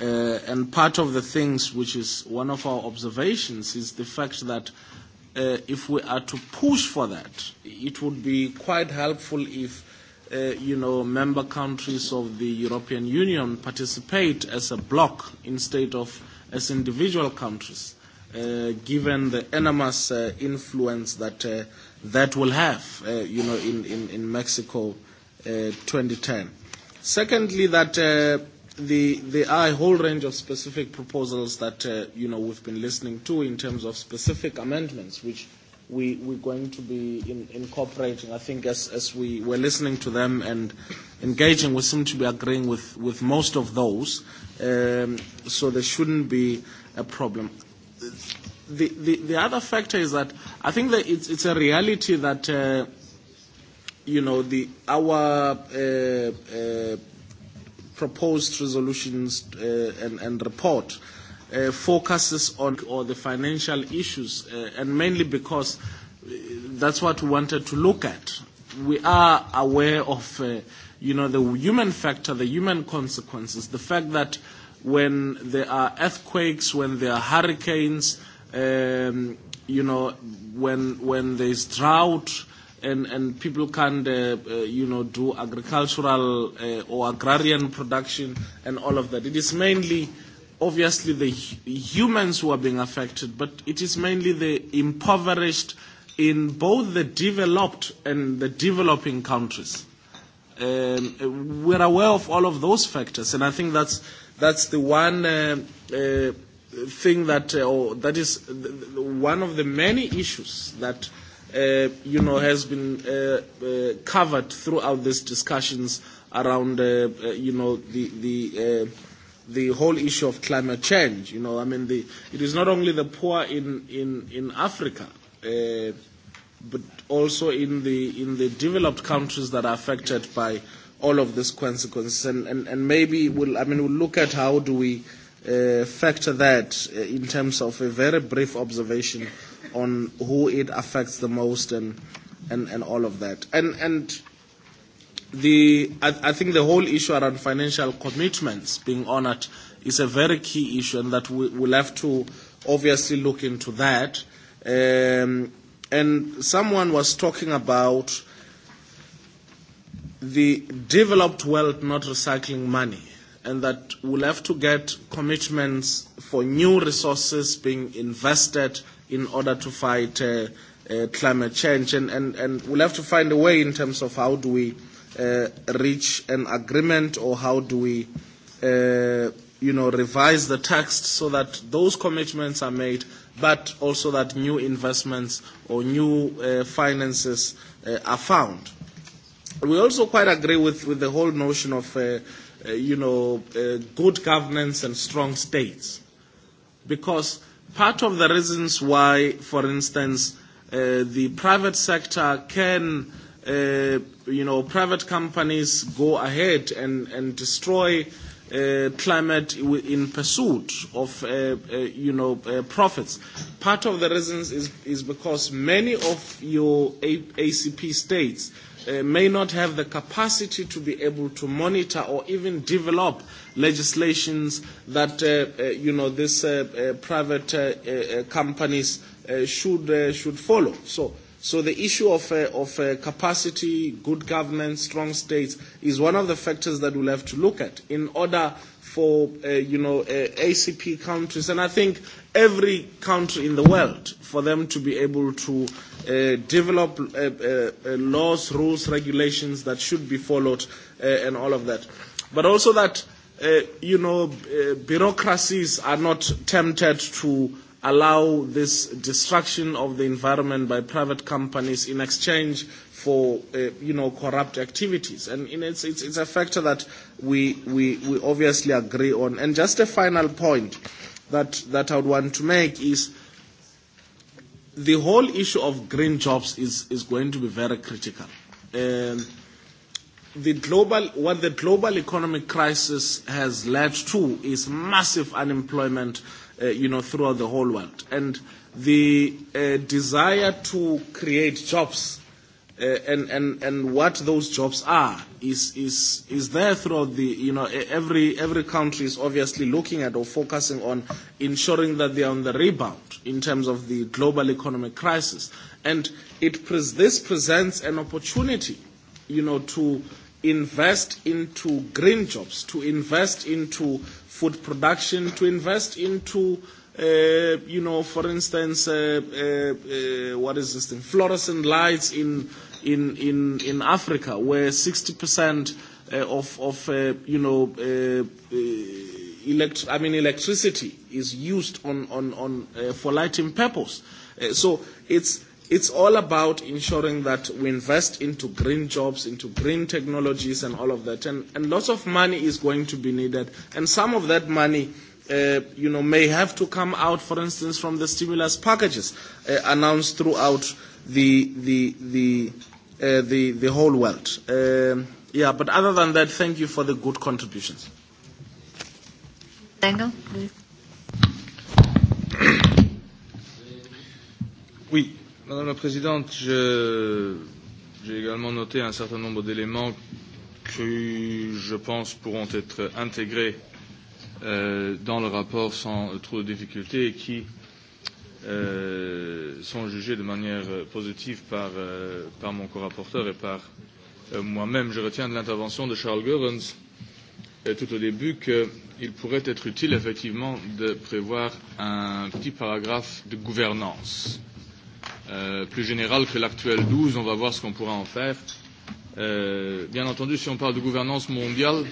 Uh, and part of the things which is one of our observations is the fact that uh, if we are to push for that, it would be quite helpful if uh, you know, member countries of the European Union participate as a bloc instead of as individual countries, uh, given the enormous uh, influence that uh, that will have, uh, you know, in, in, in Mexico uh, 2010. Secondly, that uh, the, there are a whole range of specific proposals that uh, you know we've been listening to in terms of specific amendments, which we, we're going to be in, incorporating. I think as, as we were listening to them and engaging, we seem to be agreeing with, with most of those. Um, so there shouldn't be a problem. The, the, the other factor is that I think that it's, it's a reality that, uh, you know, the, our uh, uh, proposed resolutions uh, and, and report uh, focuses on or the financial issues, uh, and mainly because uh, that's what we wanted to look at. We are aware of, uh, you know, the human factor, the human consequences, the fact that when there are earthquakes, when there are hurricanes, um, you know, when when there is drought and, and people can, uh, uh, you know, do agricultural uh, or agrarian production and all of that. It is mainly, obviously, the humans who are being affected, but it is mainly the impoverished in both the developed and the developing countries. Um, we're aware of all of those factors, and I think that's, that's the one uh, uh, thing that, uh, or that is one of the many issues that – uh, you know, has been uh, uh, covered throughout these discussions around, uh, uh, you know, the, the, uh, the whole issue of climate change. You know, I mean, the, it is not only the poor in, in, in Africa, uh, but also in the, in the developed countries that are affected by all of these consequences. And, and, and maybe we'll, I mean, we'll look at how do we uh, factor that uh, in terms of a very brief observation on who it affects the most and, and, and all of that. And, and the, I, I think the whole issue around financial commitments being honoured is a very key issue and that we, will have to obviously look into that. Um, and someone was talking about the developed world not recycling money and that we'll have to get commitments for new resources being invested in order to fight uh, uh, climate change. And, and, and we'll have to find a way in terms of how do we uh, reach an agreement or how do we, uh, you know, revise the text so that those commitments are made, but also that new investments or new uh, finances uh, are found. We also quite agree with, with the whole notion of, uh, uh, you know, uh, good governance and strong states, because part of the reasons why, for instance, uh, the private sector can, uh, you know, private companies go ahead and, and destroy uh, climate in pursuit of, uh, uh, you know, uh, profits. Part of the reasons is, is because many of your A- ACP states – Uh, may not have the capacity to be able to monitor or even develop legislations that uh, uh, you know these uh, uh, private uh, uh, companies uh, should uh, should follow. So So the issue of, uh, of uh, capacity, good governance, strong states is one of the factors that we'll have to look at in order for uh, you know uh, ACP countries, and I think every country in the world, for them to be able to uh, develop uh, uh, uh, laws, rules, regulations that should be followed, uh, and all of that, but also that uh, you know uh, bureaucracies are not tempted to allow this destruction of the environment by private companies in exchange for uh, you know corrupt activities and in it's, it's it's a factor that we we we obviously agree on and just a final point that that I would want to make is the whole issue of green jobs is is going to be very critical um, the global what the global economic crisis has led to is massive unemployment uh, you know, throughout the whole world. And the uh, desire to create jobs uh, and, and, and what those jobs are is, is, is there throughout the, you know, every, every country is obviously looking at or focusing on ensuring that they are on the rebound in terms of the global economic crisis. And it pre- this presents an opportunity, you know, to invest into green jobs, to invest into food production to invest into uh, you know, for instance, uh, uh, uh, what is this thing? Fluorescent lights in in in in Africa, where 60% uh, of of uh, you know, uh, uh, elect I mean electricity is used on on on uh, for lighting purpose. Uh, so it's It's all about ensuring that we invest into green jobs, into green technologies and all of that. And, and lots of money is going to be needed. And some of that money uh, you know, may have to come out, for instance, from the stimulus packages uh, announced throughout the, the, the, uh, the, the whole world. Um, yeah, but other than that, thank you for the good contributions. Engel, please. Oui, Madame la Présidente, j'ai également noté un certain nombre d'éléments qui, je pense, pourront être intégrés euh, dans le rapport sans trop de difficultés et qui euh, sont jugés de manière positive par, euh, par mon co-rapporteur et par euh, moi-même. Je retiens de l'intervention de Charles Goerens euh, tout au début qu'il pourrait être utile effectivement de prévoir un petit paragraphe de gouvernance Euh, plus général que l'actuel 12. On va voir ce qu'on pourra en faire. Euh, bien entendu, si on parle de gouvernance mondiale,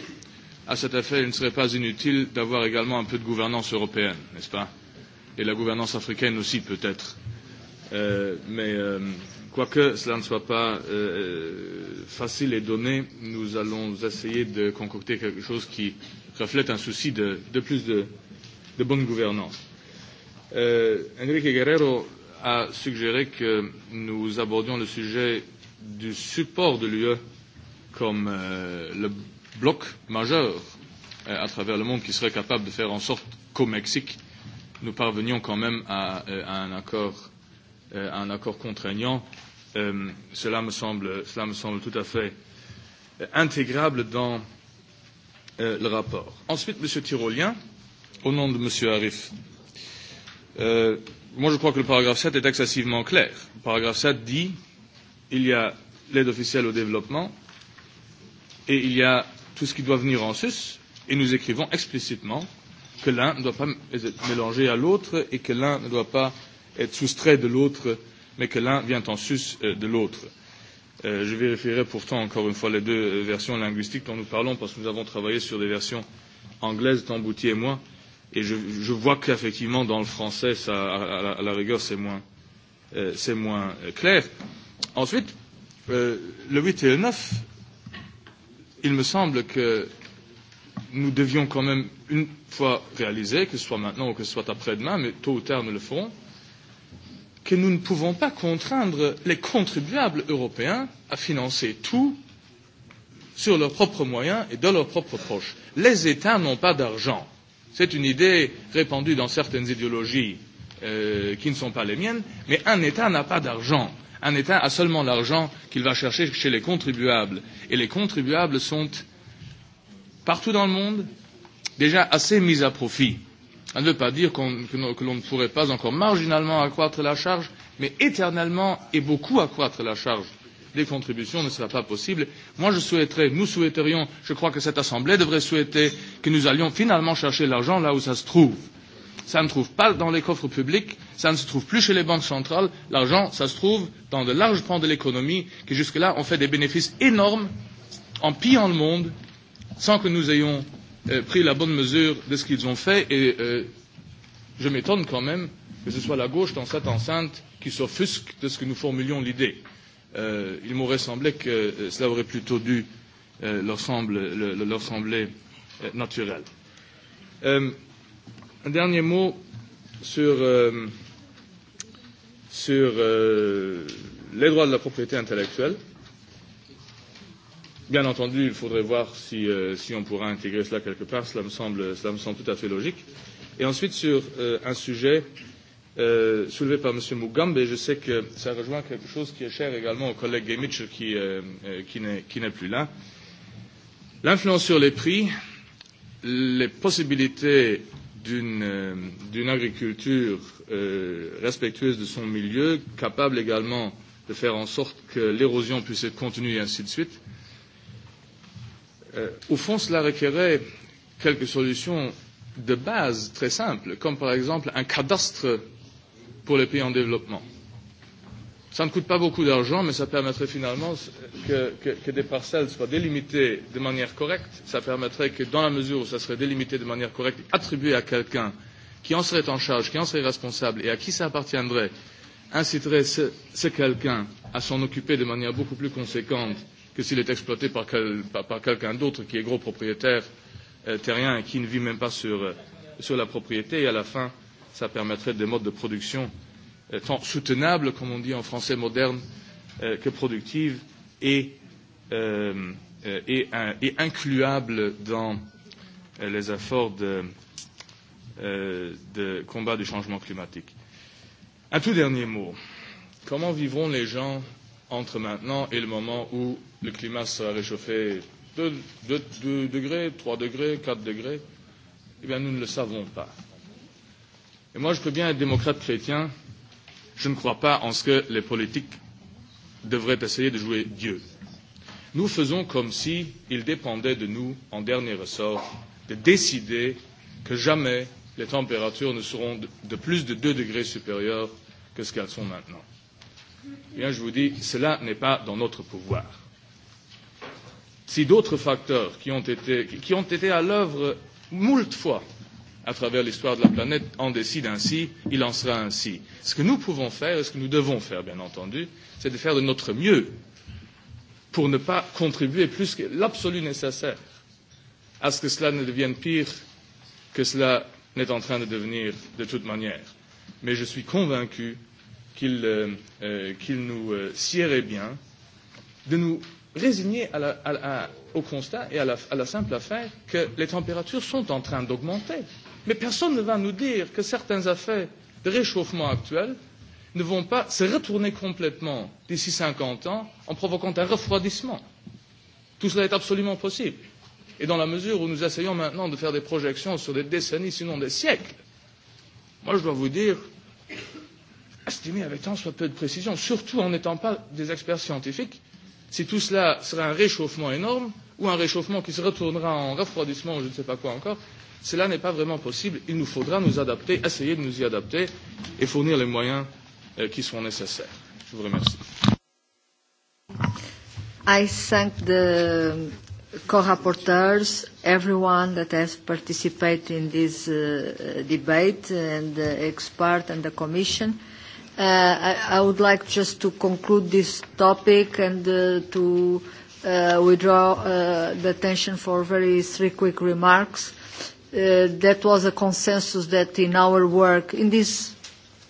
à cet effet, il ne serait pas inutile d'avoir également un peu de gouvernance européenne, n'est-ce pas Et la gouvernance africaine aussi, peut-être. Euh, mais euh, quoique cela ne soit pas euh, euh, facile et donné, nous allons essayer de concocter quelque chose qui reflète un souci de, de plus de, de bonne gouvernance. Euh, Enrique Guerrero a suggéré que nous abordions le sujet du support de l'UE comme euh, le bloc majeur euh, à travers le monde qui serait capable de faire en sorte qu'au Mexique, nous parvenions quand même à, euh, à un accord, euh, à un accord contraignant. Euh, cela, me semble, cela me semble tout à fait euh, intégrable dans euh, le rapport. Ensuite, M. Tyrolien, au nom de M. Arif. Euh, moi je crois que le paragraphe 7 est excessivement clair. Le paragraphe 7 dit il y a l'aide officielle au développement et il y a tout ce qui doit venir en sus et nous écrivons explicitement que l'un ne doit pas être mélangé à l'autre et que l'un ne doit pas être soustrait de l'autre mais que l'un vient en sus euh, de l'autre. Euh, je vérifierai pourtant encore une fois les deux versions linguistiques dont nous parlons parce que nous avons travaillé sur des versions anglaises, Tambouti et moi, euh, Et je, je vois qu'effectivement, dans le français, ça, à, la, à la rigueur, c'est moins, euh, moins clair. Ensuite, euh, le 8 et le 9, il me semble que nous devions quand même, une fois réaliser, que ce soit maintenant ou que ce soit après-demain, mais tôt ou tard nous le ferons, que nous ne pouvons pas contraindre les contribuables européens à financer tout sur leurs propres moyens et de leurs propres proches. Les États n'ont pas d'argent C'est une idée répandue dans certaines idéologies euh, qui ne sont pas les miennes, mais un État n'a pas d'argent. Un État a seulement l'argent qu'il va chercher chez les contribuables. Et les contribuables sont, partout dans le monde, déjà assez mis à profit. Ça ne veut pas dire qu que, que l'on ne pourrait pas encore marginalement accroître la charge, mais éternellement et beaucoup accroître la charge des contributions ne sera pas possible. Moi, je souhaiterais, nous souhaiterions, je crois que cette Assemblée devrait souhaiter que nous allions finalement chercher l'argent là où ça se trouve. Ça ne se trouve pas dans les coffres publics, ça ne se trouve plus chez les banques centrales. L'argent, ça se trouve dans de larges pans de l'économie qui jusque-là ont fait des bénéfices énormes en pillant le monde sans que nous ayons euh, pris la bonne mesure de ce qu'ils ont fait. Et euh, je m'étonne quand même que ce soit la gauche dans cette enceinte qui s'offusque de ce que nous formulions l'idée euh, il m'aurait semblé que euh, cela aurait plutôt dû euh, leur, semble, le, leur sembler euh, naturel. Euh, un dernier mot sur, euh, sur euh, les droits de la propriété intellectuelle. Bien entendu, il faudrait voir si, euh, si on pourra intégrer cela quelque part. Cela me semble, cela me semble tout à fait logique. Et ensuite, sur euh, un sujet euh, euh, soulevée par M. Mugambe, je sais que ça rejoint quelque chose qui est cher également au collègue Gay Mitchell qui, euh, euh qui n'est plus là. L'influence sur les prix, les possibilités d'une euh, agriculture euh, respectueuse de son milieu, capable également de faire en sorte que l'érosion puisse être contenue et ainsi de suite. Euh, au fond, cela requérait quelques solutions de base très simples, comme par exemple un cadastre pour les pays en développement. Ça ne coûte pas beaucoup d'argent, mais ça permettrait finalement que, que, que des parcelles soient délimitées de manière correcte. Ça permettrait que, dans la mesure où ça serait délimité de manière correcte, attribué à quelqu'un qui en serait en charge, qui en serait responsable et à qui ça appartiendrait, inciterait ce, ce quelqu'un à s'en occuper de manière beaucoup plus conséquente que s'il est exploité par, quel, par, par quelqu'un d'autre qui est gros propriétaire euh, terrien et qui ne vit même pas sur, euh, sur la propriété. Et à la fin, euh, Ça permettrait des modes de production euh, tant soutenables, comme on dit en français moderne, euh, que productives et, euh, euh et, et incluables dans euh, les efforts de, euh, de combat du changement climatique. Un tout dernier mot. Comment vivront les gens entre maintenant et le moment où le climat sera réchauffé 2, 2, 2 degrés, 3 degrés, 4 degrés Eh bien, nous ne le savons pas. Et moi, je peux bien être démocrate chrétien, je ne crois pas en ce que les politiques devraient essayer de jouer Dieu. Nous faisons comme s'il si dépendait de nous, en dernier ressort, de décider que jamais les températures ne seront de plus de 2 degrés supérieures que ce qu'elles sont maintenant. Et Bien, je vous dis, cela n'est pas dans notre pouvoir. Si d'autres facteurs qui ont été, qui ont été à l'œuvre moult fois à travers l'histoire de la planète en décide ainsi, il en sera ainsi. Ce que nous pouvons faire, et ce que nous devons faire, bien entendu, c'est de faire de notre mieux pour ne pas contribuer plus que l'absolu nécessaire à ce que cela ne devienne pire que cela n'est en train de devenir de toute manière. Mais je suis convaincu qu'il euh, euh, qu nous euh, siérait bien de nous résigner à la, à, à, au constat et à la, à la simple affaire que les températures sont en train d'augmenter. Mais personne ne va nous dire que certains effets de réchauffement actuel ne vont pas se retourner complètement d'ici 50 ans en provoquant un refroidissement. Tout cela est absolument possible. Et dans la mesure où nous essayons maintenant de faire des projections sur des décennies, sinon des siècles, moi je dois vous dire, estimer avec tant soit peu de précision, surtout en n'étant pas des experts scientifiques, si tout cela sera un réchauffement énorme ou un réchauffement qui se retournera en refroidissement ou je ne sais pas quoi encore, Cela n'est pas vraiment possible. Il nous faudra nous adapter, essayer de nous y adapter et fournir les moyens euh, qui sont nécessaires. Je vous remercie. I thank the co-rapporteurs, everyone that has participated in this uh, debate, and the expert and the Commission. Uh, I, I would like just to conclude this topic and uh, to uh, withdraw uh, the attention for very three quick remarks. Uh, Uh, that was a consensus that in our work, in this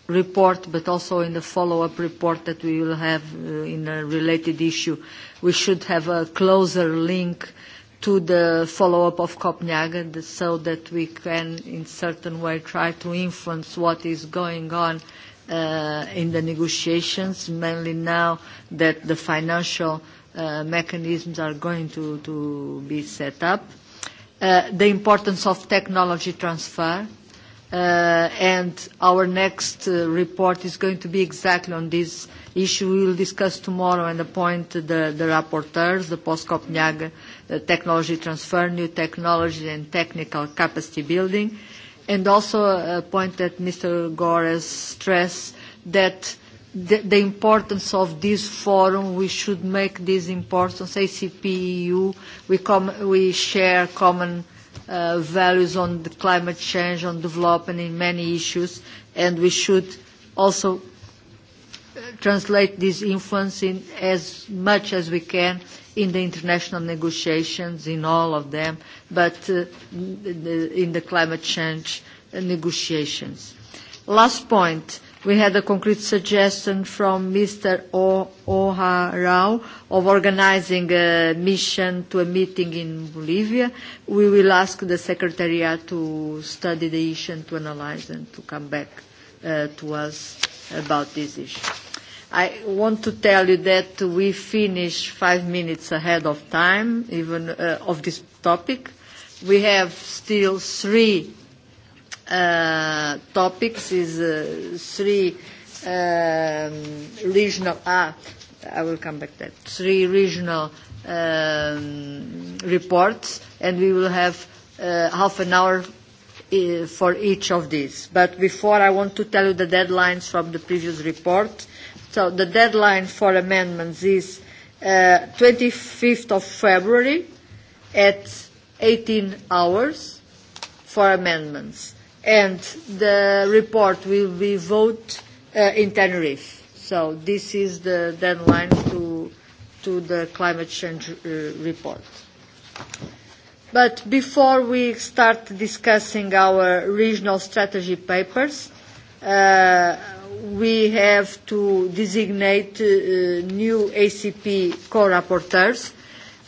report, but also in the follow-up report that we will have uh, in a related issue, we should have a closer link to the follow-up of Copenhagen so that we can, in certain way, try to influence what is going on uh, in the negotiations, mainly now that the financial uh, mechanisms are going to, to be set up. Uh, the importance of technology transfer, uh, and our next uh, report is going to be exactly on this issue. We will discuss tomorrow and appoint the, the rapporteurs, the post-Copenhagen uh, technology transfer, new technology and technical capacity building, and also uh, a point that Mr. Gore has stressed that the, the importance of this forum, we should make this importance, ACP EU, we, com we share common uh, values on the climate change, on development in many issues, and we should also uh, translate this influence in as much as we can in the international negotiations, in all of them, but uh, in the climate change negotiations. Last point, We had a concrete suggestion from Mr. O Oha Rao of organizing a mission to a meeting in Bolivia. We will ask the Secretariat to study the issue and to analyze and to come back uh, to us about this issue. I want to tell you that we finish five minutes ahead of time, even uh, of this topic. We have still three uh, topics is uh, three um, regional ah, I will come back to that three regional um, reports and we will have uh, half an hour uh, for each of these. But before I want to tell you the deadlines from the previous report. So the deadline for amendments is uh, 25th of February at 18 hours for amendments and the report will be voted uh, in Tenerife. So this is the deadline to, to the climate change uh, report. But before we start discussing our regional strategy papers, uh, we have to designate uh, new ACP co-rapporteurs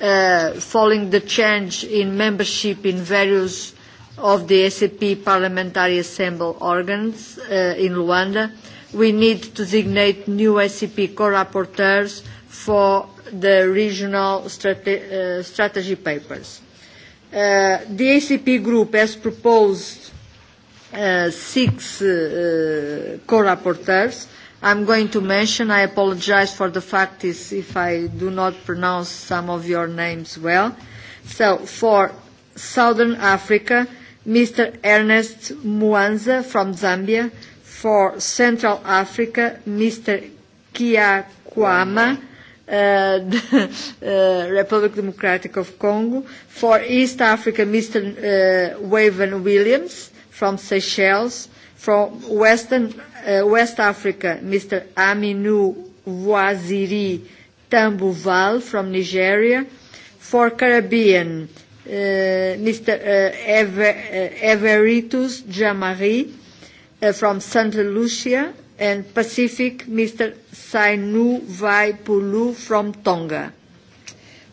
uh, following the change in membership in various of the ACP Parliamentary Assembly organs uh, in Luanda, we need to designate new ACP co-rapporteurs for the regional strate uh, strategy papers. Uh, the ACP group has proposed uh, six uh, co-rapporteurs. I'm going to mention, I apologize for the fact is if I do not pronounce some of your names well. So for Southern Africa, Mr. Ernest Mwanza from Zambia, for Central Africa, Mr. Kia Kwama, uh, <laughs> uh, Republic Democratic of Congo. For East Africa, Mr. Uh, Waven Williams from Seychelles. From Western, uh, West Africa, Mr. Aminu Waziri Tambuval from Nigeria. For Caribbean, Uh, Mr. Uh, uh, Everitus Jamari from Santa Lucia, and Pacific, Mr. Sainu Vai Pulu from Tonga.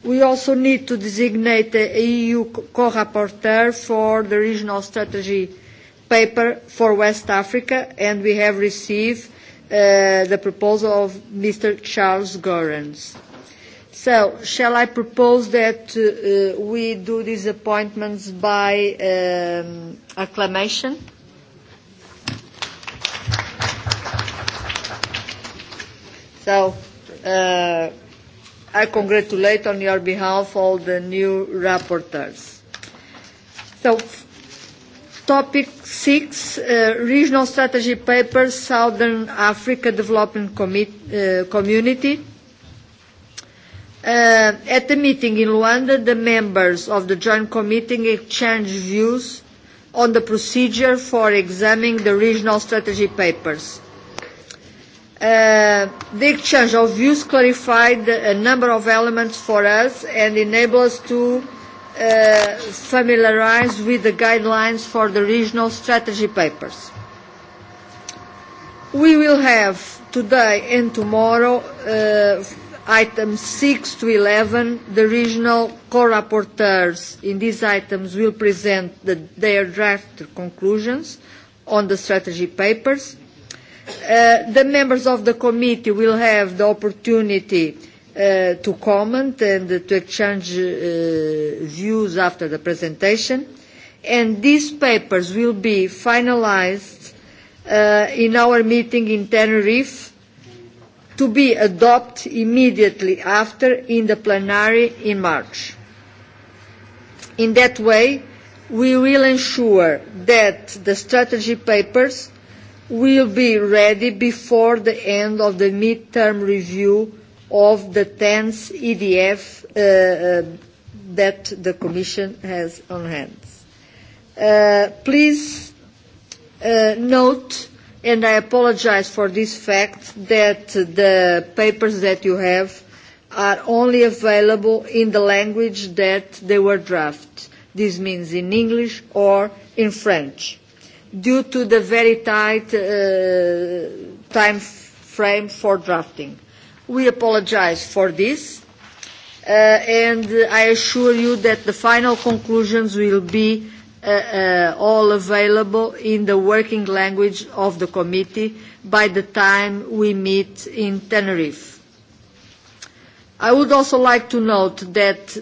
We also need to designate a EU co-rapporteur for the regional strategy paper for West Africa, and we have received uh, the proposal of Mr. Charles Gorens. So, shall I propose that uh, uh we do these appointments by um, acclamation? So, uh, I congratulate on your behalf all the new rapporteurs. So, topic six, uh, regional strategy paper, Southern Africa Development Commit, uh, Community Uh, at the meeting in Luanda, the members of the Joint Committee exchanged views on the procedure for examining the regional strategy papers. Uh, the exchange of views clarified a number of elements for us and enabled us to uh, familiarize with the guidelines for the regional strategy papers. We will have today and tomorrow uh, Items 6 to 11, the regional co-rapporteurs in these items will present the, their draft conclusions on the strategy papers. Uh, the members of the committee will have the opportunity uh, to comment and uh, to exchange uh, views after the presentation. And these papers will be finalized uh, in our meeting in Tenerife to be adopted immediately after in the plenary in March. In that way, we will ensure that the strategy papers will be ready before the end of the mid-term review of the 10th EDF uh, uh, that the Commission has on hand. Uh, please uh, note and I apologize for this fact that the papers that you have are only available in the language that they were drafted. This means in English or in French. Due to the very tight uh, time frame for drafting. We apologize for this uh, and I assure you that the final conclusions will be uh, uh, all available in the working language of the committee by the time we meet in Tenerife. I would also like to note that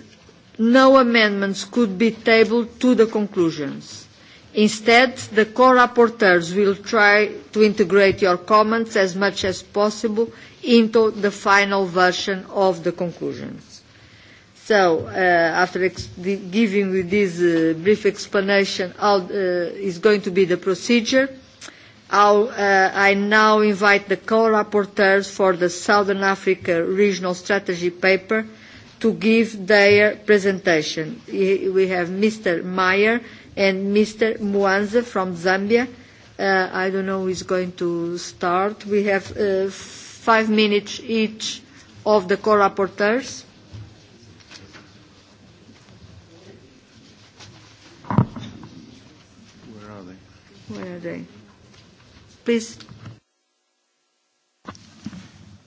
no amendments could be tabled to the conclusions. Instead, the co-rapporteurs will try to integrate your comments as much as possible into the final version of the conclusions. So, uh, after ex giving you this uh, brief explanation, how uh, is going to be the procedure, I'll, uh, I now invite the co-rapporteurs for the Southern Africa Regional Strategy paper to give their presentation. We have Mr. Meyer and Mr. Mwanza from Zambia. Uh, I don't know who is going to start. We have uh, five minutes each of the co-rapporteurs. Where are they? Where are they? Please.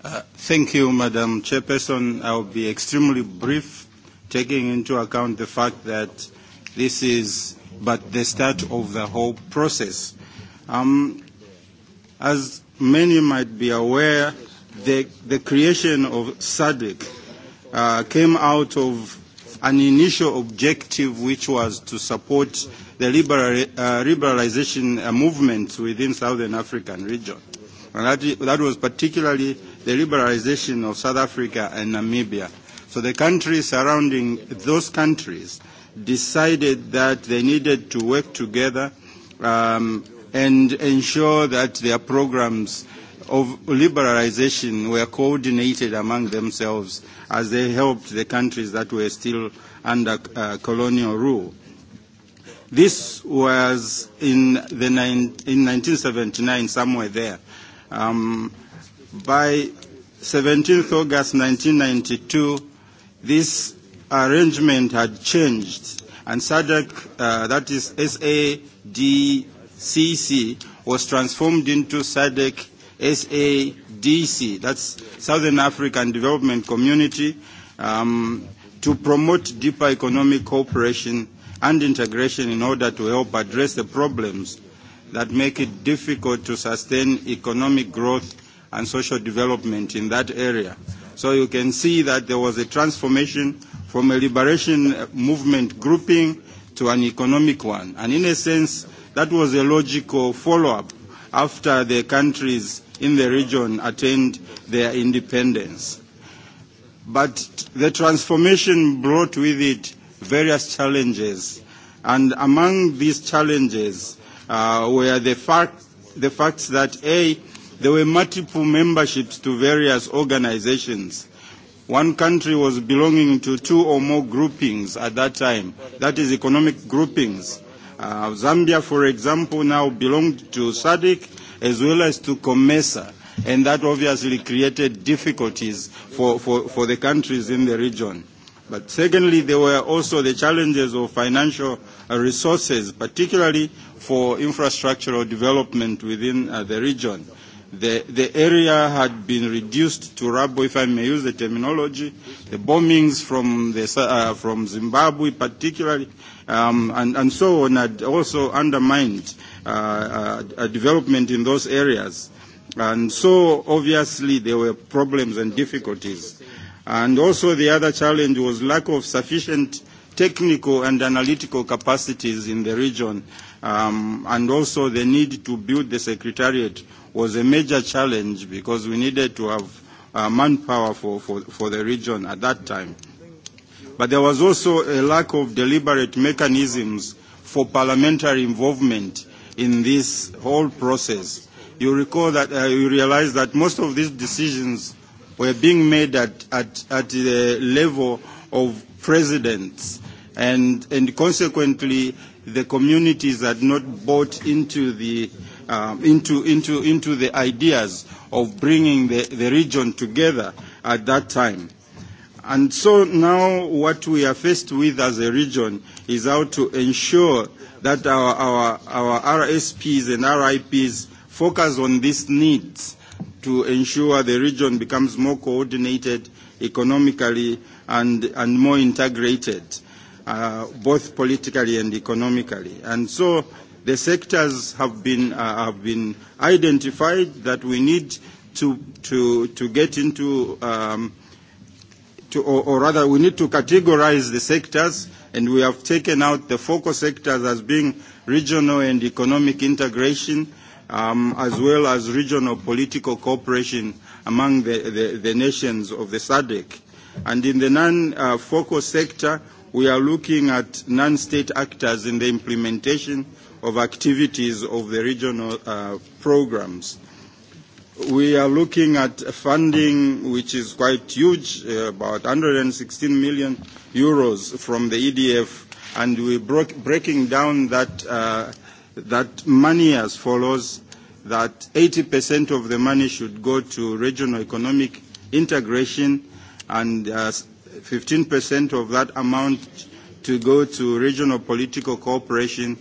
Uh, thank you, Madam Chairperson. I'll be extremely brief, taking into account the fact that this is but the start of the whole process. Um, as many might be aware, the, the creation of SADC uh, came out of an initial objective which was to support the liberal, uh, liberalization uh, movement within Southern African region. And that, that was particularly the liberalization of South Africa and Namibia. So the countries surrounding those countries decided that they needed to work together um, and ensure that their programs of liberalization were coordinated among themselves as they helped the countries that were still under uh, colonial rule. This was in, the nine, in 1979, somewhere there. Um, by 17th August 1992, this arrangement had changed, and SADC, uh, that is SADCC, was transformed into SADC SADC, that's Southern African Development Community, um, to promote deeper economic cooperation and integration in order to help address the problems that make it difficult to sustain economic growth and social development in that area. So you can see that there was a transformation from a liberation movement grouping to an economic one. And in a sense, that was a logical follow-up after the countries in the region attained their independence. But the transformation brought with it various challenges, and among these challenges uh, were the fact, the fact that A, there were multiple memberships to various organizations. One country was belonging to two or more groupings at that time, that is economic groupings. Uh, Zambia, for example, now belonged to SADC, as well as to COMESA, and that obviously created difficulties for, for, for the countries in the region. But secondly, there were also the challenges of financial uh, resources, particularly for infrastructural development within uh, the region. The, the area had been reduced to rubble, if I may use the terminology. The bombings from, the, uh, from Zimbabwe particularly um, and, and so on had also undermined uh, uh, development in those areas. And so obviously there were problems and difficulties. And also the other challenge was lack of sufficient technical and analytical capacities in the region. Um, and also the need to build the secretariat was a major challenge because we needed to have uh, manpower for, for, for the region at that time. But there was also a lack of deliberate mechanisms for parliamentary involvement in this whole process. You recall that uh, you realize that most of these decisions were being made at, at, at the level of presidents, and, and consequently, the communities had not bought into the, um, into, into, into the ideas of bringing the, the region together at that time. And so now what we are faced with as a region is how to ensure that our, our, our RSPs and RIPs focus on these needs to ensure the region becomes more coordinated economically and, and more integrated, uh, both politically and economically. And so the sectors have been, uh, have been identified that we need to, to, to get into um, – to, or, or rather we need to categorize the sectors and we have taken out the focus sectors as being regional and economic integration um, as well as regional political cooperation among the, the, the nations of the SADC. And in the non-focus uh, sector, we are looking at non-state actors in the implementation of activities of the regional uh, programs. We are looking at funding which is quite huge, uh, about 116 million euros from the EDF, and we're bro- breaking down that, uh, that money as follows, that 80% of the money should go to regional economic integration and uh, 15% of that amount to go to regional political cooperation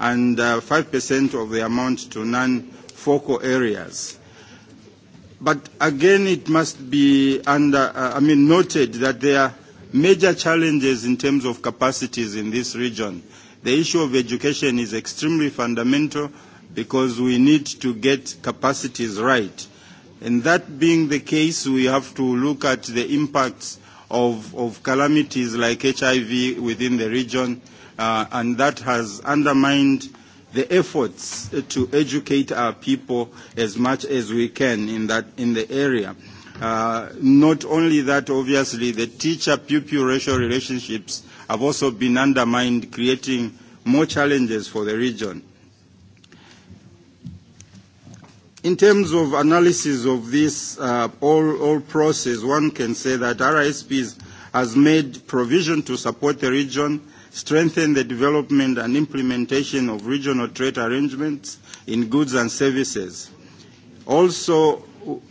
and uh, 5% of the amount to non-focal areas. But again, it must be under, uh, I mean, noted that there are major challenges in terms of capacities in this region. The issue of education is extremely fundamental because we need to get capacities right. And that being the case, we have to look at the impacts of, of calamities like HIV within the region, uh, and that has undermined the efforts to educate our people as much as we can in, that, in the area. Uh, not only that, obviously, the teacher-pupil racial relationships have also been undermined, creating more challenges for the region. In terms of analysis of this uh, all, all process, one can say that RISPs has made provision to support the region strengthen the development and implementation of regional trade arrangements in goods and services. Also,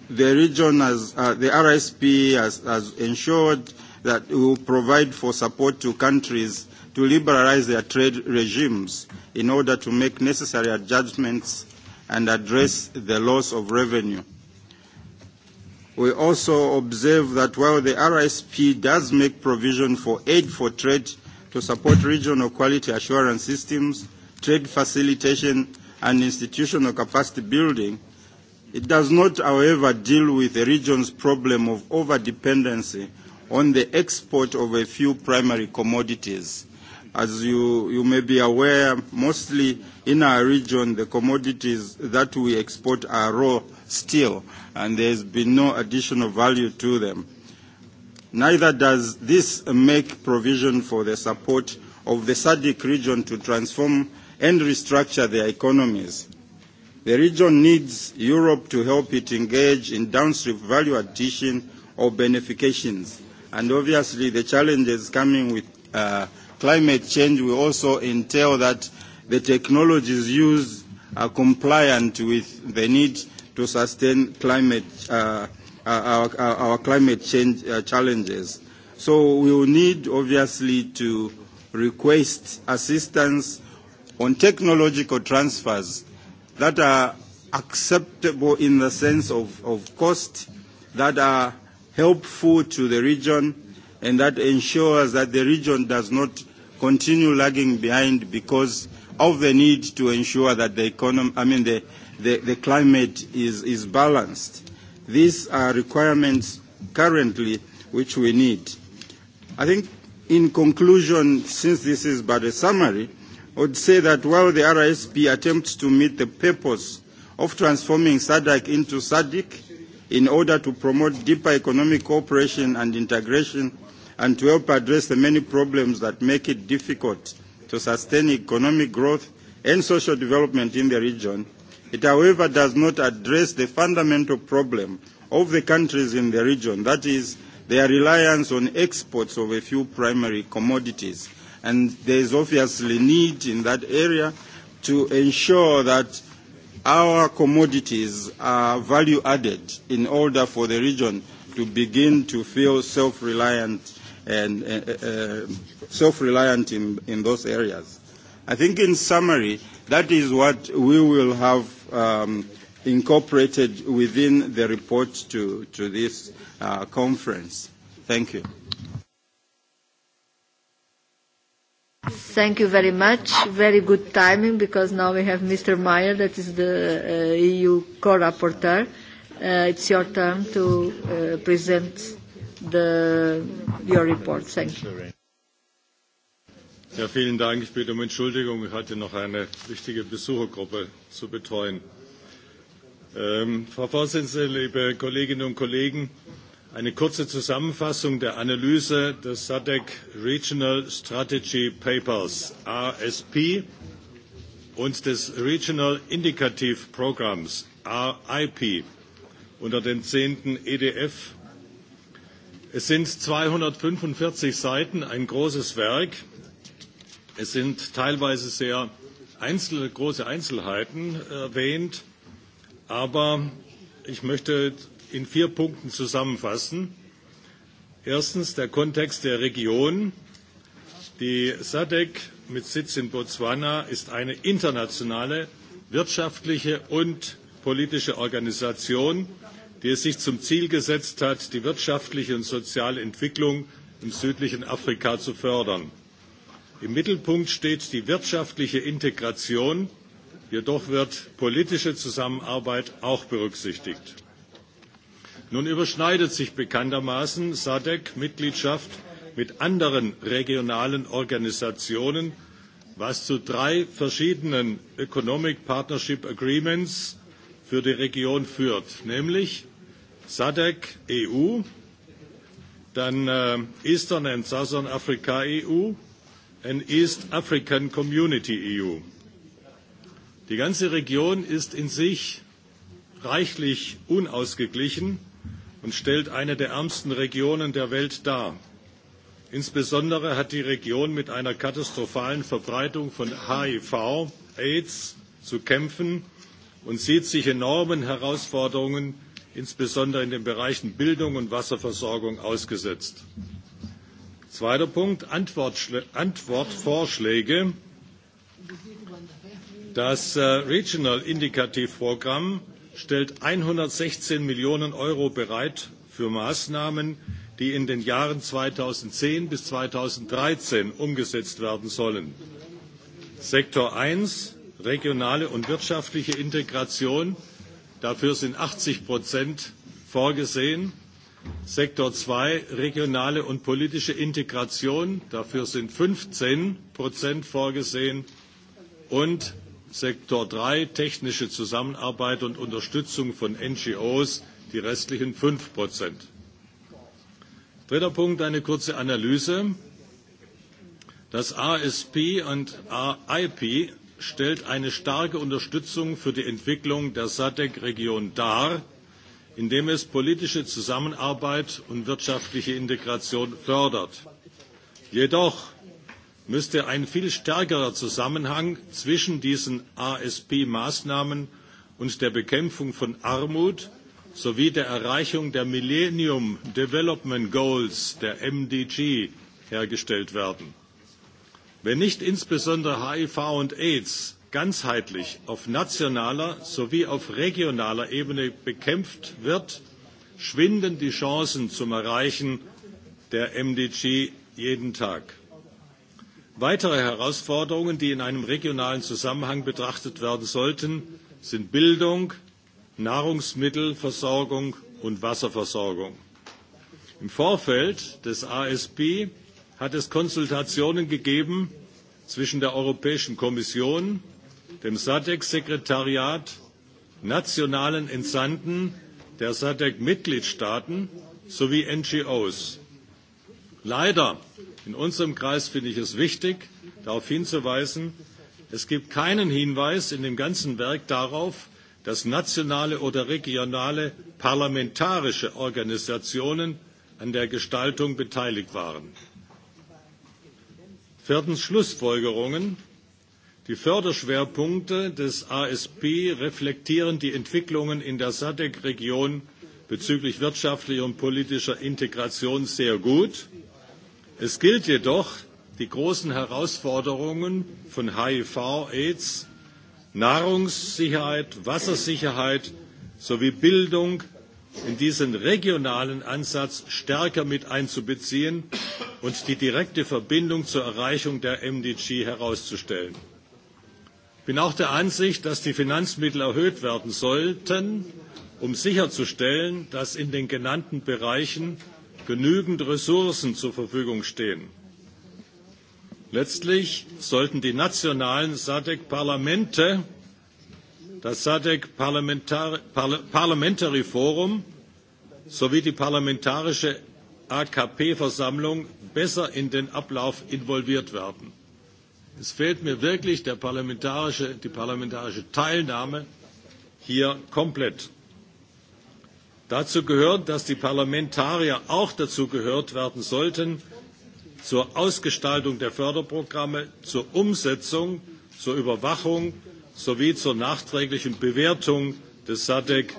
the region has, uh, the RSP has, has ensured that it will provide for support to countries to liberalize their trade regimes in order to make necessary adjustments and address the loss of revenue. We also observe that while the RSP does make provision for aid for trade to support regional quality assurance systems, trade facilitation, and institutional capacity building, it does not, however, deal with the region's problem of over-dependency on the export of a few primary commodities. As you, you may be aware, mostly in our region, the commodities that we export are raw steel, and there has been no additional value to them. Neither does this make provision for the support of the SADC region to transform and restructure their economies. The region needs Europe to help it engage in downstream value addition or benefications. And obviously the challenges coming with uh, climate change will also entail that the technologies used are compliant with the need to sustain climate uh, Uh, our, uh, our climate change uh, challenges. So we will need, obviously, to request assistance on technological transfers that are acceptable in the sense of, of cost, that are helpful to the region, and that ensures that the region does not continue lagging behind because of the need to ensure that the economy, I mean the, the, the climate is, is balanced. These are requirements currently which we need. I think in conclusion, since this is but a summary, I would say that while the RISP attempts to meet the purpose of transforming SADC into SADC in order to promote deeper economic cooperation and integration and to help address the many problems that make it difficult to sustain economic growth and social development in the region, It, however, does not address the fundamental problem of the countries in the region, that is, their reliance on exports of a few primary commodities. And there is obviously need in that area to ensure that our commodities are value added in order for the region to begin to feel self-reliant and uh, uh, uh self-reliant in, in those areas. I think in summary, That is what we will have um, incorporated within the report to, to this uh, conference. Thank you. Thank you very much. Very good timing because now we have Mr. Meyer, that is the uh, EU co-rapporteur. Uh, it's your turn to uh, present the, your report. Thank you. Ja, vielen Dank. Ich bitte um Entschuldigung. Ich hatte noch eine wichtige Besuchergruppe zu betreuen. Ähm, Frau Vorsitzende, liebe Kolleginnen und Kollegen, eine kurze Zusammenfassung der Analyse des SADC Regional Strategy Papers RSP und des Regional Indicative Programs RIP unter dem 10. EDF. Es sind 245 Seiten, ein großes Werk Es sind teilweise sehr einzelne, große Einzelheiten erwähnt, aber ich möchte in vier Punkten zusammenfassen. Erstens der Kontext der Region. Die SADC mit Sitz in Botswana ist eine internationale wirtschaftliche und politische Organisation, die es sich zum Ziel gesetzt hat, die wirtschaftliche und soziale Entwicklung im südlichen Afrika zu fördern. Im Mittelpunkt steht die wirtschaftliche Integration, jedoch wird politische Zusammenarbeit auch berücksichtigt. Nun überschneidet sich bekanntermaßen SADC-Mitgliedschaft mit anderen regionalen Organisationen, was zu drei verschiedenen Economic Partnership Agreements für die Region führt, nämlich SADC EU, dann äh, Eastern and Southern Africa EU an East African Community EU. Die ganze Region ist in sich reichlich unausgeglichen und stellt eine der ärmsten Regionen der Welt dar. Insbesondere hat die Region mit einer katastrophalen Verbreitung von HIV, AIDS zu kämpfen und sieht sich enormen Herausforderungen, insbesondere in den Bereichen Bildung und Wasserversorgung, ausgesetzt. Zweiter Punkt, Antwortvorschläge. Das äh, Regional Indicative Programm stellt 116 Millionen Euro bereit für Maßnahmen, die in den Jahren 2010 bis 2013 umgesetzt werden sollen. Sektor 1, regionale und wirtschaftliche Integration, dafür sind 80 Prozent vorgesehen. Sektor 2 regionale und politische Integration, dafür sind 15 Prozent vorgesehen und Sektor 3 technische Zusammenarbeit und Unterstützung von NGOs, die restlichen 5 Prozent. Dritter Punkt, eine kurze Analyse. Das ASP und AIP stellt eine starke Unterstützung für die Entwicklung der SADC-Region dar indem es politische Zusammenarbeit und wirtschaftliche Integration fördert. Jedoch müsste ein viel stärkerer Zusammenhang zwischen diesen ASP-Maßnahmen und der Bekämpfung von Armut sowie der Erreichung der Millennium Development Goals der MDG hergestellt werden. Wenn nicht insbesondere HIV und AIDS ganzheitlich auf nationaler sowie auf regionaler Ebene bekämpft wird, schwinden die Chancen zum Erreichen der MDG jeden Tag. Weitere Herausforderungen, die in einem regionalen Zusammenhang betrachtet werden sollten, sind Bildung, Nahrungsmittelversorgung und Wasserversorgung. Im Vorfeld des ASP hat es Konsultationen gegeben zwischen der Europäischen Kommission, dem SADC-Sekretariat, nationalen Entsandten der SADC-Mitgliedstaaten sowie NGOs. Leider, in unserem Kreis finde ich es wichtig, darauf hinzuweisen, es gibt keinen Hinweis in dem ganzen Werk darauf, dass nationale oder regionale parlamentarische Organisationen an der Gestaltung beteiligt waren. Viertens Schlussfolgerungen Die Förderschwerpunkte des ASP reflektieren die Entwicklungen in der SADC-Region bezüglich wirtschaftlicher und politischer Integration sehr gut. Es gilt jedoch, die großen Herausforderungen von HIV, AIDS, Nahrungssicherheit, Wassersicherheit sowie Bildung in diesen regionalen Ansatz stärker mit einzubeziehen und die direkte Verbindung zur Erreichung der MDG herauszustellen bin auch der Ansicht, dass die Finanzmittel erhöht werden sollten, um sicherzustellen, dass in den genannten Bereichen genügend Ressourcen zur Verfügung stehen. Letztlich sollten die nationalen SADC-Parlamente, das SADC Parlamentar Parliamentary Forum sowie die parlamentarische AKP-Versammlung besser in den Ablauf involviert werden. Es fehlt mir wirklich der parlamentarische, die parlamentarische Teilnahme hier komplett. Dazu gehört, dass die Parlamentarier auch dazu gehört werden sollten, zur Ausgestaltung der Förderprogramme, zur Umsetzung, zur Überwachung sowie zur nachträglichen Bewertung des SADC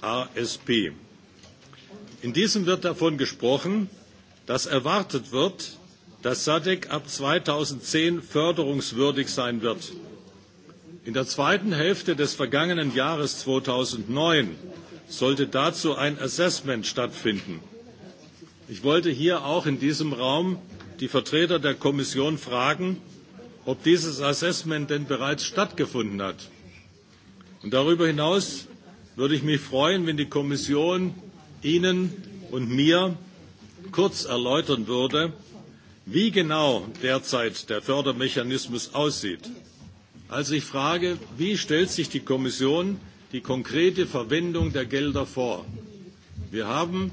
ASP. In diesem wird davon gesprochen, dass erwartet wird, dass SADC ab 2010 förderungswürdig sein wird. In der zweiten Hälfte des vergangenen Jahres 2009 sollte dazu ein Assessment stattfinden. Ich wollte hier auch in diesem Raum die Vertreter der Kommission fragen, ob dieses Assessment denn bereits stattgefunden hat. Und darüber hinaus würde ich mich freuen, wenn die Kommission Ihnen und mir kurz erläutern würde, wie genau derzeit der Fördermechanismus aussieht. Also ich frage, wie stellt sich die Kommission die konkrete Verwendung der Gelder vor? Wir haben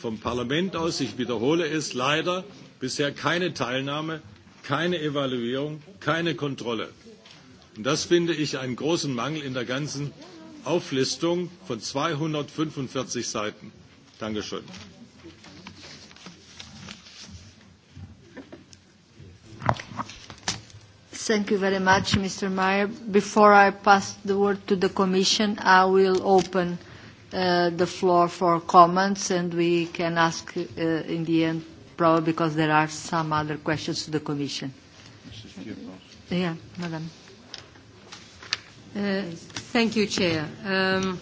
vom Parlament aus, ich wiederhole es, leider bisher keine Teilnahme, keine Evaluierung, keine Kontrolle. Und das finde ich einen großen Mangel in der ganzen Auflistung von 245 Seiten. Dankeschön. Thank you very much, Mr. Meyer. Before I pass the word to the Commission, I will open uh, the floor for comments, and we can ask uh, in the end, probably because there are some other questions to the Commission. Yeah, Madam. Uh, thank you, Chair. Um,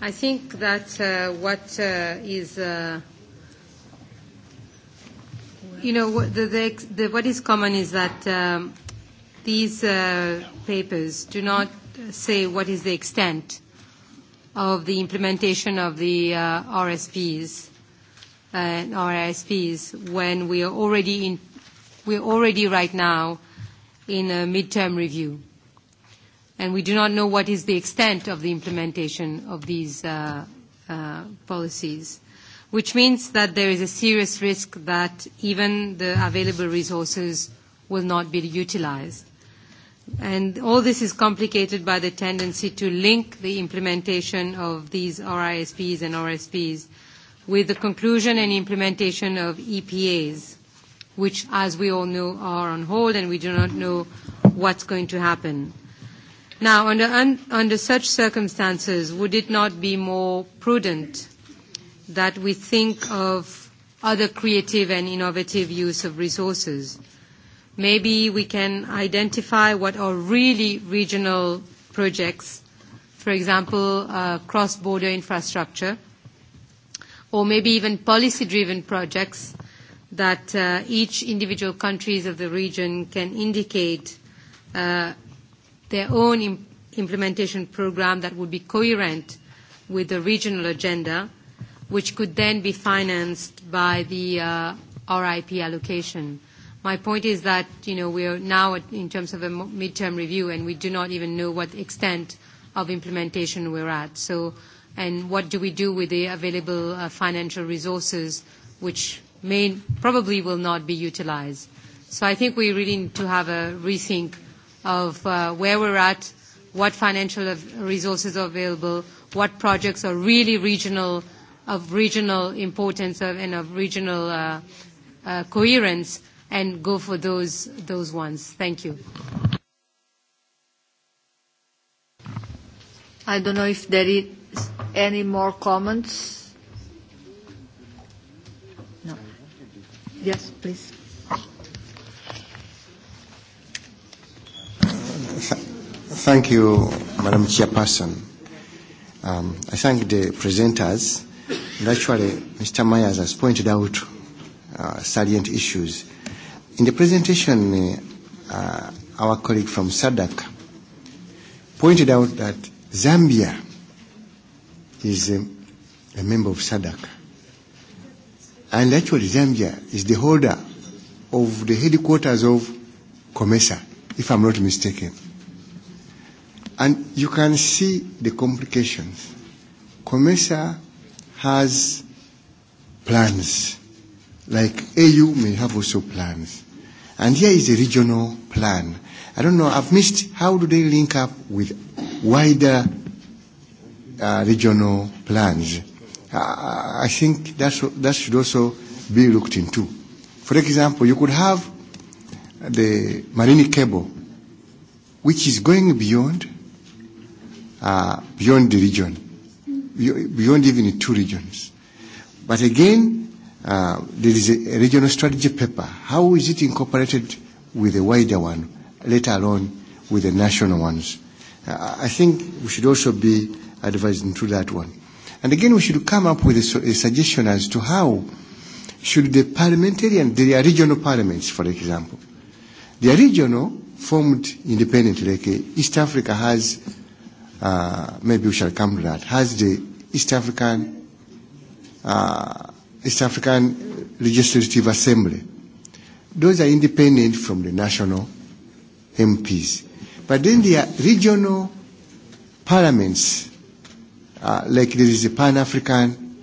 I think that uh, what uh, is uh, you know, the, the, the, what is common is that um, these uh, papers do not say what is the extent of the implementation of the uh, RSPs and uh, RSPs when we are already in, we're already right now in a midterm review. And we do not know what is the extent of the implementation of these uh, uh, policies which means that there is a serious risk that even the available resources will not be utilized. And all this is complicated by the tendency to link the implementation of these RISPs and RSPs with the conclusion and implementation of EPAs, which, as we all know, are on hold and we do not know what's going to happen. Now, under, un, under such circumstances, would it not be more prudent that we think of other creative and innovative use of resources. Maybe we can identify what are really regional projects, for example, uh, cross-border infrastructure, or maybe even policy-driven projects that uh, each individual countries of the region can indicate uh, their own imp implementation program that would be coherent with the regional agenda which could then be financed by the uh, RIP allocation. My point is that, you know, we are now at, in terms of a midterm review, and we do not even know what extent of implementation we're at. So, and what do we do with the available uh, financial resources, which may probably will not be utilized. So I think we really need to have a rethink of uh, where we're at, what financial resources are available, what projects are really regional of regional importance of, and of regional uh, uh, coherence and go for those, those ones. Thank you. I don't know if there is any more comments. No. Yes, please. Thank you, Madam Chairperson. Um, I thank the presenters And actually, Mr. Myers has pointed out uh, salient issues. In the presentation, uh, uh our colleague from SADC pointed out that Zambia is a, um, a member of SADC. And actually, Zambia is the holder of the headquarters of COMESA, if I'm not mistaken. And you can see the complications. COMESA has plans, like AU may have also plans. And here is a regional plan. I don't know, I've missed how do they link up with wider uh, regional plans. Uh, I think that's, that should also be looked into. For example, you could have the marine cable, which is going beyond, uh, beyond the region beyond even two regions. But again, uh, there is a, regional strategy paper. How is it incorporated with the wider one, let alone with the national ones? Uh, I think we should also be advising through that one. And again, we should come up with a, a suggestion as to how should the parliamentarian, the regional parliaments, for example, the regional formed independently, like uh, East Africa has uh, maybe we shall come to that, has the East African, uh, East African Legislative Assembly. Those are independent from the national MPs. But then there are regional parliaments, uh, like there is a Pan-African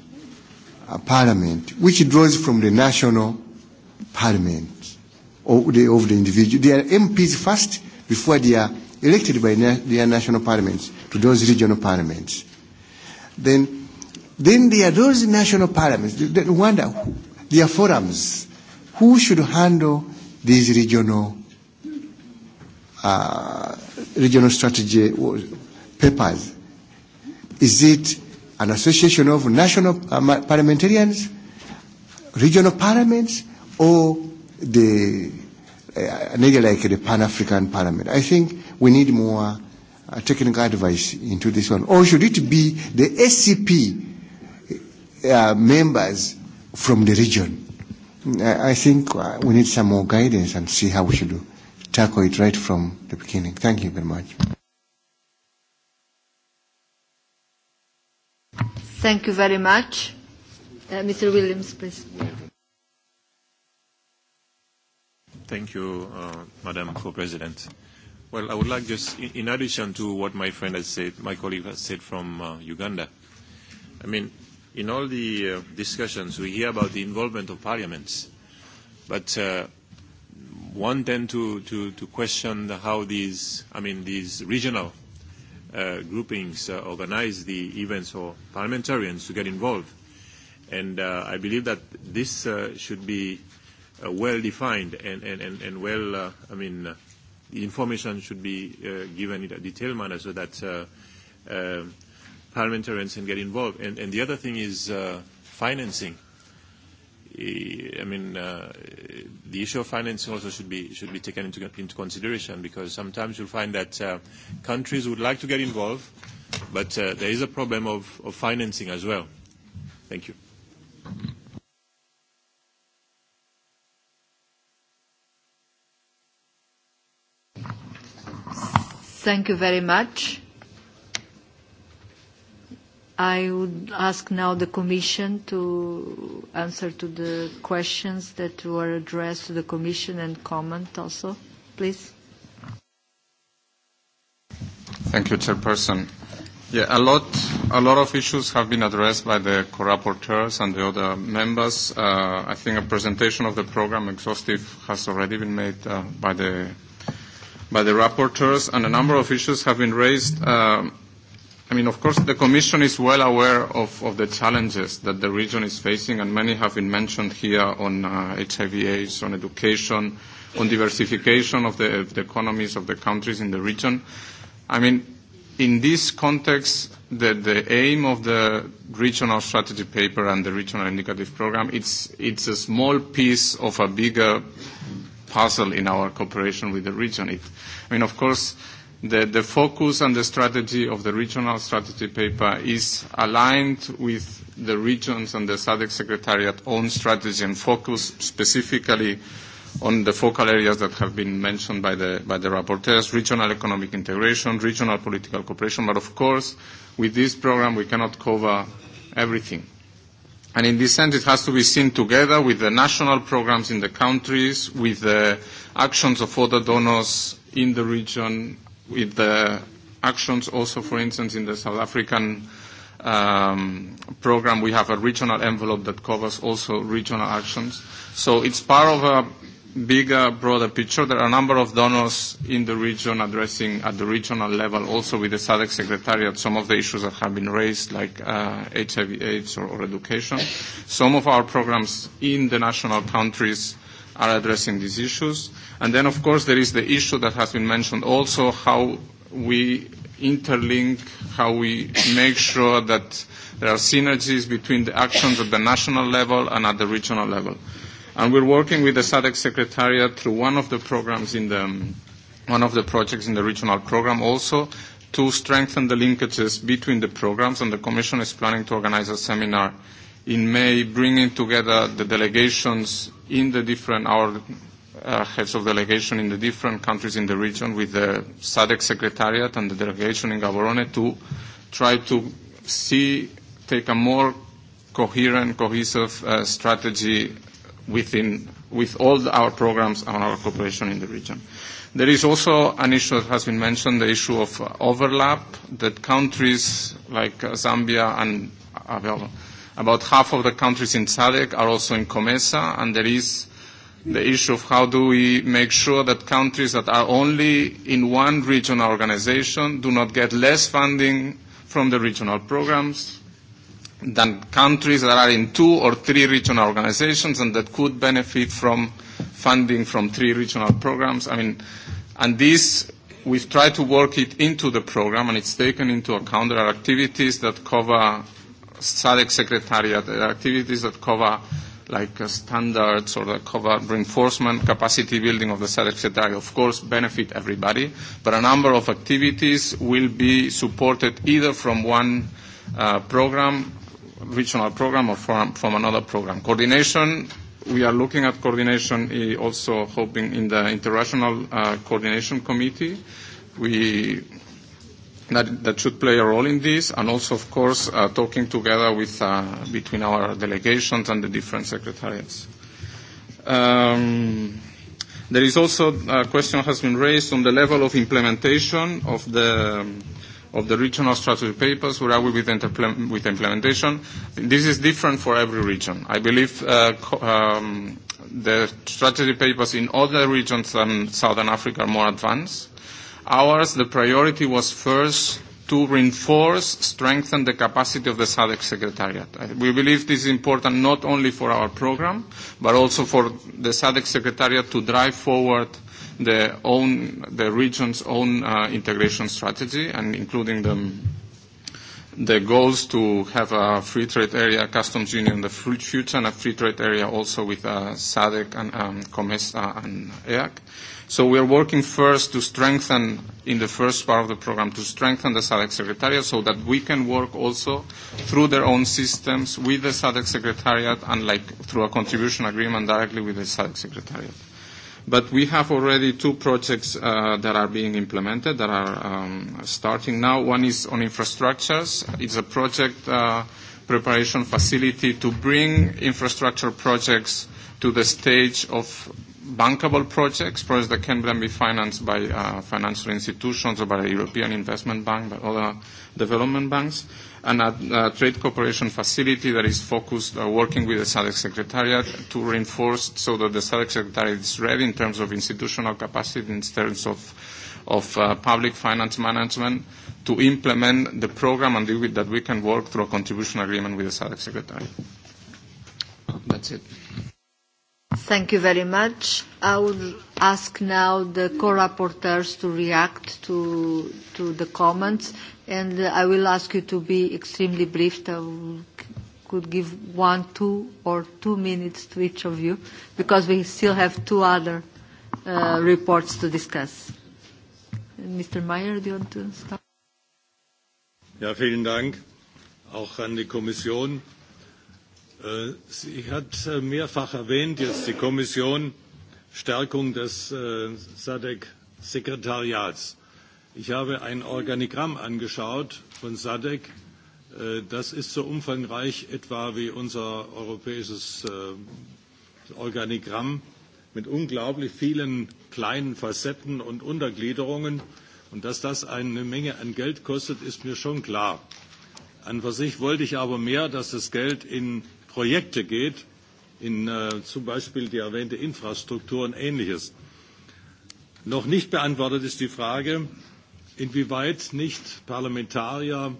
uh, parliament, which draws from the national parliament of the, of the individual. They are MPs first before they are elected by na their national parliaments to those regional parliaments. Then, then there are those national parliaments that wonder, their forums, who should handle these regional uh, regional strategy uh, papers? Is it an association of national um, parliamentarians, regional parliaments, or the uh, an like the Pan-African Parliament. I think we need more uh, technical advice into this one? Or should it be the SCP uh, members from the region? Mm, I, I think uh, we need some more guidance and see how we should tackle it right from the beginning. Thank you very much. Thank you very much. Uh, Mr. Williams, please. Thank you, uh, Madam Co-President. Well, I would like just, in addition to what my friend has said, my colleague has said from uh, Uganda, I mean, in all the uh, discussions we hear about the involvement of parliaments, but uh, one tend to, to, to question how these, I mean, these regional uh, groupings uh, organize the events for parliamentarians to get involved. And uh, I believe that this uh, should be uh, well defined and, and, and, and well, uh, I mean, uh, the information should be uh, given in a detailed manner so that uh, uh, parliamentarians can get involved. And, and the other thing is uh, financing. I mean, uh, the issue of financing also should be, should be taken into, into consideration because sometimes you'll find that uh, countries would like to get involved, but uh, there is a problem of, of financing as well. Thank you. Thank you very much. I would ask now the Commission to answer to the questions that were addressed to the Commission and comment also, please. Thank you, Chairperson. Yeah, a lot, a lot of issues have been addressed by the co-rapporteurs and the other members. Uh, I think a presentation of the program exhaustive has already been made uh, by the by the rapporteurs, and a number of issues have been raised. Um, I mean, of course, the Commission is well aware of, of the challenges that the region is facing, and many have been mentioned here on uh, HIV/AIDS, on education, on diversification of the, of the economies of the countries in the region. I mean, in this context, the, the aim of the regional strategy paper and the regional indicative program, it's, it's a small piece of a bigger puzzle in our cooperation with the region. It, I mean, of course, the, the focus and the strategy of the regional strategy paper is aligned with the regions and the SADC Secretariat own strategy and focus specifically on the focal areas that have been mentioned by the, by the rapporteurs, regional economic integration, regional political cooperation. But of course, with this program, we cannot cover everything. And in this sense, it has to be seen together with the national programs in the countries, with the actions of other donors in the region, with the actions also, for instance, in the South African um, program, we have a regional envelope that covers also regional actions. So it's part of a bigger, broader picture, there are a number of donors in the region addressing at the regional level, also with the SADC Secretariat, some of the issues that have been raised, like uh, HIV, AIDS, or, or education. Some of our programs in the national countries are addressing these issues. And then, of course, there is the issue that has been mentioned also, how we interlink, how we make sure that there are synergies between the actions at the national level and at the regional level. And we're working with the SADC Secretariat through one of the programs in the, one of the projects in the regional program also to strengthen the linkages between the programs. And the Commission is planning to organize a seminar in May, bringing together the delegations in the different, our uh, heads of delegation in the different countries in the region with the SADC Secretariat and the delegation in Gaborone to try to see, take a more coherent, cohesive uh, strategy within, with all our programs and our cooperation in the region. There is also an issue that has been mentioned, the issue of uh, overlap, that countries like uh, Zambia and uh, well, about half of the countries in SADC are also in COMESA, and there is the issue of how do we make sure that countries that are only in one regional organization do not get less funding from the regional programs, than countries that are in two or three regional organizations and that could benefit from funding from three regional programs. I mean, and this, we've tried to work it into the program and it's taken into account. There are activities that cover SADC Secretariat, there are activities that cover like uh, standards or that cover reinforcement, capacity building of the SADC secretariat, of course, benefit everybody. But a number of activities will be supported either from one uh, program regional program or from, from another program. Coordination, we are looking at coordination eh, also hoping in the International uh, Coordination Committee. We that, that should play a role in this, and also, of course, uh, talking together with, uh, between our delegations and the different secretariats. Um, there is also a uh, question has been raised on the level of implementation of the um, of the regional strategy papers where I will with, with implementation. This is different for every region. I believe uh, um, the strategy papers in other regions than Southern Africa are more advanced. Ours, the priority was first to reinforce, strengthen the capacity of the SADC Secretariat. We believe this is important not only for our program, but also for the SADC Secretariat to drive forward uh, the, own, the region's own uh, integration strategy and including the, the goals to have a free trade area, customs union in the future, and a free trade area also with uh, SADC and um, COMESA and EAC. So we are working first to strengthen, in the first part of the program, to strengthen the SADC Secretariat so that we can work also through their own systems with the SADC Secretariat and like through a contribution agreement directly with the SADC Secretariat. But we have already two projects uh, that are being implemented that are um, starting now. One is on infrastructures. It's a project uh, preparation facility to bring infrastructure projects to the stage of bankable projects, projects that can then be financed by uh, financial institutions or by the European Investment Bank, by other development banks, and a, a trade cooperation facility that is focused uh, working with the SADC Secretariat to reinforce so that the SADC Secretariat is ready in terms of institutional capacity, in terms of, of uh, public finance management, to implement the program and deal with that we can work through a contribution agreement with the SADC Secretariat. That's it. Thank you very much. I would ask now the co-rapporteurs to react to, to the comments, and I will ask you to be extremely brief. I could give one, two, or two minutes to each of you, because we still have two other uh, reports to discuss. Mr. Meyer, do you want to start? Ja, vielen Dank auch an die Kommission. Äh, Sie hat äh, mehrfach erwähnt, jetzt die Kommission, Stärkung des äh, SADC-Sekretariats. Ich habe ein Organigramm angeschaut von SADC. Das ist so umfangreich etwa wie unser europäisches Organigramm mit unglaublich vielen kleinen Facetten und Untergliederungen. Und dass das eine Menge an Geld kostet, ist mir schon klar. An für sich wollte ich aber mehr, dass das Geld in Projekte geht, in äh, zum Beispiel die erwähnte Infrastruktur und Ähnliches. Noch nicht beantwortet ist die Frage, inwieweit nicht Parlamentarier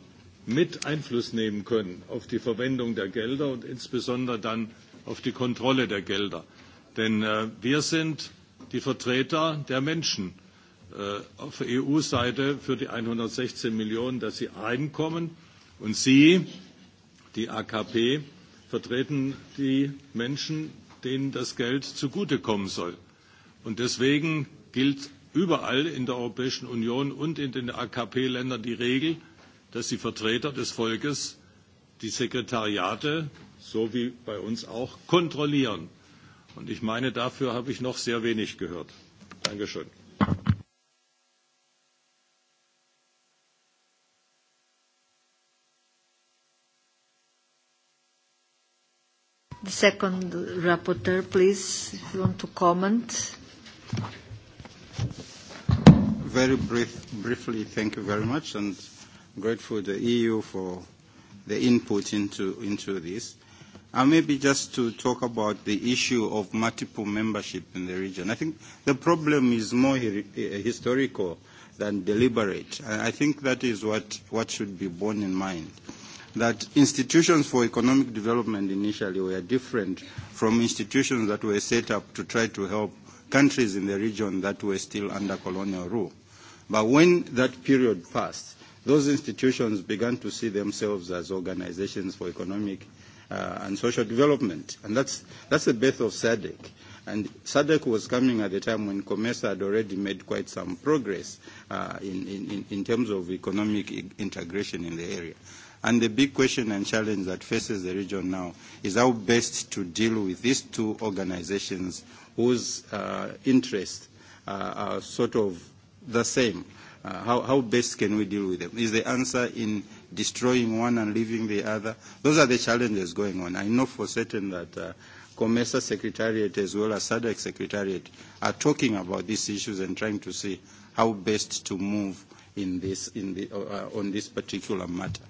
mit Einfluss nehmen können auf die Verwendung der Gelder und insbesondere dann auf die Kontrolle der Gelder. Denn äh, wir sind die Vertreter der Menschen äh, auf EU-Seite für die 116 Millionen, dass sie einkommen und Sie, die AKP, vertreten die Menschen, denen das Geld zugutekommen soll. Und deswegen gilt überall in der Europäischen Union und in den AKP-Ländern die Regel, dass die Vertreter des Volkes die Sekretariate, so wie bei uns auch, kontrollieren. Und ich meine, dafür habe ich noch sehr wenig gehört. Dankeschön. The second rapporteur, please, if you want to comment. Very brief, briefly, thank you very much, and grateful to the EU for the input into, into this. And uh, maybe just to talk about the issue of multiple membership in the region. I think the problem is more eh, historical than deliberate. I think that is what, what should be borne in mind that institutions for economic development initially were different from institutions that were set up to try to help countries in the region that were still under colonial rule. But when that period passed, those institutions began to see themselves as organizations for economic uh, and social development. And that's, that's the birth of SADC. And SADC was coming at the time when COMESA had already made quite some progress uh, in, in, in terms of economic integration in the area. And the big question and challenge that faces the region now is how best to deal with these two organizations whose uh, interests uh, are sort of the same. Uh, how, how best can we deal with them? Is the answer in destroying one and leaving the other? Those are the challenges going on. I know for certain that uh, COMESA Secretariat as well as SADC Secretariat are talking about these issues and trying to see how best to move in this, in the, uh, on this particular matter.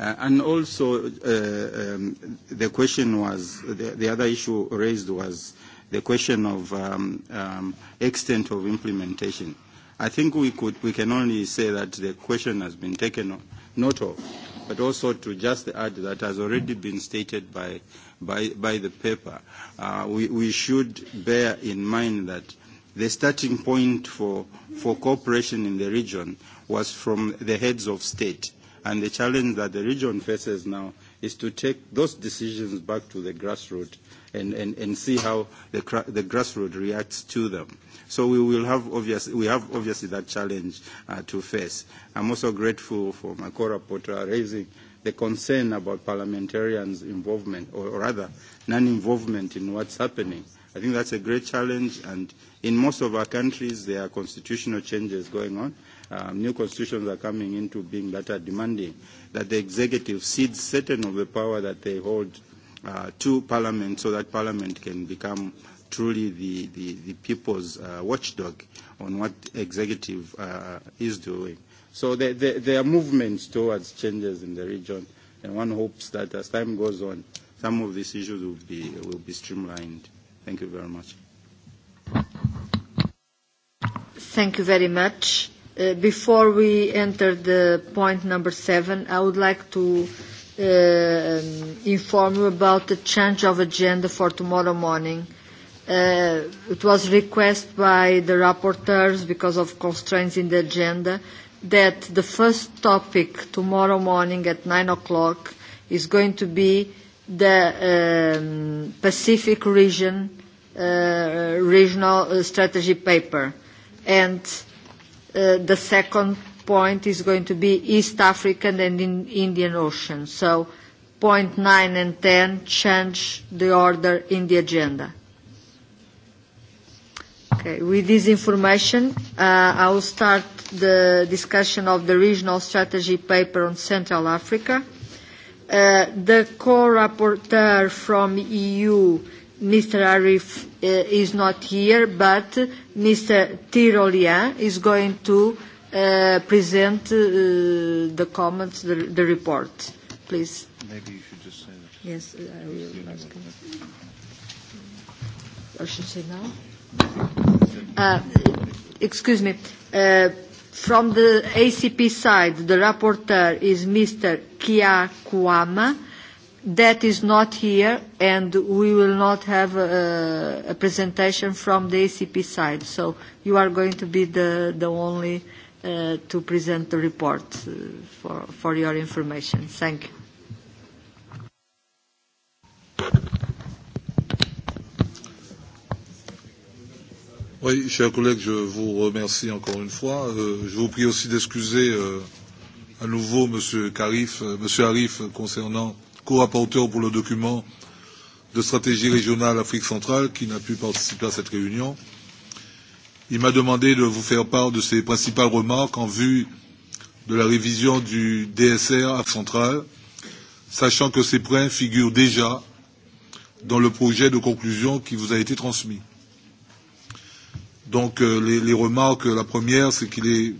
Uh, and also, uh, um, the question was, the, the other issue raised was the question of um, um, extent of implementation. I think we, could, we can only say that the question has been taken note of, but also to just add that has already been stated by, by, by the paper. Uh, we, we should bear in mind that the starting point for, for cooperation in the region was from the heads of state And the challenge that the region faces now is to take those decisions back to the grassroots and, and, and see how the, the grassroots reacts to them. So we will have obvious, we have obviously that challenge uh, to face. I'm also grateful for my co-rapporteur raising the concern about parliamentarians' involvement, or, or rather, non-involvement in what's happening. I think that's a great challenge, and in most of our countries, there are constitutional changes going on um, new constitutions are coming into being that are demanding that the executive cede certain of the power that they hold uh, to parliament so that parliament can become truly the, the, the people's uh, watchdog on what executive uh, is doing. So there, there, there are movements towards changes in the region, and one hopes that as time goes on, some of these issues will be, will be streamlined. Thank you very much. Thank you very much. Uh, before we enter the point number seven, I would like to uh, inform you about the change of agenda for tomorrow morning. Uh, it was requested by the rapporteurs because of constraints in the agenda that the first topic tomorrow morning at nine o'clock is going to be the um, Pacific region uh, regional uh, strategy paper. And Uh, the second point is going to be East African and in Indian Ocean. So point nine and ten change the order in the agenda. Okay, with this information, uh, I will start the discussion of the regional strategy paper on Central Africa. Uh, the co-rapporteur from EU Mr. Arif uh, is not here, but Mr. Tirolian is going to uh, present uh, the comments, the, the report. Please. Maybe you should just say that. Yes, uh, I will ask him. I should say now. Uh, excuse me. Uh, from the ACP side, the rapporteur is Mr. Kia Kwama That is not here, and we will not have a, a presentation from the ACP side. So you are going to be the, the only uh, to present the report uh, for, for your information. Thank you. Oui, chers collègues, je vous remercie encore une fois. Euh, je vous prie aussi d'excuser euh, à nouveau Monsieur Carif, euh, Monsieur Arif concernant euh, co-rapporteur pour le document de stratégie régionale Afrique centrale, qui n'a pu participer à cette réunion. Il m'a demandé de vous faire part de ses principales remarques en vue de la révision du DSR Afrique centrale, sachant que ces points figurent déjà dans le projet de conclusion qui vous a été transmis. Donc euh, les, les remarques, la première, c'est qu'il est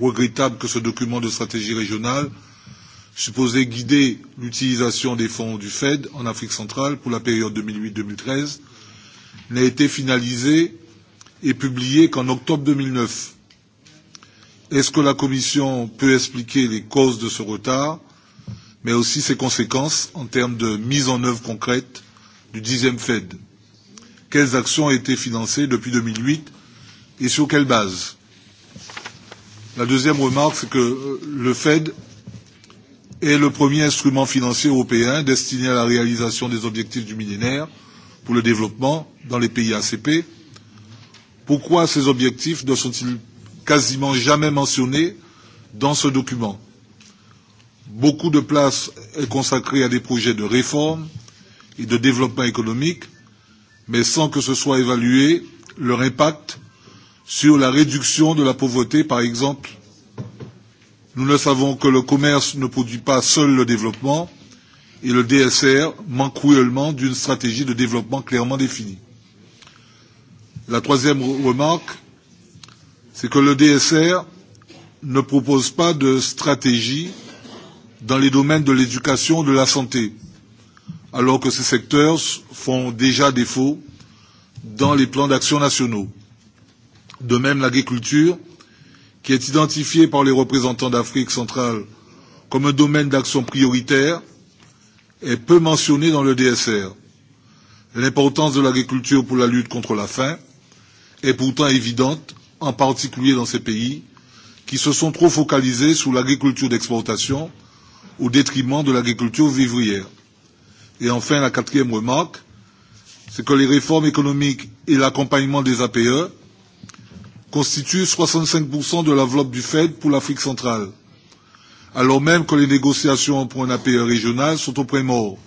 regrettable que ce document de stratégie régionale supposé guider l'utilisation des fonds du Fed en Afrique centrale pour la période 2008-2013 n'a été finalisé et publié qu'en octobre 2009. Est-ce que la Commission peut expliquer les causes de ce retard, mais aussi ses conséquences en termes de mise en œuvre concrète du dixième Fed Quelles actions ont été financées depuis 2008 et sur quelle base La deuxième remarque, c'est que euh, le Fed est le premier instrument financier européen destiné à la réalisation des objectifs du millénaire pour le développement dans les pays ACP. Pourquoi ces objectifs ne sont-ils quasiment jamais mentionnés dans ce document Beaucoup de place est consacrée à des projets de réforme et de développement économique, mais sans que ce soit évalué leur impact sur la réduction de la pauvreté, par exemple, Nous ne savons que le commerce ne produit pas seul le développement et le DSR manque cruellement d'une stratégie de développement clairement définie. La troisième remarque, c'est que le DSR ne propose pas de stratégie dans les domaines de l'éducation, de la santé, alors que ces secteurs font déjà défaut dans les plans d'action nationaux. De même, l'agriculture qui est identifié par les représentants d'Afrique centrale comme un domaine d'action prioritaire, est peu mentionné dans le DSR. L'importance de l'agriculture pour la lutte contre la faim est pourtant évidente, en particulier dans ces pays qui se sont trop focalisés sur l'agriculture d'exportation au détriment de l'agriculture vivrière. Et enfin, la quatrième remarque, c'est que les réformes économiques et l'accompagnement des APE constitue 65% de l'enveloppe du Fed pour l'Afrique centrale, alors même que les négociations pour un APE régional sont au prémort.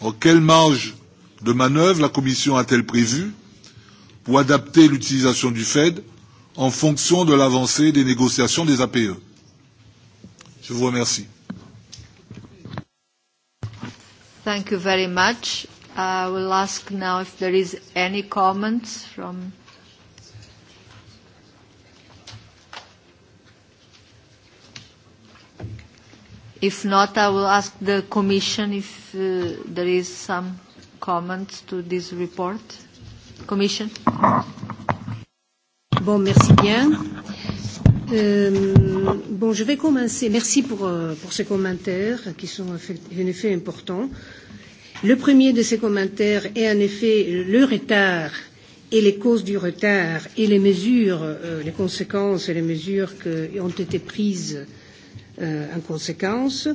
En quelle marge de manœuvre la Commission a-t-elle prévu pour adapter l'utilisation du Fed en fonction de l'avancée des négociations des APE Je vous remercie. Thank you very much. I will ask now if there is any comments from If not, I will ask the Commission if uh, there is some comments to this report. Commission. Bon, merci bien. Euh, bon, je vais commencer. Merci pour, euh, pour ces commentaires qui sont en effet importants. Le premier de ces commentaires est en effet le retard et les causes du retard et les mesures, euh, les conséquences et les mesures qui ont été prises euh, euh, en conséquence.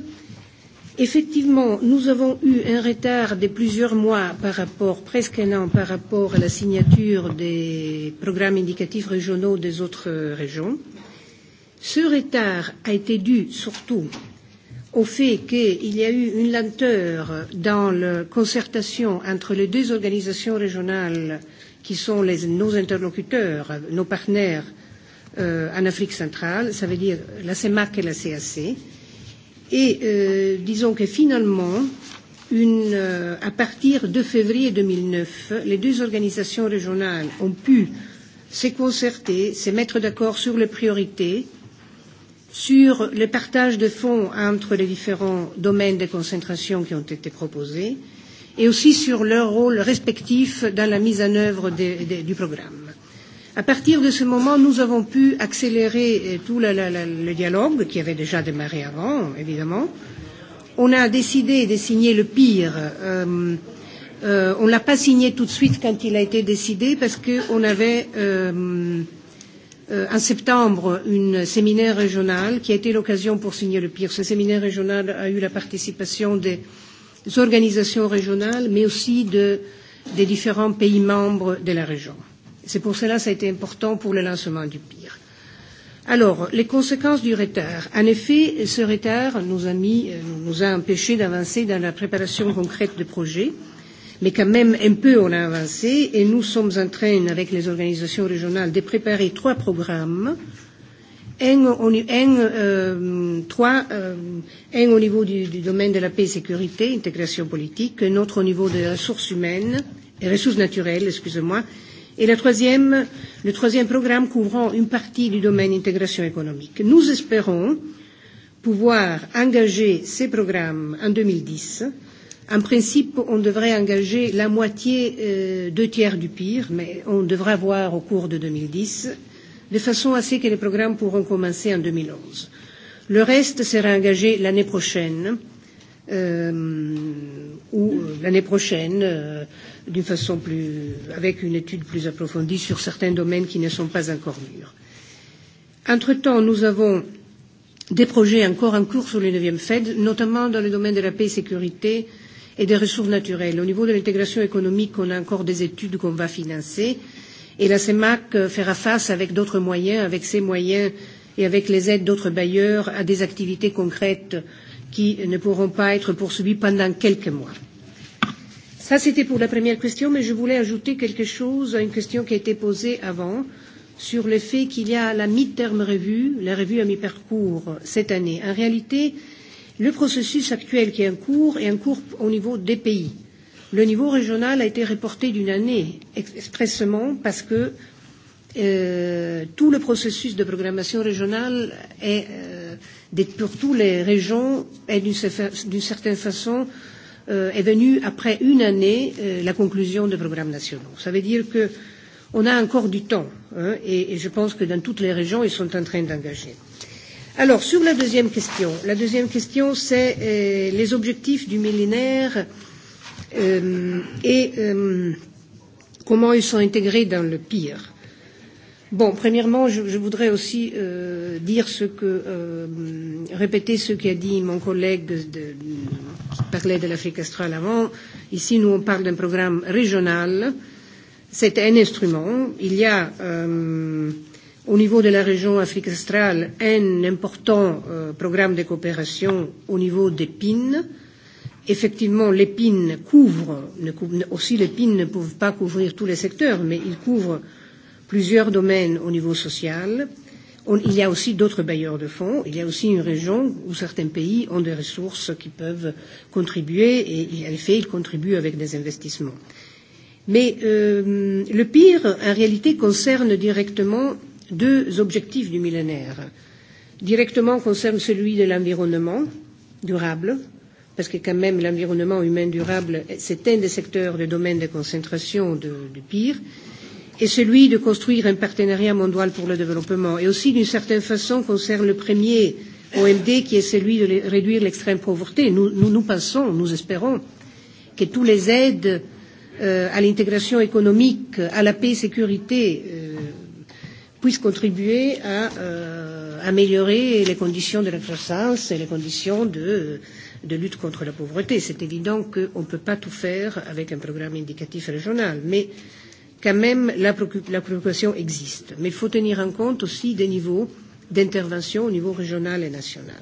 Effectivement, nous avons eu un retard de plusieurs mois par rapport, presque un an, par rapport à la signature des programmes indicatifs régionaux des autres régions. Ce retard a été dû surtout au fait qu'il y a eu une lenteur dans la concertation entre les deux organisations régionales qui sont les, nos interlocuteurs, nos partenaires euh, en Afrique centrale, ça veut dire la CEMAC et la CAC. Et euh, disons que finalement, une, euh, à partir de février 2009, les deux organisations régionales ont pu se concerter, se mettre d'accord sur les priorités, sur le partage de fonds entre les différents domaines de concentration qui ont été proposés, et aussi sur leur rôle respectif dans la mise en œuvre de, de, du programme. À partir de ce moment, nous avons pu accélérer euh, tout la, la, la, le dialogue qui avait déjà démarré avant, évidemment. On a décidé de signer le pire. Euh, euh, on ne l'a pas signé tout de suite quand il a été décidé parce qu'on avait euh, euh, en septembre un séminaire régional qui a été l'occasion pour signer le pire. Ce séminaire régional a eu la participation des organisations régionales mais aussi de, des différents pays membres de la région. C'est pour cela que ça a été important pour le lancement du PIR. Alors, les conséquences du retard. En effet, ce retard nous a, mis, euh, nous a empêchés d'avancer dans la préparation concrète de projets, mais quand même un peu on a avancé et nous sommes en train, avec les organisations régionales, de préparer trois programmes, un, on, un, euh, trois, euh, un au niveau du, du domaine de la paix et sécurité, intégration politique, un autre au niveau des ressources humaines, et ressources naturelles, excusez-moi, et la troisième, le troisième programme couvrant une partie du domaine intégration économique. Nous espérons pouvoir engager ces programmes en 2010. En principe, on devrait engager la moitié, euh, deux tiers du pire, mais on devra voir au cours de 2010, de façon à ce que les programmes pourront commencer en 2011. Le reste sera engagé l'année prochaine, euh, ou euh, l'année prochaine, euh, d'une façon plus, avec une étude plus approfondie sur certains domaines qui ne sont pas encore mûrs. Entre-temps, nous avons des projets encore en cours sur le 9e Fed, notamment dans le domaine de la paix et sécurité et des ressources naturelles. Au niveau de l'intégration économique, on a encore des études qu'on va financer et la CEMAC fera face avec d'autres moyens, avec ses moyens et avec les aides d'autres bailleurs à des activités concrètes qui ne pourront pas être poursuivies pendant quelques mois. Ça, c'était pour la première question, mais je voulais ajouter quelque chose à une question qui a été posée avant sur le fait qu'il y a la mi-terme revue, la revue à mi-parcours cette année. En réalité, le processus actuel qui est en cours est en cours au niveau des pays. Le niveau régional a été reporté d'une année expressément parce que euh, tout le processus de programmation régionale est, euh, pour toutes les régions est d'une certaine façon euh, euh, est venue après une année euh, la conclusion des programmes nationaux. Ça veut dire que on a encore du temps hein, et, et je pense que dans toutes les régions, ils sont en train d'engager. Alors, sur la deuxième question, la deuxième question, c'est euh, les objectifs du millénaire euh, et euh, comment ils sont intégrés dans le pire. Bon, premièrement, je, je voudrais aussi euh, dire ce que euh, répéter ce qu'a dit mon collègue de, de, Je de l'Afrique australe avant. Ici, nous, on parle d'un programme régional. C'est un instrument. Il y a euh, au niveau de la région Afrique australe un important euh, programme de coopération au niveau des PIN. Effectivement, les PIN couvrent, ne couvrent, aussi les PIN ne peuvent pas couvrir tous les secteurs, mais ils couvrent plusieurs domaines au niveau social. On, il y a aussi d'autres bailleurs de fonds. Il y a aussi une région où certains pays ont des ressources qui peuvent contribuer et, en effet, ils contribuent avec des investissements. Mais euh, le pire, en réalité, concerne directement deux objectifs du millénaire. Directement concerne celui de l'environnement durable, parce que quand même l'environnement humain durable, c'est un des secteurs de domaine de concentration du pire. Euh, est celui de construire un partenariat mondial pour le développement et aussi, d'une certaine façon, concerne le premier OMD qui est celui de réduire l'extrême pauvreté. Nous, nous, nous pensons, nous espérons que toutes les aides euh, à l'intégration économique, à la paix et sécurité euh, puissent contribuer à euh, améliorer les conditions de la croissance et les conditions de, de lutte contre la pauvreté. C'est évident qu'on ne peut pas tout faire avec un programme indicatif régional, mais euh, quand même la, préoc la préoccupation existe. Mais il faut tenir en compte aussi des niveaux d'intervention au niveau régional et national.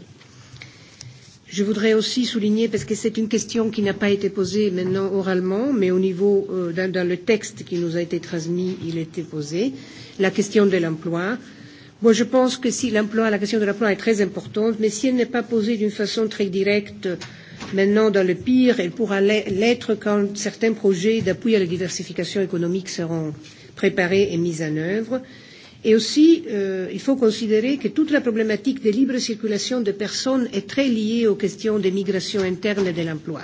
Je voudrais aussi souligner, parce que c'est une question qui n'a pas été posée maintenant oralement, mais au niveau, euh, dans, dans le texte qui nous a été transmis, il était posé, la question de l'emploi. Moi, je pense que si l'emploi, la question de l'emploi est très importante, mais si elle n'est pas posée d'une façon très directe euh, maintenant dans le pire, et pourra l'être quand certains projets d'appui à la diversification économique seront préparés et mis en œuvre. Et aussi, euh, il faut considérer que toute la problématique de libre circulation de personnes est très liée aux questions des migrations internes et de l'emploi.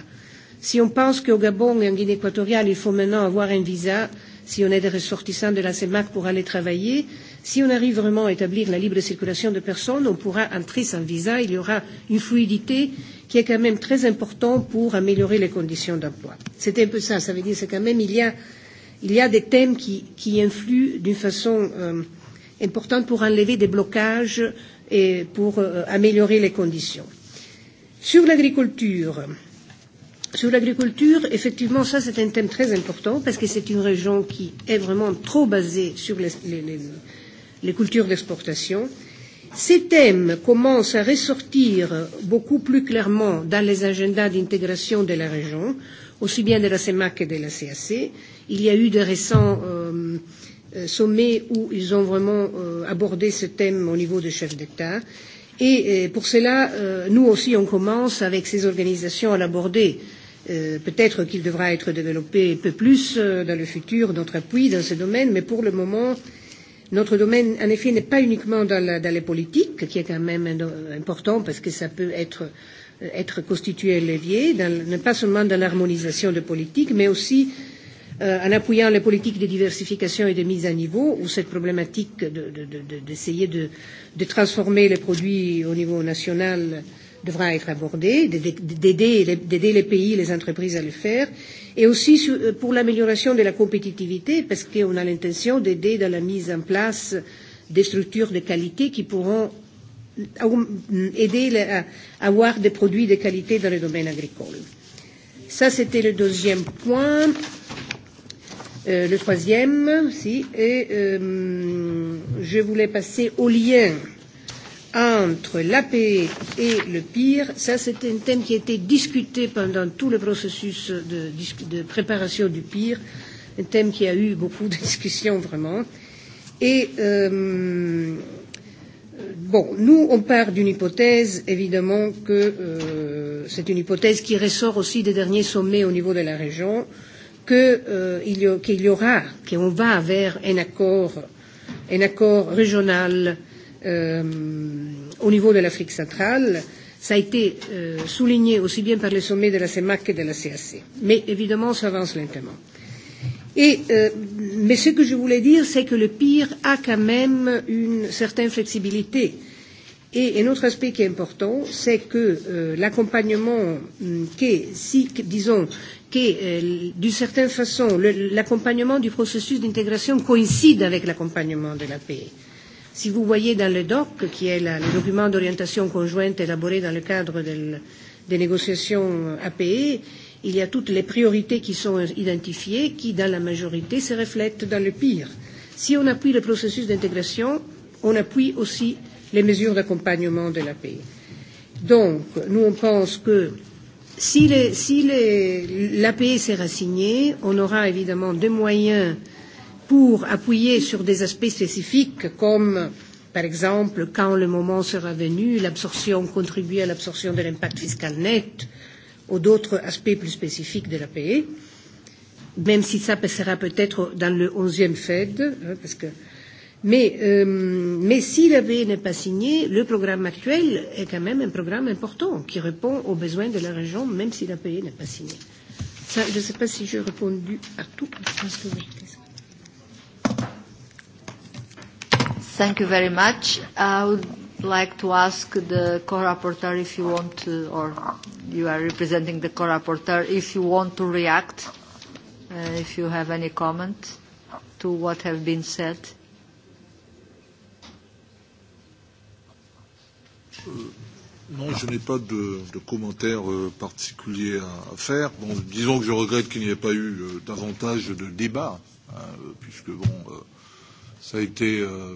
Si on pense qu'au Gabon et en Guinée équatoriale, il faut maintenant avoir un visa si on est des ressortissants de la CEMAC pour aller travailler, si on arrive vraiment à établir la libre circulation de personnes, on pourra entrer sans visa, il y aura une fluidité qui est quand même très important pour améliorer les conditions d'emploi. C'est un peu ça, ça veut dire que quand même il y a, il y a des thèmes qui, qui influent d'une façon euh, importante pour enlever des blocages et pour euh, améliorer les conditions. Sur l'agriculture, sur l'agriculture, effectivement, ça c'est un thème très important parce que c'est une région qui est vraiment trop basée sur les, les, les, les cultures d'exportation. Euh, Ces thèmes commencent à ressortir beaucoup plus clairement dans les agendas d'intégration de la région, aussi bien de la CEMAC que de la CAC. Il y a eu de récents euh, euh, sommets où ils ont vraiment euh, abordé ce thème au niveau des chefs d'État. Et euh, pour cela, euh, nous aussi, on commence avec ces organisations à l'aborder. Euh, Peut-être qu'il devra être développé un peu plus euh, dans le futur, notre appui dans ce domaine, mais pour le moment, euh, Notre domaine, en effet, n'est pas uniquement dans, la, dans les politiques, qui est quand même important parce que ça peut être, être constitué un levier, dans, pas seulement dans l'harmonisation de politiques, mais aussi euh, en appuyant les politiques de diversification et de mise à niveau, où cette problématique d'essayer de, de, de, de, de, de, transformer les produits au niveau national euh, devra être abordé, d'aider les, pays et les entreprises à le faire, et aussi euh, pour l'amélioration de la compétitivité, parce qu'on a l'intention d'aider dans la mise en place des structures de qualité qui pourront euh, euh, aider à avoir des produits de qualité dans le domaine agricole. Ça, c'était le deuxième point. Euh, le troisième, si, et euh, je voulais passer au lien entre la paix et le pire, ça c'était un thème qui a été discuté pendant tout le processus de, de préparation du pire, un thème qui a eu beaucoup de discussions vraiment. Et euh, bon, nous on part d'une hypothèse évidemment que euh, c'est une hypothèse qui ressort aussi des derniers sommets au niveau de la région, euh, qu'il euh, y, qu y aura, qu'on va vers un accord, un accord régional euh, euh, au niveau de l'Afrique centrale. Ça a été euh, souligné aussi bien par les sommets de la CEMAC que de la CAC. Mais évidemment, ça avance lentement. Et, euh, mais ce que je voulais dire, c'est que le pire a quand même une certaine flexibilité. Et un autre aspect qui est important, c'est que euh, l'accompagnement, qui est, si, que, disons, que euh, d'une certaine façon, l'accompagnement du processus d'intégration coïncide avec l'accompagnement de la paix. Euh, Si vous voyez dans le DOC, qui est la, le document d'orientation conjointe élaboré dans le cadre del, des négociations APE, il y a toutes les priorités qui sont identifiées, qui, dans la majorité, se reflètent dans le pire. Si on appuie le processus d'intégration, on appuie aussi les mesures d'accompagnement de l'APE. Donc, nous, on pense que si, l'APE si sera signée, on aura évidemment des moyens euh, pour appuyer sur des aspects spécifiques comme par exemple, quand le moment sera venu, l'absorption, contribuer à l'absorption de l'impact fiscal net ou d'autres aspects plus spécifiques de la PE, même si ça passera peut-être dans le 11e Fed, hein, parce que... mais, euh, mais si la PE n'est pas signée, le programme actuel est quand même un programme important qui répond aux besoins de la région, même si la PE n'est pas signée. Ça, je ne sais pas si j'ai répondu à tout. Je pense que oui. Thank you very much. I would like to ask the co-rapporteur if you want to, or you are representing the co-rapporteur, if you want to react, uh, if you have any comment to what have been said. Euh, non, je n'ai pas de, de commentaire euh, particulier à, à faire. Bon, disons que je regrette qu'il n'y ait pas eu euh, davantage de débats euh, hein, puisque bon, euh, ça a été euh,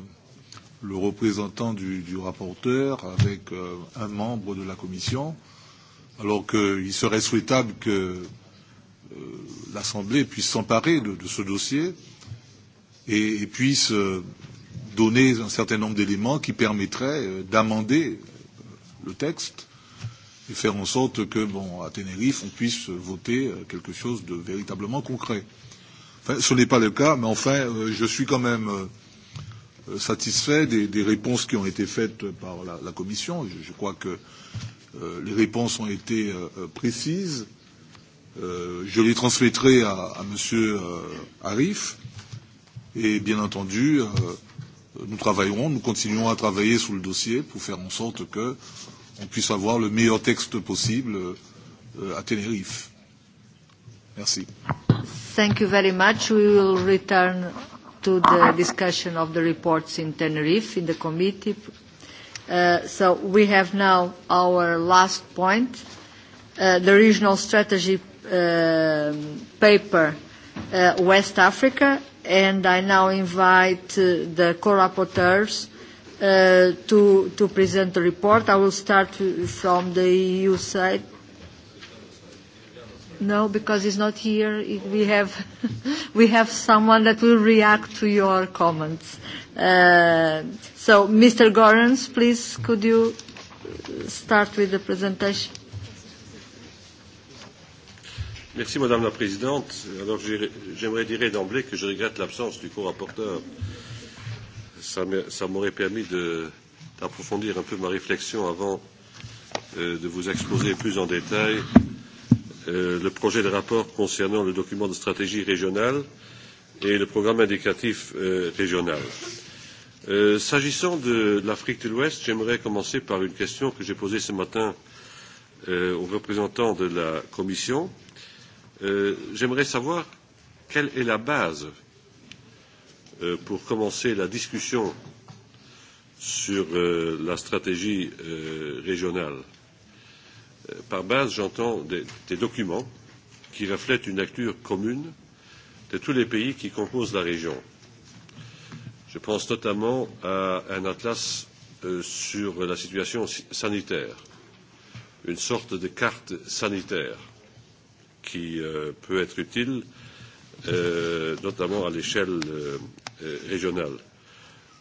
le représentant du, du rapporteur avec euh, un membre de la commission, alors qu'il serait souhaitable que euh, l'Assemblée puisse s'emparer de, de ce dossier et, et puisse euh, donner un certain nombre d'éléments qui permettraient euh, d'amender euh, le texte et faire en sorte que, bon, à Tenerife, on puisse voter euh, quelque chose de véritablement concret. Euh, Enfin, ce n'est pas le cas, mais enfin, euh, je suis quand même euh, satisfait des, des réponses qui ont été faites par la, la Commission. Je, je crois que euh, les réponses ont été euh, précises. Euh, je les transmettrai à, à M. Euh, Arif. Et bien entendu, euh, nous travaillerons, nous continuerons à travailler sur le dossier pour faire en sorte que on puisse avoir le meilleur texte possible euh, à Tenerife. Merci. Thank you very much. We will return to the discussion of the reports in Tenerife in the committee. Uh, so we have now our last point, uh, the regional strategy uh, paper, uh, West Africa, and I now invite uh, the co-rapporteurs uh, to, to present the report. I will start from the EU side No, because he's not here. We have, <laughs> we have someone that will react to your comments. Uh, so, Mr. Gorens, please, could you start with the presentation? Merci, Madame la Présidente. Alors, j'aimerais dire d'emblée que je regrette l'absence du co-rapporteur. Ça m'aurait permis d'approfondir un peu ma réflexion avant euh, de vous exposer plus en détail euh, Euh, le projet de rapport concernant le document de stratégie régionale et le programme indicatif euh, régional. Euh, S'agissant de, de l'Afrique de l'Ouest, j'aimerais commencer par une question que j'ai posée ce matin euh, aux représentants de la Commission. Euh, j'aimerais savoir quelle est la base euh, pour commencer la discussion sur euh, la stratégie euh, régionale. Euh, par base, j'entends des, des documents qui reflètent une lecture commune de tous les pays qui composent la région. Je pense notamment à un atlas euh, sur la situation sanitaire, une sorte de carte sanitaire qui euh, peut être utile, notamment à l'échelle régionale.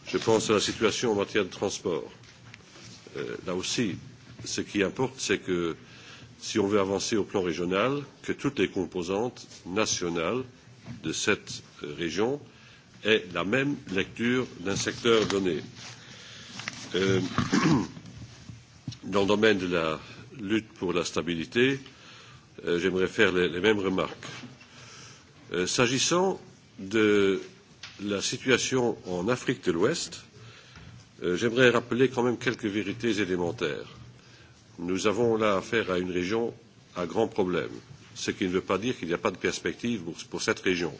Je pense à la situation en matière de transport. là aussi, ce qui importe, c'est que si on veut avancer au plan régional, que toutes les composantes nationales de cette euh, région aient la même lecture d'un secteur donné. Euh, <clears throat> dans le domaine de la lutte pour la stabilité, euh, j'aimerais faire les, les mêmes remarques. Euh, S'agissant de la situation en Afrique de l'Ouest, euh, j'aimerais rappeler quand même quelques vérités élémentaires nous avons là affaire à une région à grands problèmes, ce qui ne veut pas dire qu'il n'y a pas de perspective pour, pour cette région.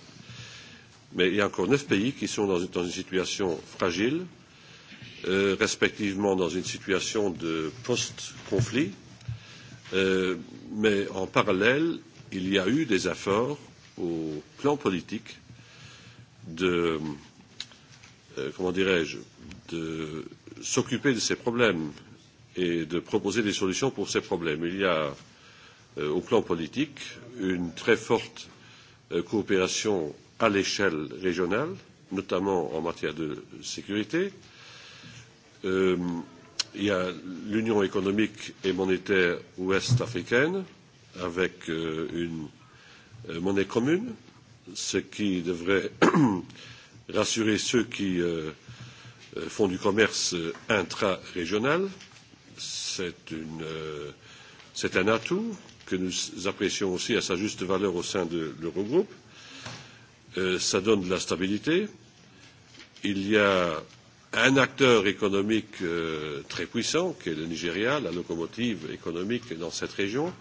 Mais il y a encore neuf pays qui sont dans une, dans une situation fragile, euh, respectivement dans une situation de post-conflit, euh, mais en parallèle, il y a eu des efforts au plan politique de, euh, comment dirais-je, de s'occuper de ces problèmes et de proposer des solutions pour ces problèmes. Il y a euh, au plan politique une très forte euh, coopération à l'échelle régionale, notamment en matière de sécurité. Euh, il y a l'Union économique et monétaire ouest africaine avec euh, une euh, monnaie commune, ce qui devrait <coughs> rassurer ceux qui euh, euh font du commerce euh, intra-régional. Euh, c'est une, euh, c'est un atout que nous apprécions aussi à sa juste valeur au sein de l'Eurogroupe. Euh, ça donne de la stabilité. Il y a un acteur économique euh, très puissant, qui est le Nigeria, la locomotive économique dans cette région.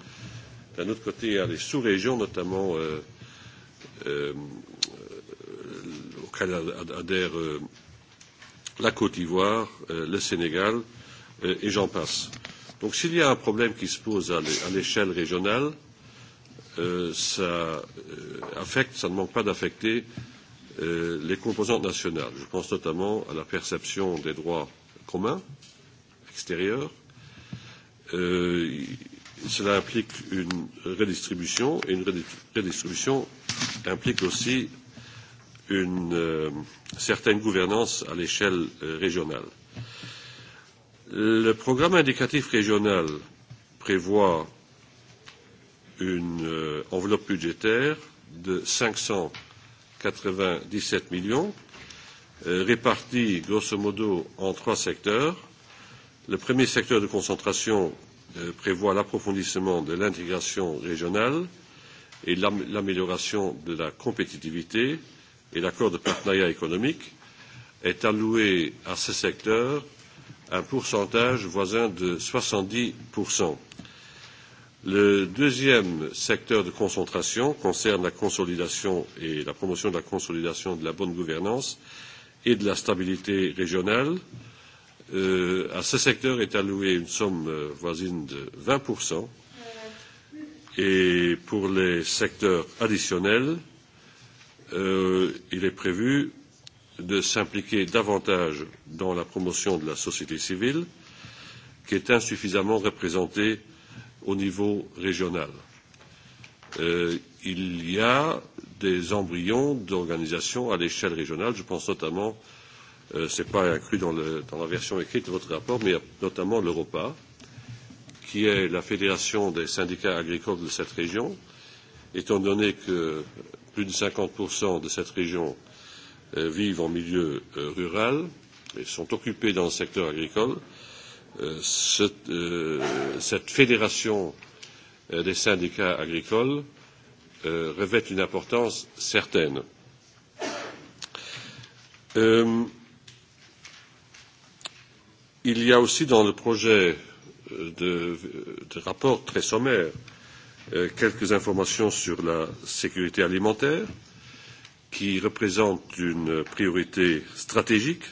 D'un autre côté, il y a les sous-régions, notamment euh, euh, euh auxquelles adhèrent euh, la Côte d'Ivoire, euh, le Sénégal, euh, et j'en passe. Donc s'il y a un problème qui se pose à l'échelle régionale, euh, ça euh, affecte, ça ne manque pas d'affecter euh, les composantes nationales. Je pense notamment à la perception des droits communs extérieurs. Euh, cela implique une redistribution et une redistribution implique aussi une euh, certaine gouvernance à l'échelle euh, régionale. Euh, le programme indicatif régional prévoit une euh, enveloppe budgétaire de 597 millions, euh, répartie grosso modo en trois secteurs. Le premier secteur de concentration euh, prévoit l'approfondissement de l'intégration régionale et l'amélioration de la compétitivité et l'accord de partenariat économique est alloué à ce secteur un pourcentage voisin de 70%. Le deuxième secteur de concentration concerne la consolidation et la promotion de la consolidation de la bonne gouvernance et de la stabilité régionale. Euh, à ce secteur est allouée une somme euh, voisine de 20%. Et pour les secteurs additionnels, euh, il est prévu de s'impliquer davantage dans la promotion de la société civile, qui est insuffisamment représentée au niveau régional. Euh, il y a des embryons d'organisations à l'échelle régionale. Je pense notamment, euh, ce n'est pas inclus dans, le, dans la version écrite de votre rapport, mais notamment l'Europa, qui est la fédération des syndicats agricoles de cette région. Étant donné que plus de 50% de cette région euh, Euh, vivent en milieu euh, rural et sont occupés dans le secteur agricole, euh, cette, fédération des syndicats agricoles revêt une importance certaine. Euh, il y a aussi dans le projet de, de rapport très sommaire euh, quelques informations sur la sécurité alimentaire, euh, qui représente une priorité stratégique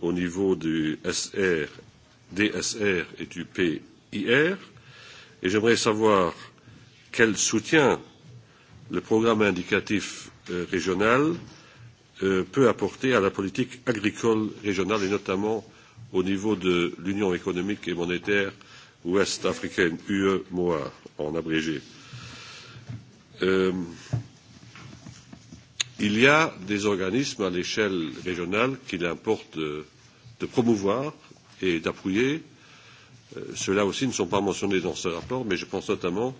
au niveau du SR, DSR et du PIR. Et j'aimerais savoir quel soutien le programme indicatif euh, régional euh, peut apporter à la politique agricole régionale et notamment au niveau de l'Union économique et monétaire ouest africaine, UE-MOA en abrégé. Euh, Il y a des organismes à l'échelle régionale qu'il importe de, euh, de promouvoir et d'appuyer. Euh, Ceux-là aussi ne sont pas mentionnés dans ce rapport, mais je pense notamment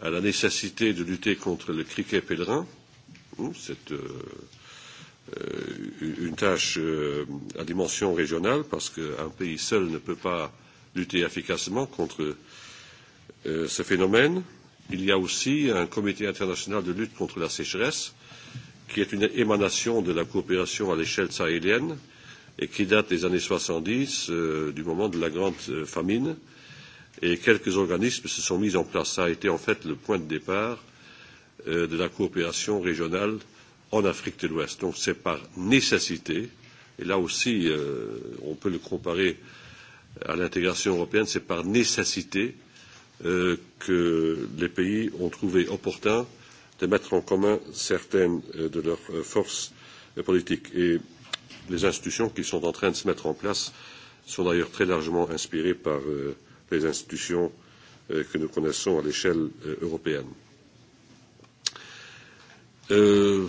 à la nécessité de lutter contre le criquet pèlerin. C'est euh, euh, une tâche euh, à dimension régionale parce qu'un pays seul ne peut pas lutter efficacement contre euh, ce phénomène. Il y a aussi un comité international de lutte contre la sécheresse euh, qui est une émanation de la coopération à l'échelle sahélienne et qui date des années 70, euh, du moment de la grande euh, famine, et quelques organismes se sont mis en place. Ça a été en fait le point de départ euh, de la coopération régionale en Afrique de l'Ouest. Donc c'est par nécessité, et là aussi euh, on peut le comparer à l'intégration européenne, c'est par nécessité euh, que les pays ont trouvé opportun euh, de mettre en commun certaines euh, de leurs euh, forces euh, politiques. Et les institutions qui sont en train de se mettre en place sont d'ailleurs très largement inspirées par les institutions que nous connaissons à l'échelle européenne. Euh,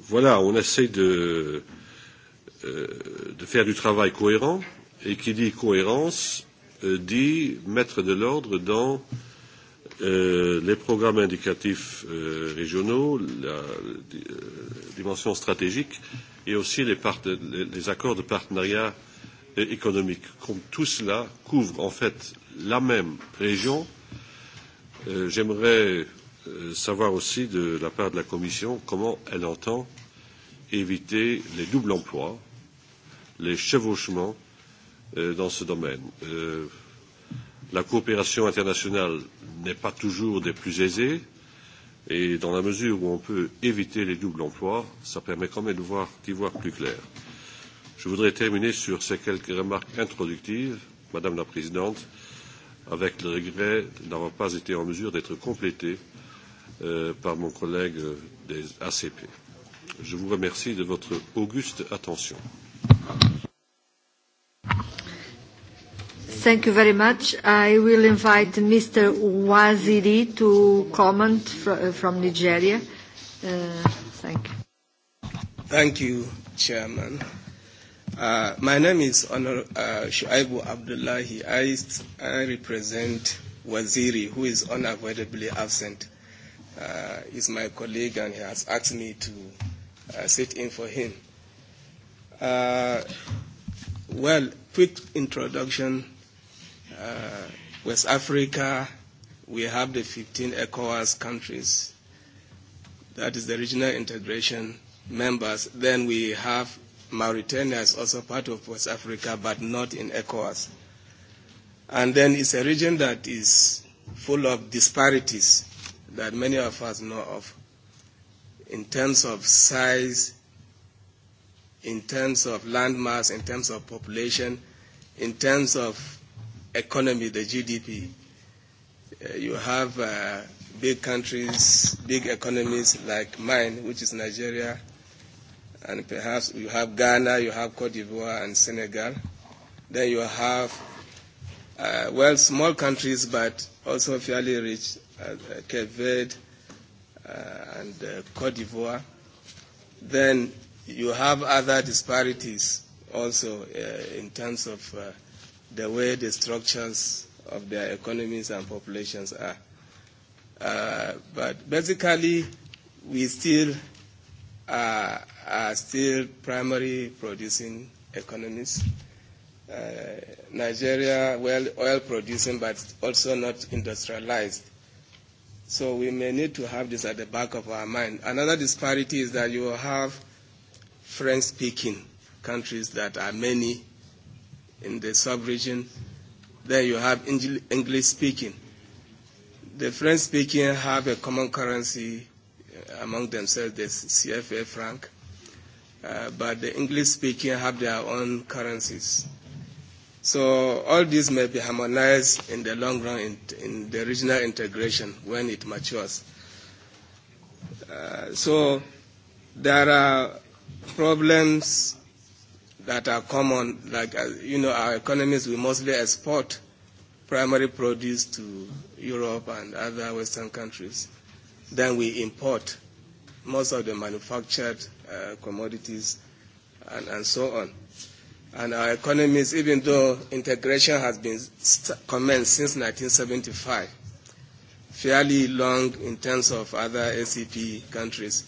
voilà, on essaie de, de faire du travail cohérent et qui dit cohérence dit mettre de l'ordre dans euh, Euh, les programmes indicatifs euh, régionaux, la euh, dimension stratégique et aussi les, part, les, les accords de partenariat économique. Comme tout cela couvre en fait la même région, euh, j'aimerais euh, savoir aussi de la part de la Commission comment elle entend éviter les doubles emplois, les chevauchements euh, dans ce domaine. Euh, la coopération internationale n'est pas toujours des plus aisées et dans la mesure où on peut éviter les doubles emplois, ça permet quand même d'y voir, voir plus clair. Je voudrais terminer sur ces quelques remarques introductives, Madame la Présidente, avec le regret d'avoir pas été en mesure d'être complété euh, par mon collègue des ACP. Je vous remercie de votre auguste attention. Thank you very much. I will invite Mr. Waziri to comment fr from Nigeria. Uh, thank you. Thank you, Chairman. Uh, my name is Honor, uh, Shuaibu Abdullahi. I, I represent Waziri, who is unavoidably absent. Uh, is my colleague, and he has asked me to uh, sit in for him. Uh, well, quick introduction Uh, West Africa, we have the 15 ECOWAS countries. That is the regional integration members. Then we have Mauritania is also part of West Africa, but not in ECOWAS. And then it's a region that is full of disparities that many of us know of in terms of size, in terms of landmass, in terms of population, in terms of economy, the GDP. Uh, you have uh, big countries, big economies like mine, which is Nigeria, and perhaps you have Ghana, you have Cote d'Ivoire and Senegal. Then you have, uh, well, small countries, but also fairly rich, uh, uh Cape Verde uh, and uh, Cote d'Ivoire. Then you have other disparities also uh, in terms of uh, the way the structures of their economies and populations are. Uh, but basically, we still are, are still primary producing economies. Uh, Nigeria, well, oil producing, but also not industrialized. So we may need to have this at the back of our mind. Another disparity is that you will have French-speaking countries that are many in the sub-region. Then you have English speaking. The French speaking have a common currency uh, among themselves, the CFA franc, uh, but the English speaking have their own currencies. So all these may be harmonized in the long run in, in the regional integration when it matures. Uh, so there are problems that are common, like, uh, you know, our economies, we mostly export primary produce to Europe and other Western countries. Then we import most of the manufactured uh, commodities and, and so on. And our economies, even though integration has been commenced since 1975, fairly long in terms of other ACP countries,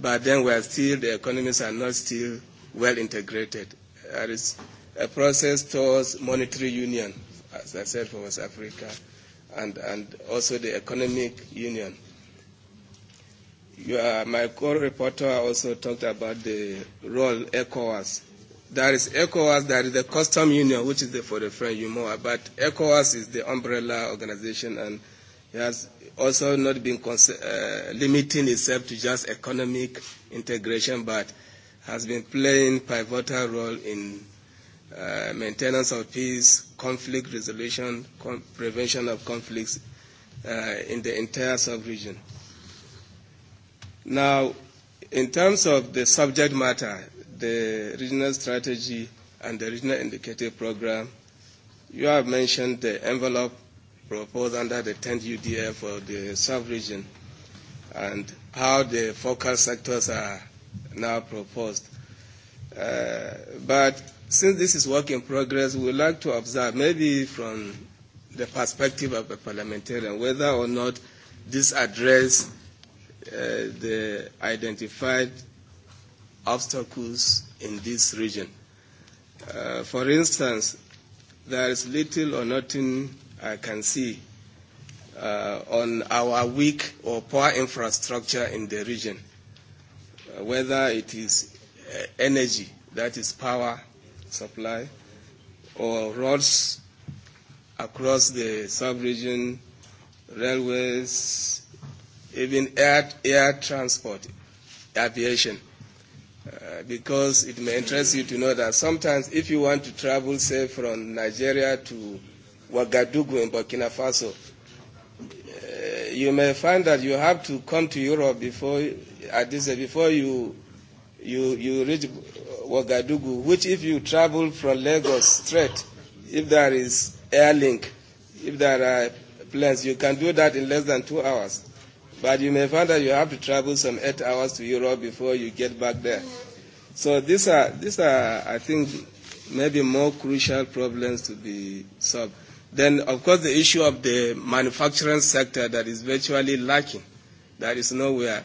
but then we are still, the economies are not still well integrated. There is a process towards monetary union, as I said, for West Africa, and, and also the economic union. You are, my co-reporter also talked about the role ECOWAS. There is ECOWAS, there is the custom union, which is the, for the French UMOA, but ECOWAS is the umbrella organization and it has also not been uh, limiting itself to just economic integration, but has been playing pivotal role in uh, maintenance of peace, conflict resolution, con prevention of conflicts uh, in the entire sub-region. Now, in terms of the subject matter, the regional strategy and the regional indicative program, you have mentioned the envelope proposed under the 10th UDF for the sub-region and how the focal sectors are now proposed. Uh, but since this is work in progress, we'd like to observe, maybe from the perspective of a parliamentarian, whether or not this address uh, the identified obstacles in this region. Uh, for instance, there is little or nothing I can see uh, on our weak or poor infrastructure in the region. Uh, whether it is uh, energy, that is power supply, or roads across the sub-region, railways, even air, air transport, aviation. Uh, because it may interest you to know that sometimes if you want to travel, say, from Nigeria to Ouagadougou in Burkina Faso, uh, you may find that you have to come to Europe before at this, uh, before you, you, you reach Ouagadougou, which if you travel from Lagos straight, if there is air link, if there are planes, you can do that in less than two hours. But you may find that you have to travel some eight hours to Europe before you get back there. So these are, these are I think, maybe more crucial problems to be solved. Then, of course, the issue of the manufacturing sector that is virtually lacking, that is nowhere.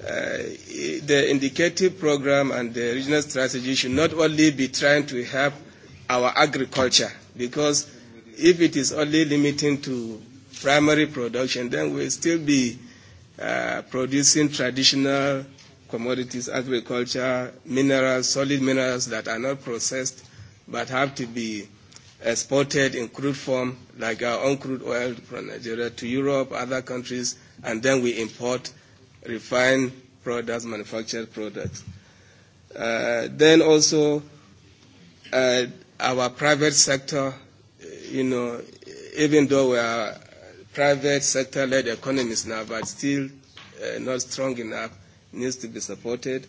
Uh, the indicative program and the regional strategy should not only be trying to help our agriculture, because if it is only limiting to primary production, then we'll still be uh, producing traditional commodities, agriculture, minerals, solid minerals that are not processed but have to be exported in crude form, like our own crude oil from Nigeria to Europe, other countries, and then we import refined products, manufactured products. Uh, then also, uh, our private sector, uh, you know, even though we are private sector-led economies now, but still uh, not strong enough, needs to be supported.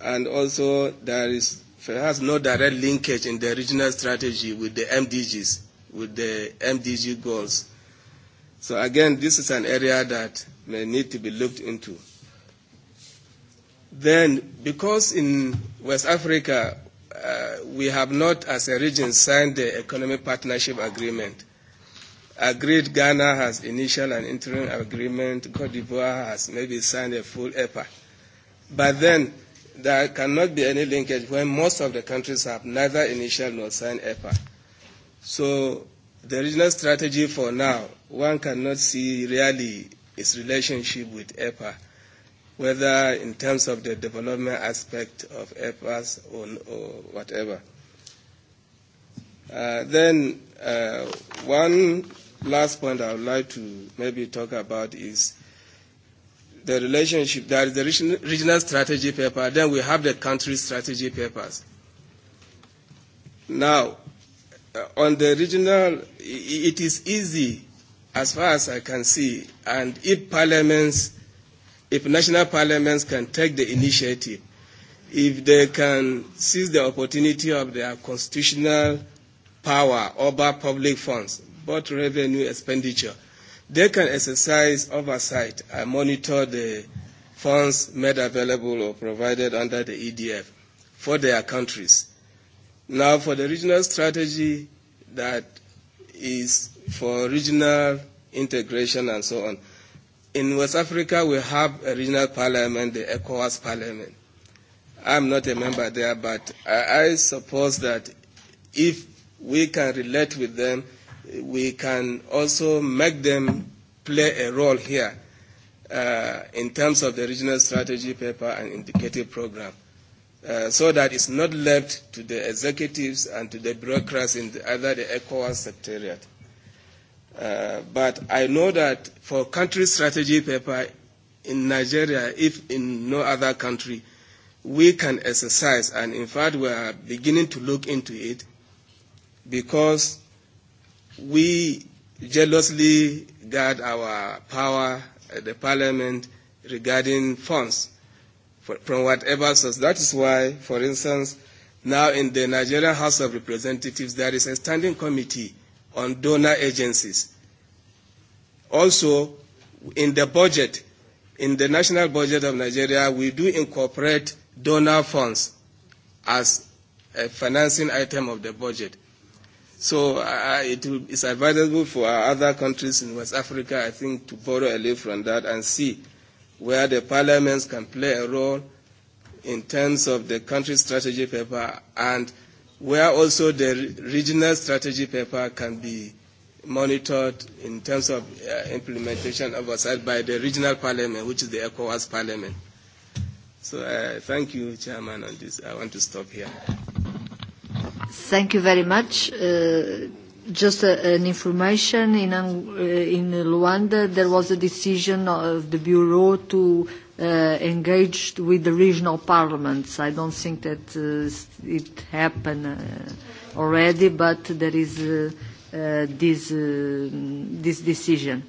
And also, there is perhaps no direct linkage in the regional strategy with the MDGs, with the MDG goals. So again, this is an area that may need to be looked into. Then, because in West Africa uh, we have not, as a region, signed the Economic Partnership Agreement, agreed Ghana has initial and interim agreement, Cote d'Ivoire has maybe signed a full EPA. But then there cannot be any linkage when most of the countries have neither initial nor signed EPA. So the regional strategy for now, one cannot see really its relationship with EPA, whether in terms of the development aspect of EPAs or, or whatever. Uh, then uh, one last point I would like to maybe talk about is the relationship. There is the regional strategy paper. Then we have the country strategy papers. Now, uh, on the regional, it is easy as far as I can see, and if parliaments, if national parliaments can take the initiative, if they can seize the opportunity of their constitutional power over public funds, both revenue expenditure, they can exercise oversight and monitor the funds made available or provided under the EDF for their countries. Now, for the regional strategy that is for regional integration and so on. In West Africa, we have a regional parliament, the ECOWAS parliament. I'm not a member there, but I, I suppose that if we can relate with them, we can also make them play a role here uh, in terms of the regional strategy paper and indicative program. Uh, so that it's not left to the executives and to the bureaucrats in the, either the ECOWAS secretariat. Uh, but I know that for country strategy paper in Nigeria, if in no other country, we can exercise, and in fact, we are beginning to look into it because we jealously guard our power at the parliament regarding funds from whatever source. That is why, for instance, now in the Nigerian House of Representatives, there is a standing committee on donor agencies. Also, in the budget, in the national budget of Nigeria, we do incorporate donor funds as a financing item of the budget. So uh, it will, it's advisable for our other countries in West Africa, I think, to borrow a leaf from that and see where the parliaments can play a role in terms of the country strategy paper and where also the regional strategy paper can be monitored in terms of uh, implementation oversight by the regional parliament, which is the ECOWAS parliament. So uh, thank you, Chairman, on this. I want to stop here. Thank you very much. Uh, just a, uh, an information, in, uh, in Luanda there was a decision of the Bureau to uh, engaged with the regional parliaments. I don't think that uh, it happened uh, already, but there is uh, uh, this, uh, this decision.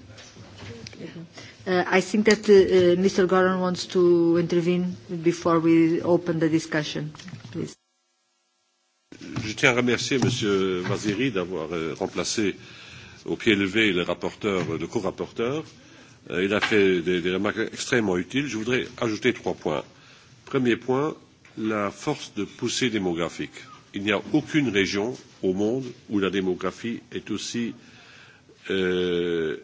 Uh, I think that uh, uh Mr. Gordon wants to intervene before we open the discussion. Please. Je tiens à remercier M. Vaziri d'avoir euh, remplacé au pied levé le rapporteur, le co-rapporteur. Euh, Euh, il a fait des, des remarques extrêmement utiles. Je voudrais ajouter trois points. Premier point, la force de poussée démographique. Il n'y a aucune région au monde où la démographie est aussi euh,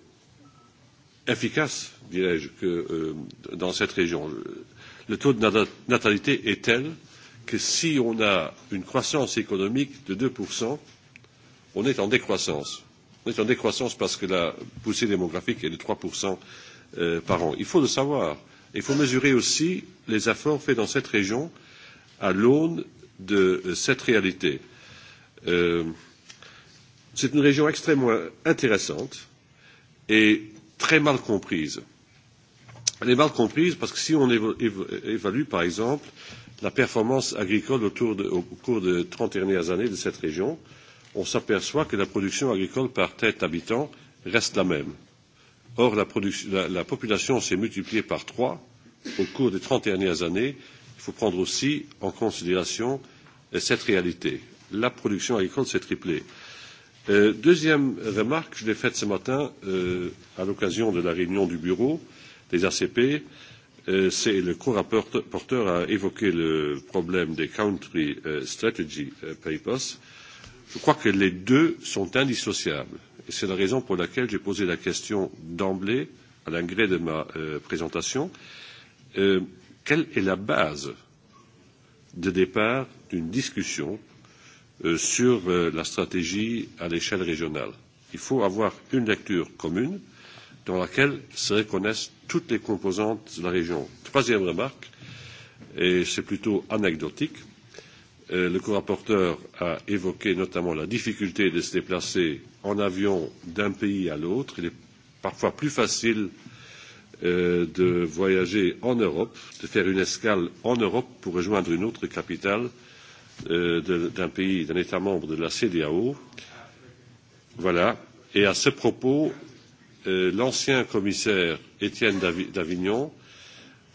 efficace, dirais-je, que euh, dans cette région. Le taux de natalité est tel que si on a une croissance économique de 2%, on est en décroissance. On est en décroissance parce que la poussée démographique est de 3% euh, par an. Il faut le savoir. Il faut mesurer aussi les efforts faits dans cette région à l'aune de euh, cette réalité. Euh, c'est une région extrêmement intéressante et très mal comprise. Elle est mal comprise parce que si on évalue, par exemple, la performance agricole autour de, au cours des 30 dernières années de cette région, euh, on s'aperçoit que la production agricole par tête habitant reste la même. Or, la, la, la population s'est multipliée par trois au cours des trente dernières années. Il faut prendre aussi en considération cette réalité. La production agricole s'est triplée. Euh, deuxième remarque, je l'ai faite ce matin euh, à l'occasion de la réunion du bureau des ACP. Euh, c'est le co-rapporteur a évoqué le problème des country euh, strategy euh, papers Je crois que les deux sont indissociables. Et c'est la raison pour laquelle j'ai posé la question d'emblée, à l'ingré de ma euh, présentation, euh, quelle est la base de départ d'une discussion euh, sur euh, la stratégie à l'échelle régionale Il faut avoir une lecture commune dans laquelle se reconnaissent toutes les composantes de la région. Troisième remarque, et c'est plutôt anecdotique, Euh, le corapporteur a évoqué notamment la difficulté de se déplacer en avion d'un pays à l'autre. Il est parfois plus facile euh, de voyager en Europe, de faire une escale en Europe pour rejoindre une autre capitale euh, d'un pays, d'un État membre de la CDAO. Voilà. Et à ce propos, l'ancien commissaire Étienne d'Avignon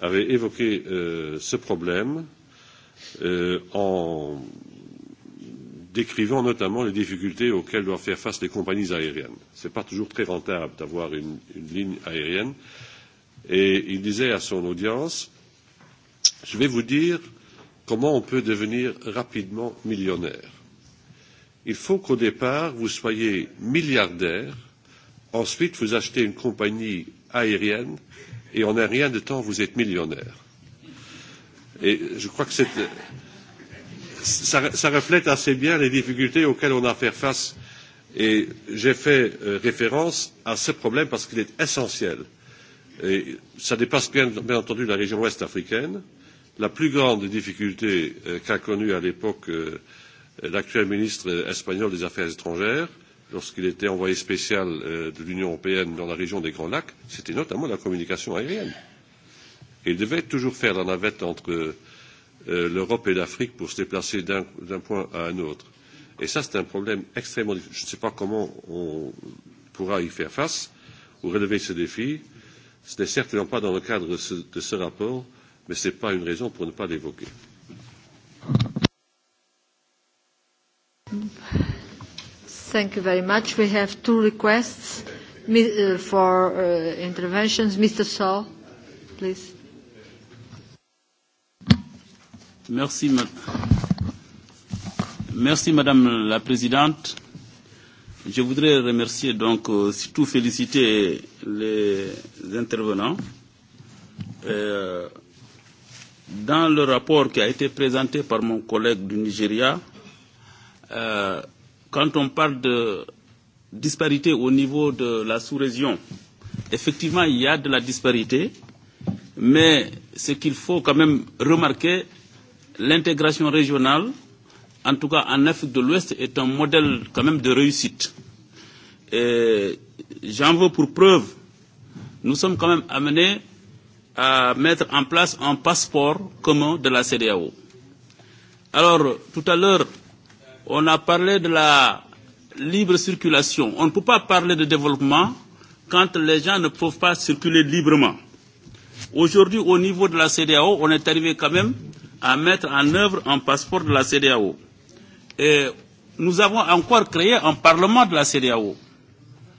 avait évoqué ce problème euh, en décrivant notamment les difficultés auxquelles doivent faire face les compagnies aériennes. Ce n'est pas toujours très rentable d'avoir une, une ligne aérienne. Et il disait à son audience, je vais vous dire comment on peut devenir rapidement millionnaire. Il faut qu'au départ, vous soyez milliardaire, ensuite vous achetez une compagnie aérienne et en un rien de temps, vous êtes millionnaire. Et je crois que c'est, ça, ça reflète assez bien les difficultés auxquelles on a à faire face. Et j'ai fait euh, référence à ce problème parce qu'il est essentiel. Et ça dépasse bien, bien entendu la région ouest africaine. La plus grande difficulté euh, qu'a connue à l'époque euh, l'actuel ministre espagnol des Affaires étrangères, lorsqu'il était envoyé spécial de l'Union européenne dans la région des Grands Lacs, c'était notamment la communication aérienne. Il devait toujours faire la navette entre euh, l'Europe et l'Afrique pour se déplacer d'un point à un autre. Et ça, c'est un problème extrêmement difficile. Je ne sais pas comment on pourra y faire face ou relever ce défi. Ce n'est certainement pas dans le cadre de ce, de ce rapport, mais ce n'est pas une raison pour ne pas l'évoquer. Thank you very much. We have two requests uh, for uh, interventions. Mr. Saul, please. Merci, ma... Merci Madame la Présidente. Je voudrais remercier donc euh, surtout féliciter les intervenants. Euh, dans le rapport qui a été présenté par mon collègue du Nigeria, euh, quand on parle de disparité au niveau de la sous-région, effectivement il y a de la disparité, mais ce qu'il faut quand même remarquer, l'intégration régionale, en tout cas en Afrique de l'Ouest, est un modèle quand même de réussite. J'en veux pour preuve, nous sommes quand même amenés à mettre en place un passeport commun de la CDAO. Alors, tout à l'heure, on a parlé de la libre circulation. On ne peut pas parler de développement quand les gens ne peuvent pas circuler librement. Aujourd'hui, au niveau de la CDAO, on est arrivé quand même à mettre en œuvre un passeport de la CDAO. Et nous avons encore créé un parlement de la CDAO.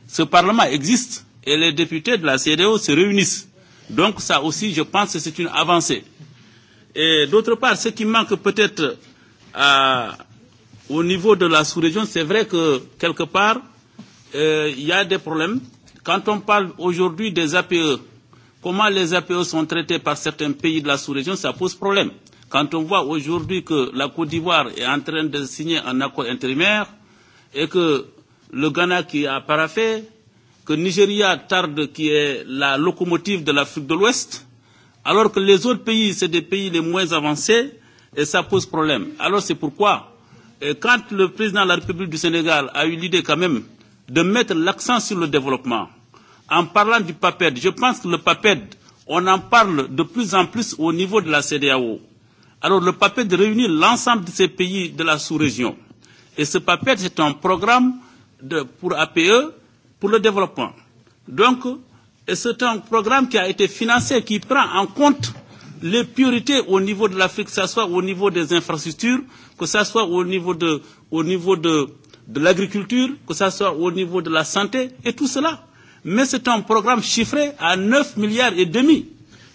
Ce parlement existe et les députés de la CDAO se réunissent. Donc ça aussi, je pense que c'est une avancée. Et d'autre part, ce qui manque peut-être au niveau de la sous-région, c'est vrai que quelque part, euh, il euh, y a des problèmes. Quand on parle aujourd'hui des APE, comment les APE sont traités par certains pays de la sous-région, ça pose problème. Quand on voit aujourd'hui que la Côte d'Ivoire est en train de signer un accord intérimaire et que le Ghana qui a paraffé, que Nigeria tarde qui est la locomotive de l'Afrique de l'Ouest, alors que les autres pays, c'est des pays les moins avancés, et ça pose problème. Alors c'est pourquoi, et quand le président de la République du Sénégal a eu l'idée quand même de mettre l'accent sur le développement, en parlant du PAPED, je pense que le PAPED, on en parle de plus en plus au niveau de la CDAO. Alors le PAPED réunit l'ensemble de ces pays de la sous-région. Et ce PAPED, c'est un programme de, pour APE, pour le développement. Donc, c'est un programme qui a été financé, qui prend en compte les priorités au niveau de l'Afrique, que ce soit au niveau des infrastructures, que ce soit au niveau de, au niveau de, de l'agriculture, que ce soit au niveau de la santé et tout cela. Mais c'est un programme chiffré à 9 milliards et demi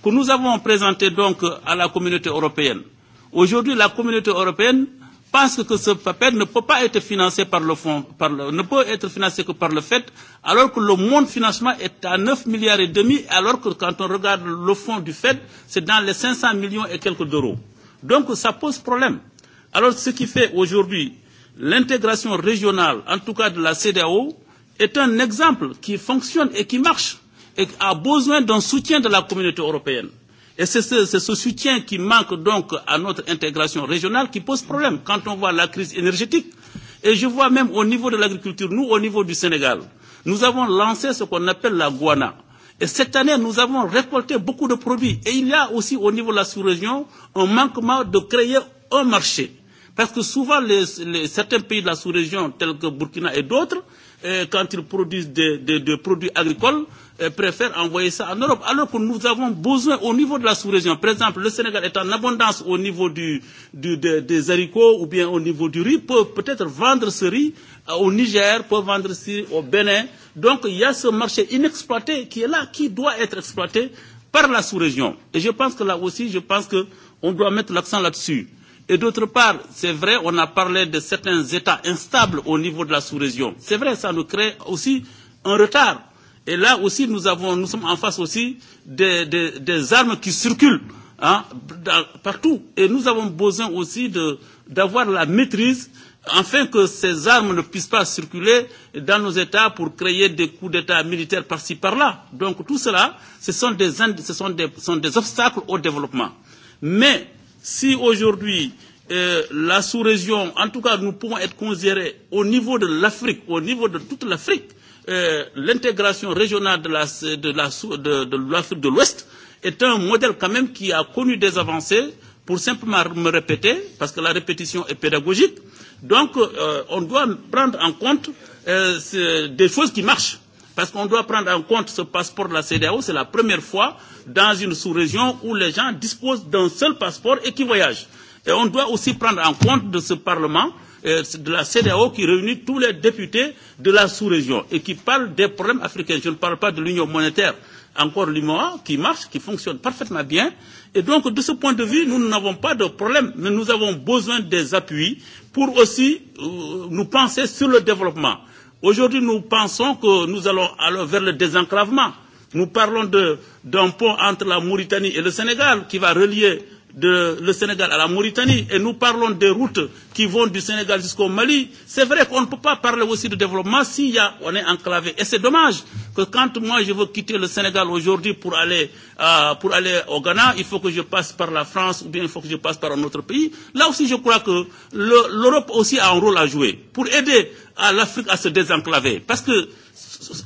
que nous avons présenté donc à la communauté européenne. Aujourd'hui, la communauté européenne pense que ce papier ne peut pas être financé par le fonds, par le, ne peut être financé que par le fait, alors que le monde financement est à 9 milliards et demi, alors que quand on regarde le fonds du fait, c'est dans les 500 millions et quelques d'euros. Donc ça pose problème. Alors ce qui fait aujourd'hui l'intégration régionale, en tout cas de la CDAO, est un exemple qui fonctionne et qui marche et a besoin d'un soutien de la communauté européenne. Et c'est ce, ce soutien qui manque donc à notre intégration régionale qui pose problème quand on voit la crise énergétique. Et je vois même au niveau de l'agriculture, nous au niveau du Sénégal, nous avons lancé ce qu'on appelle la guana. Et cette année, nous avons récolté beaucoup de produits. Et il y a aussi au niveau de la sous-région un manquement de créer un marché. Parce que souvent, les, les, certains pays de la sous-région, tels que Burkina et d'autres, eh, quand ils produisent des, des, des produits agricoles, Euh, préfèrent envoyer ça en Europe, alors que nous avons besoin au niveau de la sous-région. Par exemple, le Sénégal est en abondance au niveau du, du, de, des haricots ou bien au niveau du riz, peut peut-être vendre ce riz euh, au Niger, peut vendre ce riz au Bénin. Donc il y a ce marché inexploité qui est là, qui doit être exploité par la sous-région. Et je pense que là aussi, je pense qu'on doit mettre l'accent là-dessus. Et d'autre part, c'est vrai, on a parlé de certains États instables au niveau de la sous-région. C'est vrai, ça nous crée aussi un retard Et là aussi, nous, avons, nous sommes en face aussi des, des, des armes qui circulent hein, da, partout. Et nous avons besoin aussi d'avoir la maîtrise afin que ces armes ne puissent pas circuler dans nos États pour créer des coups d'État militaires par-ci par-là. Donc tout cela, ce sont des, ce sont des, sont des obstacles au développement. Mais si aujourd'hui euh, la sous-région, en tout cas nous pouvons être considérés au niveau de l'Afrique, au niveau de toute l'Afrique, Euh, l'intégration régionale de l'Afrique la, de, la, de, de, de l'Ouest est un modèle quand même qui a connu des avancées, pour simplement me répéter, parce que la répétition est pédagogique. Donc, euh, on doit prendre en compte euh, des choses qui marchent. Parce qu'on doit prendre en compte ce passeport de la CDAO, c'est la première fois dans une sous-région où les gens disposent d'un seul passeport et qui voyagent. Et on doit aussi prendre en compte de ce Parlement Euh, de la CDAO qui réunit tous les députés de la sous-région et qui parle des problèmes africains. Je ne parle pas de l'union monétaire, encore l'UMOA, qui marche, qui fonctionne parfaitement bien. Et donc, de ce point de vue, nous n'avons pas de problème, mais nous avons besoin des appuis pour aussi euh, nous penser sur le développement. Aujourd'hui, nous pensons que nous allons aller vers le désenclavement. Nous parlons d'un pont entre la Mauritanie et le Sénégal qui va relier de le Sénégal à la Mauritanie et nous parlons des routes qui vont du Sénégal jusqu'au Mali, c'est vrai qu'on ne peut pas parler aussi de développement si y a, on est enclavé. Et c'est dommage que quand moi je veux quitter le Sénégal aujourd'hui pour aller euh, pour aller au Ghana, il faut que je passe par la France ou bien il faut que je passe par un autre pays. Là aussi, je crois que l'Europe le, aussi a un rôle à jouer pour aider à l'Afrique à se désenclaver. Parce que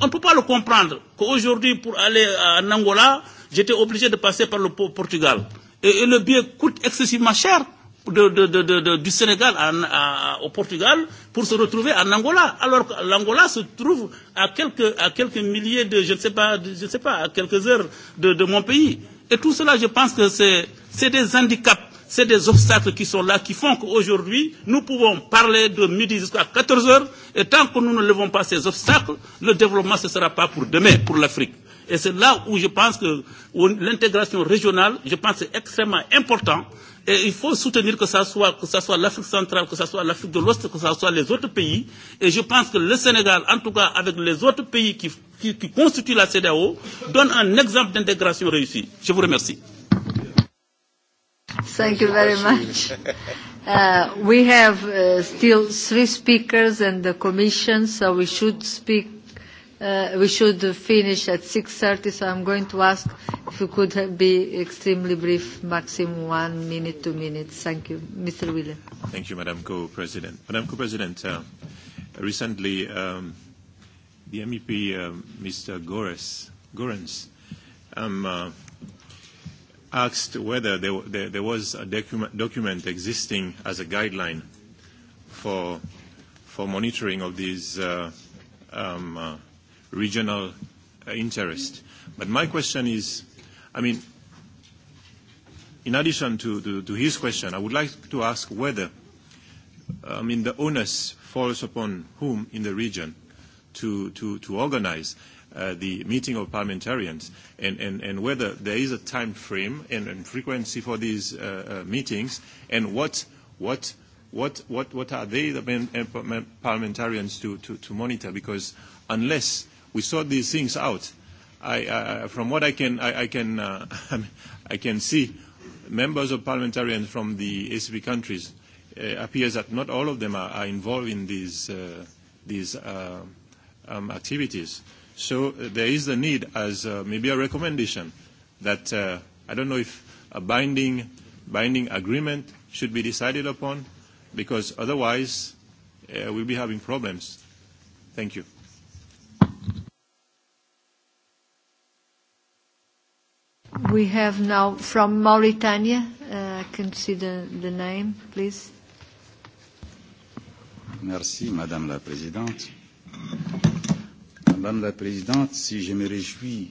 on ne peut pas le comprendre qu'aujourd'hui, pour aller en Angola, j'étais obligé de passer par le Portugal et, et le billet coûte excessivement cher de, de, de, de, de, du Sénégal en, à, au Portugal pour se retrouver en Angola, alors que l'Angola se trouve à quelques, à quelques milliers de, je ne sais pas, de, je ne sais pas, à quelques heures de, de mon pays. Et tout cela, je pense que c'est des handicaps, c'est des obstacles qui sont là, qui font qu'aujourd'hui, nous pouvons parler de midi jusqu'à 14 heures, et tant que nous ne levons pas ces obstacles, le développement, ne sera pas pour demain, pour l'Afrique. Et c'est là où je pense que l'intégration régionale, je pense, est extrêmement important. Et il faut soutenir que ça soit, soit l'Afrique centrale, que ce soit l'Afrique de l'Ouest, que ce soit les autres pays. Et je pense que le Sénégal, en tout cas avec les autres pays qui, qui, qui constituent la CEDAO, donne un exemple d'intégration réussie. Je vous remercie. Thank you very much. Uh, we have uh, still three speakers and the Commission, so we should speak Uh, we should finish at 6.30, so I'm going to ask if you could be extremely brief, maximum one minute, two minutes. Thank you. Mr. Wille. Thank you, Madam Co-President. Madam Co-President, uh, recently um, the MEP, uh, um, Mr. Gores, Gorens, um, uh, asked whether there, there, there was a document, document existing as a guideline for, for monitoring of these uh, um, uh, regional uh, interest. But my question is, I mean, in addition to, to, to his question, I would like to ask whether, uh, I mean, the onus falls upon whom in the region to, to, to organize uh, the meeting of parliamentarians and, and, and whether there is a time frame and, and frequency for these uh, uh, meetings and what, what, what, what, what are they, the uh, parliamentarians, to, to, to monitor? Because unless we sort these things out. I, uh, from what I can, I, I can, uh, <laughs> I can see, members of parliamentarians from the ACP countries uh, appears that not all of them are, are involved in these, uh, these uh, um, activities. So uh, there is the need as uh, maybe a recommendation that uh, I don't know if a binding, binding agreement should be decided upon because otherwise uh, we'll be having problems. Thank you. We have now from Mauritania. Uh, can see the, the name, please. Merci, Madame la Présidente. Madame la Présidente, si je me réjouis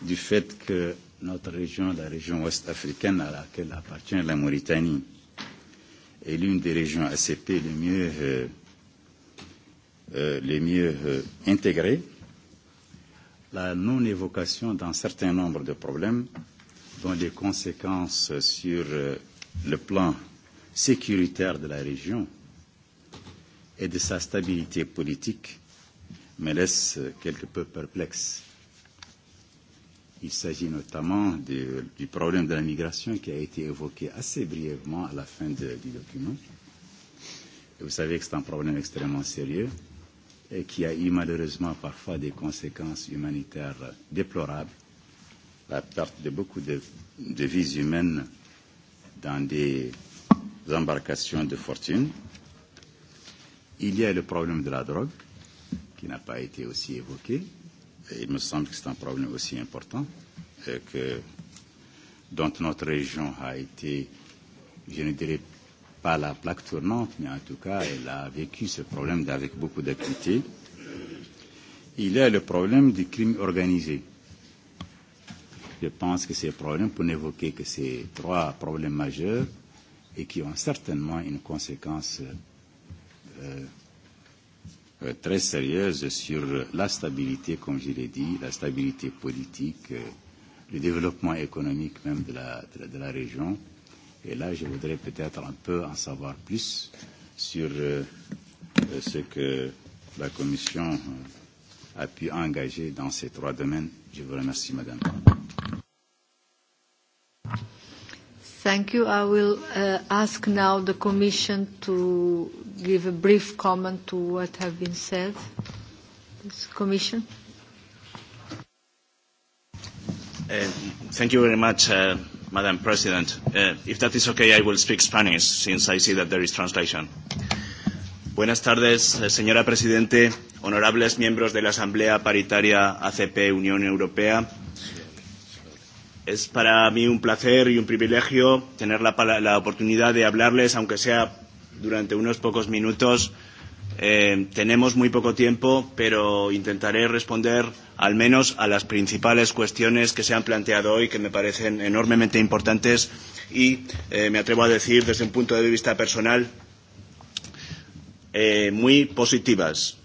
du fait que notre région, la région ouest africaine à laquelle appartient la Mauritanie, est l'une des régions ACP les mieux, euh, euh, les mieux euh, intégrées, la non-évocation d'un certain nombre de problèmes dont les conséquences sur euh, le plan sécuritaire de la région et de sa stabilité politique me laisse quelque peu perplexe. Il s'agit notamment de, du problème de la migration qui a été évoqué assez brièvement à la fin de, du document. Et vous savez que c'est un problème extrêmement sérieux. Euh, et qui a eu malheureusement parfois des conséquences humanitaires déplorables, la perte de beaucoup de, de vies humaines dans des embarcations de fortune. Il y a le problème de la drogue, qui n'a pas été aussi évoqué. Et il me semble que c'est un problème aussi important euh, que, dont notre région a été, je ne dirais pas la plaque tournante, mais en tout cas, elle a vécu ce problème avec beaucoup d'acuité. Il est le problème du crime organisé. Je pense que ces problèmes, pour n'évoquer que ces trois problèmes majeurs, et qui ont certainement une conséquence euh, euh, très sérieuse sur la stabilité, comme je l'ai dit, la stabilité politique, euh, le développement économique même de la, de la, de la région, Et là, je voudrais peut-être un peu en savoir plus sur euh, ce que la Commission euh, a pu engager dans ces trois domaines. Je vous remercie, Madame. Thank you. I will uh, ask now the Commission to give a brief comment to what have been said. This Commission. Uh, thank you very much. Uh, Madam President. Uh, if that is okay, I will speak Spanish, since I see that there is translation. Buenas tardes, eh, señora Presidente, honorables miembros de la Asamblea Paritaria ACP Unión Europea. Es para mí un placer y un privilegio tener la, la oportunidad de hablarles, aunque sea durante unos pocos minutos, Eh, tenemos muy poco tiempo, pero intentaré responder al menos a las principales cuestiones que se han planteado hoy, que me parecen enormemente importantes y eh, me atrevo a decir desde un punto de vista personal eh, muy positivas.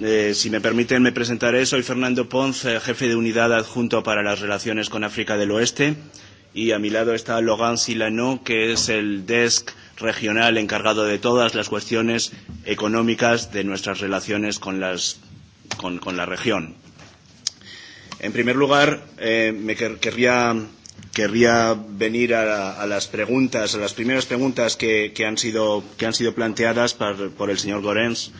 Eh, si me permiten, me presentaré. Soy Fernando Ponce, jefe de unidad adjunto para las relaciones con África del Oeste y a mi lado está Logan Silano, que es el desk regional encargado de todas las cuestiones económicas de nuestras relaciones con, las, con, con la región. En primer lugar, eh, me quer querría, querría venir a, a las preguntas, a las primeras preguntas que, que, han, sido, que han sido planteadas par, por el señor Gorens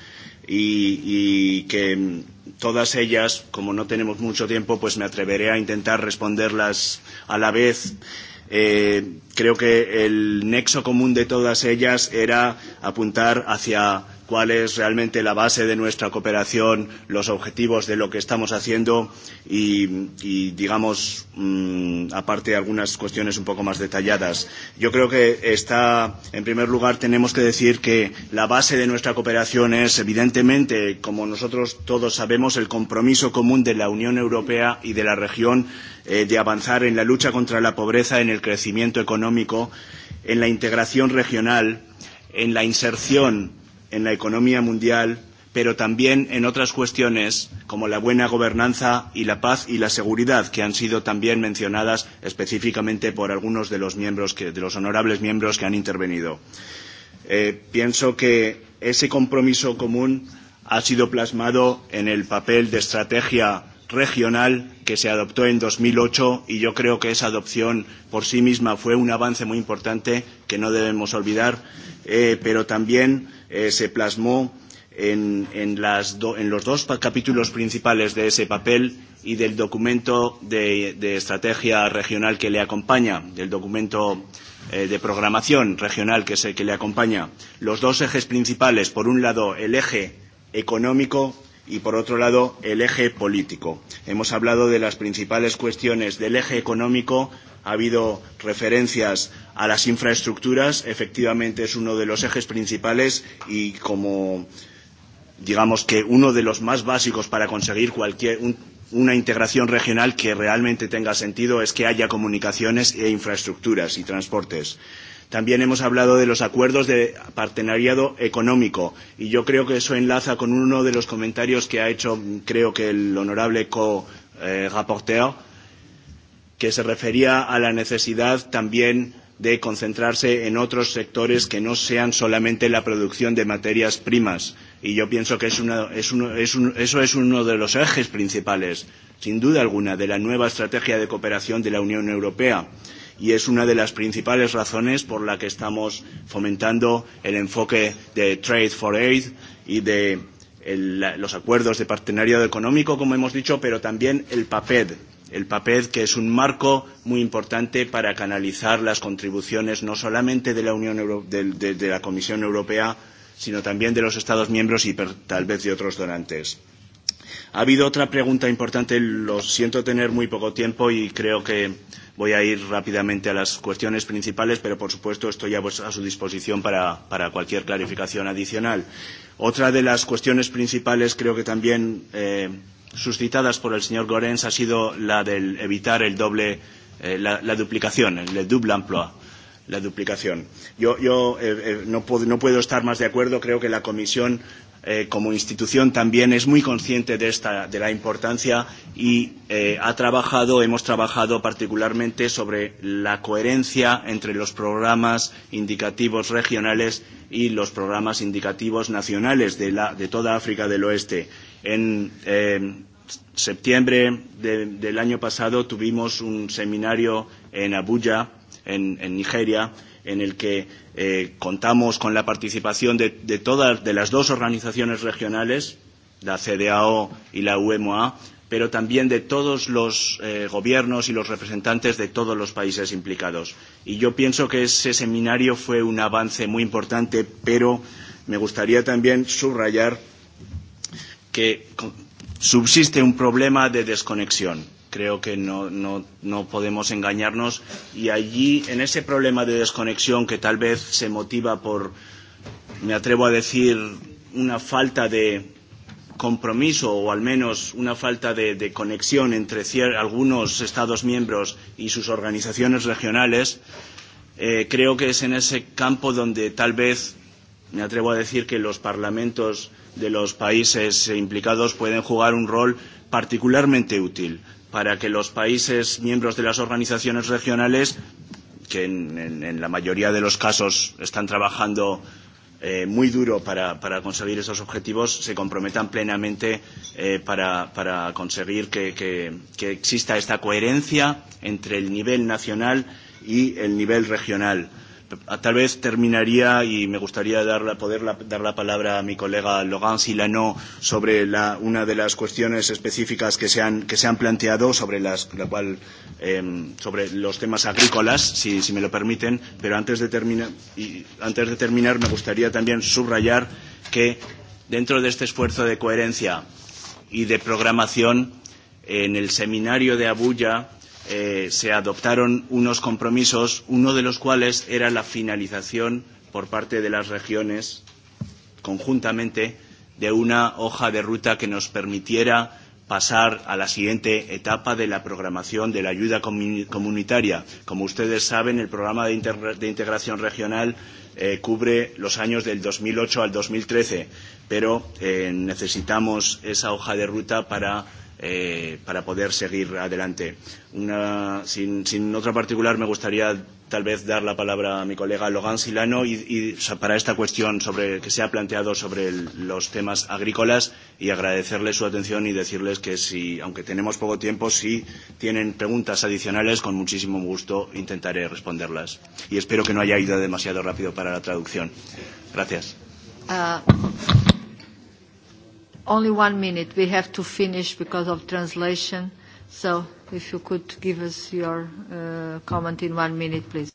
y, y que todas ellas, como no tenemos mucho tiempo, pues me atreveré a intentar responderlas a la vez. Eh, creo que el nexo común de todas ellas era apuntar hacia cuál es realmente la base de nuestra cooperación, los objetivos de lo que estamos haciendo y, y digamos, mmm, aparte algunas cuestiones un poco más detalladas. Yo creo que está, en primer lugar, tenemos que decir que la base de nuestra cooperación es, evidentemente, como nosotros todos sabemos, el compromiso común de la Unión Europea y de la región eh, de avanzar en la lucha contra la pobreza, en el crecimiento económico, en la integración regional, en la inserción en la economía mundial, pero también en otras cuestiones como la buena gobernanza y la paz y la seguridad, que han sido también mencionadas específicamente por algunos de los, miembros que, de los honorables miembros que han intervenido. Eh, pienso que ese compromiso común ha sido plasmado en el papel de estrategia regional que se adoptó en 2008 y yo creo que esa adopción por sí misma fue un avance muy importante que no debemos olvidar, eh, pero también eh, se plasmó en, en, las do, en los dos capítulos principales de ese papel y del documento de, de estrategia regional que le acompaña, del documento eh, de programación regional que, se, que le acompaña. Los dos ejes principales, por un lado, el eje económico y por otro lado el eje político. Hemos hablado de las principales cuestiones del eje económico ha habido referencias a las infraestructuras, efectivamente es uno de los ejes principales y como digamos que uno de los más básicos para conseguir cualquier un, una integración regional que realmente tenga sentido es que haya comunicaciones e infraestructuras y transportes. También hemos hablado de los acuerdos de partenariado económico y yo creo que eso enlaza con uno de los comentarios que ha hecho creo que el honorable co-rapporteur eh, que se refería a la necesidad también de concentrarse en otros sectores que no sean solamente la producción de materias primas. Y yo pienso que es una, es uno, es un, eso es uno de los ejes principales, sin duda alguna, de la nueva estrategia de cooperación de la Unión Europea. Y es una de las principales razones por la que estamos fomentando el enfoque de Trade for Aid y de el, los acuerdos de partenariado económico, como hemos dicho, pero también el papel el papel que es un marco muy importante para canalizar las contribuciones no solamente de la, Unión Euro de, de, de la Comisión Europea, sino también de los Estados miembros y per, tal vez de otros donantes. Ha habido otra pregunta importante, lo siento tener muy poco tiempo y creo que voy a ir rápidamente a las cuestiones principales, pero por supuesto estoy a, a su disposición para, para cualquier clarificación adicional. Otra de las cuestiones principales creo que también eh, suscitadas por el señor Gorens ha sido la de evitar el doble, eh, la, la duplicación, el double emploi, la duplicación. Yo, yo eh, eh, no, puedo, no puedo estar más de acuerdo. Creo que la Comisión eh, como institución también es muy consciente de, esta, de la importancia y eh, ha trabajado, hemos trabajado particularmente sobre la coherencia entre los programas indicativos regionales y los programas indicativos nacionales de, la, de toda África del Oeste En eh, septiembre de, del año pasado tuvimos un seminario en Abuja, en, en Nigeria, en el que eh, contamos con la participación de, de todas de las dos organizaciones regionales, la CDAO y la UMOA, pero también de todos los eh, gobiernos y los representantes de todos los países implicados. Y yo pienso que ese seminario fue un avance muy importante, pero me gustaría también subrayar que subsiste un problema de desconexión. Creo que no, no, no podemos engañarnos y allí, en ese problema de desconexión que tal vez se motiva por, me atrevo a decir, una falta de compromiso o al menos una falta de, de conexión entre algunos Estados miembros y sus organizaciones regionales, eh, creo que es en ese campo donde tal vez me atrevo a decir que los parlamentos de los países implicados pueden jugar un rol particularmente útil para que los países miembros de las organizaciones regionales, que en, en, en la mayoría de los casos están trabajando eh, muy duro para, para conseguir esos objetivos, se comprometan plenamente eh, para, para conseguir que, que, que exista esta coherencia entre el nivel nacional y el nivel regional tal vez terminaría y me gustaría dar la, poder la, dar la palabra a mi colega Logan Silano sobre la, una de las cuestiones específicas que se han, que se han planteado sobre, las, la cual, eh, sobre los temas agrícolas, si, si me lo permiten. Pero antes de, termina, y antes de terminar me gustaría también subrayar que dentro de este esfuerzo de coherencia y de programación en el seminario de Abuya eh, se adoptaron unos compromisos, uno de los cuales era la finalización por parte de las regiones conjuntamente de una hoja de ruta que nos permitiera pasar a la siguiente etapa de la programación de la ayuda comunitaria. Como ustedes saben, el programa de, inter de integración regional eh, cubre los años del 2008 al 2013, pero eh, necesitamos esa hoja de ruta para eh, para poder seguir adelante. Una, sin, sin otra particular, me gustaría tal vez dar la palabra a mi colega Logan Silano y, y, o sea, para esta cuestión sobre, que se ha planteado sobre el, los temas agrícolas y agradecerles su atención y decirles que si, aunque tenemos poco tiempo, si tienen preguntas adicionales, con muchísimo gusto intentaré responderlas. Y espero que no haya ido demasiado rápido para la traducción. Gracias. Uh... Only one minute. We have to finish because of translation. So if you could give us your uh, comment in one minute, please.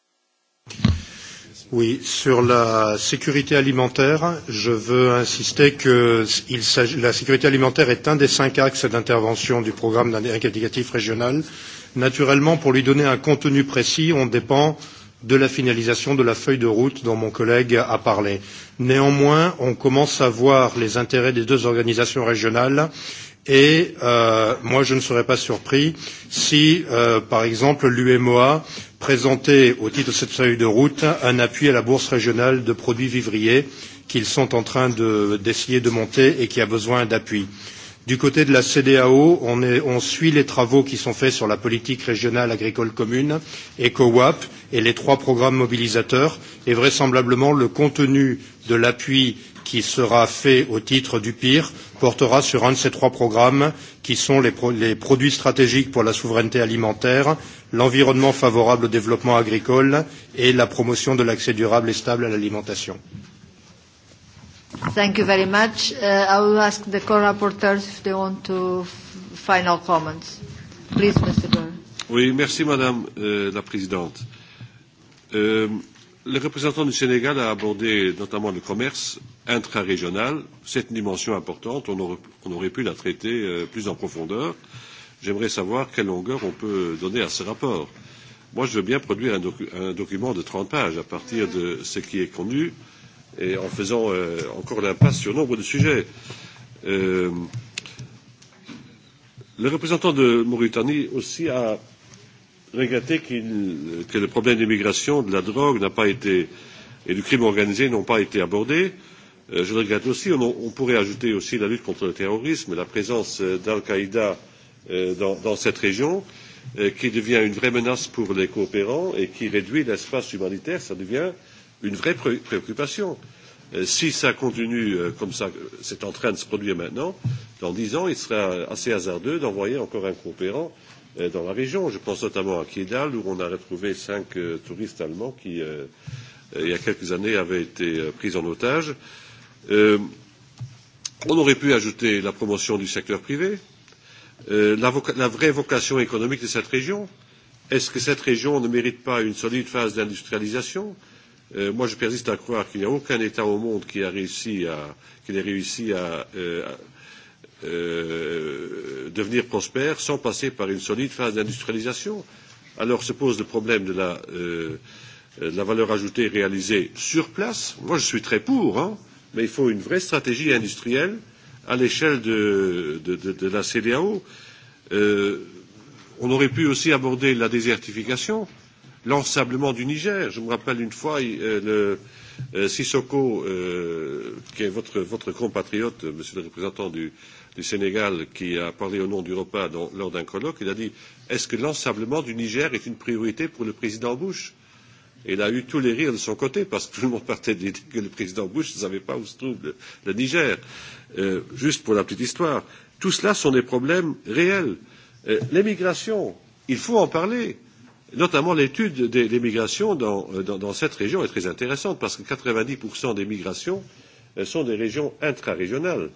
Oui, sur la sécurité alimentaire, je veux insister que il la sécurité alimentaire est un des cinq axes d'intervention du programme d'indicatif régional. Naturellement, pour lui donner un contenu précis, on dépend de la finalisation de la feuille de route dont mon collègue a parlé. Néanmoins, on commence à voir les intérêts des deux organisations régionales et euh, moi je ne serais pas surpris si, euh, par exemple, l'UMOA présentait au titre de cette feuille de route un appui à la Bourse régionale de produits vivriers qu'ils sont en train d'essayer de, de monter et qui a besoin d'appui. Euh, Du côté de la CDAO, on, est, on suit les travaux qui sont faits sur la politique régionale agricole commune, ECOWAP et les trois programmes mobilisateurs, et vraisemblablement le contenu de l'appui qui sera fait au titre du PIR portera sur un de ces trois programmes qui sont les, pro les produits stratégiques pour la souveraineté alimentaire, l'environnement favorable au développement agricole et la promotion de l'accès durable et stable à l'alimentation. Thank you very much. Uh, I will ask the co-rapporteurs if they want to final comments. Please, Mr. Burr. Oui, merci Madame euh, la Présidente. Euh, le représentant du Sénégal a abordé notamment le commerce intra-régional, cette dimension importante. On aurait, on aurait pu la traiter euh, plus en profondeur. J'aimerais savoir quelle longueur on peut donner à ce rapport. Moi, je veux bien produire un, docu un document de 30 pages à partir de ce qui est connu euh, et en faisant euh, encore l'impasse sur nombre de sujets. Euh, le représentant de Mauritanie aussi a regretté qu que le problème d'immigration, de la drogue n'a pas été, et du crime organisé n'ont pas été abordés. Euh, je le regrette aussi. On, on pourrait ajouter aussi la lutte contre le terrorisme, la présence euh, d'Al-Qaïda euh, dans, dans cette région euh, qui devient une vraie menace pour les coopérants et qui réduit l'espace humanitaire. Ça devient euh, une vraie pré préoccupation. Euh, si ça continue euh, comme ça, euh, c'est en train de se produire maintenant, dans dix ans, il sera assez hasardeux d'envoyer encore un coopérant euh, dans la région. Je pense notamment à Kidal, où on a retrouvé cinq euh, touristes allemands qui, euh, euh, il y a quelques années, avaient été euh, pris en otage. Euh, on aurait pu ajouter la promotion du secteur privé, euh, la, la vraie vocation économique de cette région. Est-ce que cette région ne mérite pas une solide phase d'industrialisation euh, Euh, moi, je persiste à croire qu'il n'y a aucun État au monde qui a réussi à, qui a réussi à euh, euh, devenir prospère sans passer par une solide phase d'industrialisation. Alors se pose le problème de la, euh, de la valeur ajoutée réalisée sur place. Moi, je suis très pour, hein, mais il faut une vraie stratégie industrielle à l'échelle de, de, de, de la CDAO. Euh, on aurait pu aussi aborder la désertification. Euh, l'ensablement du Niger. Je me rappelle une fois, euh, le, euh, Sissoko, euh, qui est votre, votre compatriote, monsieur le représentant du, du Sénégal, qui a parlé au nom d'Europa lors d'un colloque, il a dit Est-ce que l'ensablement du Niger est une priorité pour le président Bush Et il a eu tous les rires de son côté, parce que tout le monde partait de l'idée que le président Bush ne savait pas où se trouve le, le Niger. Euh, juste pour la petite histoire, tout cela sont des problèmes réels. Euh, L'émigration, il faut en parler Notamment l'étude des, des migrations dans, euh, dans, dans cette région est très intéressante parce que 90% des migrations elles euh, sont des régions intra-régionales.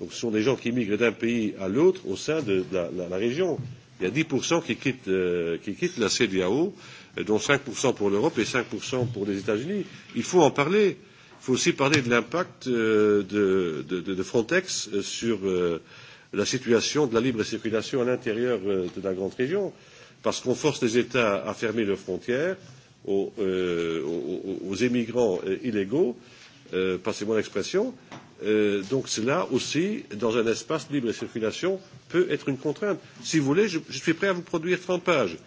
Donc ce sont des gens qui migrent d'un pays à l'autre au sein de la, la, la région. Il y a 10% qui quittent, euh, qui quittent la CDAO, euh, dont 5% pour l'Europe et 5% pour les États-Unis. Il faut en parler. Il faut aussi parler de l'impact euh, de, de, de Frontex sur euh, la situation de la libre circulation à l'intérieur euh, de la grande région. Euh, parce qu'on force les États à fermer leurs frontières aux, euh, aux, aux émigrants euh, illégaux, euh, passez-moi l'expression, euh, donc cela aussi, dans un espace libre de circulation, peut être une contrainte. Si vous voulez, je, je suis prêt à vous produire 30 pages.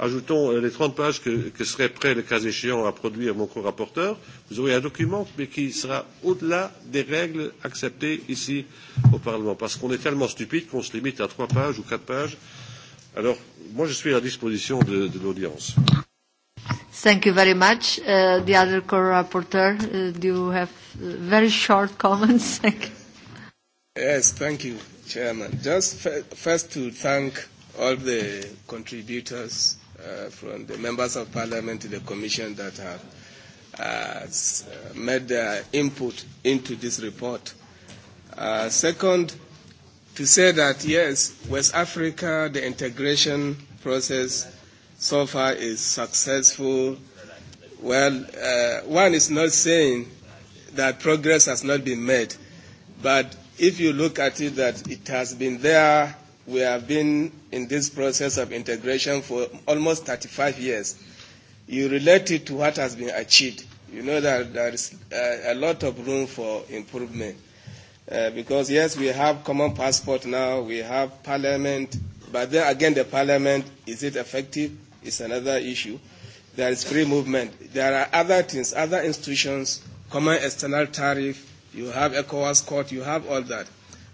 Ajoutons euh, les 30 pages que, que serait prêt, le cas échéant, à produire mon co-rapporteur. Vous aurez un document, mais qui sera au-delà des règles acceptées ici au Parlement. Parce qu'on est tellement stupide qu'on se limite à 3 pages ou 4 pages Alors, moi, je suis à disposition de, de l'audience. Thank you very much. Uh, the other co-rapporteur, uh, do you have uh, very short comments? <laughs> yes, thank you, Chairman. Just first to thank all the contributors uh, from the members of parliament to the commission that have uh, uh made their input into this report. Uh, second, to say that, yes, West Africa, the integration process so far is successful. Well, uh, one is not saying that progress has not been made, but if you look at it, that it has been there. We have been in this process of integration for almost 35 years. You relate it to what has been achieved. You know that there is a, uh, a lot of room for improvement. Uh, because yes, we have common passport now, we have parliament, but then again, the parliament, is it effective? It's another issue. There is free movement. There are other things, other institutions, common external tariff, you have ECOWAS court, you have all that.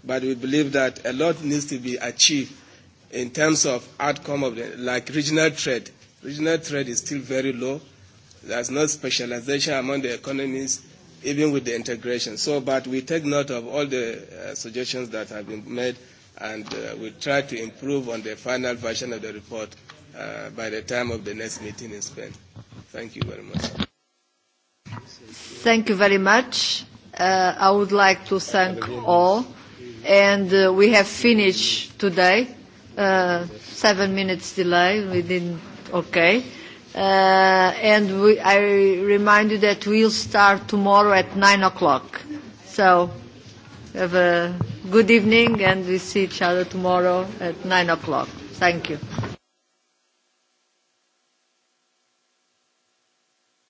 But we believe that a lot needs to be achieved in terms of outcome of the, like regional trade. Regional trade is still very low. There's no specialization among the economies even with the integration. So, but we take note of all the uh, suggestions that have been made, and uh, we try to improve on the final version of the report uh, by the time of the next meeting in Spain. Thank you very much. Thank you very much. Uh, I would like to thank all, and uh, we have finished today. Uh, seven minutes delay, we didn't, okay. Uh, and we, I remind you that we'll start tomorrow at 9 o'clock. So have a good evening and we see each other tomorrow at 9 o'clock. Thank you.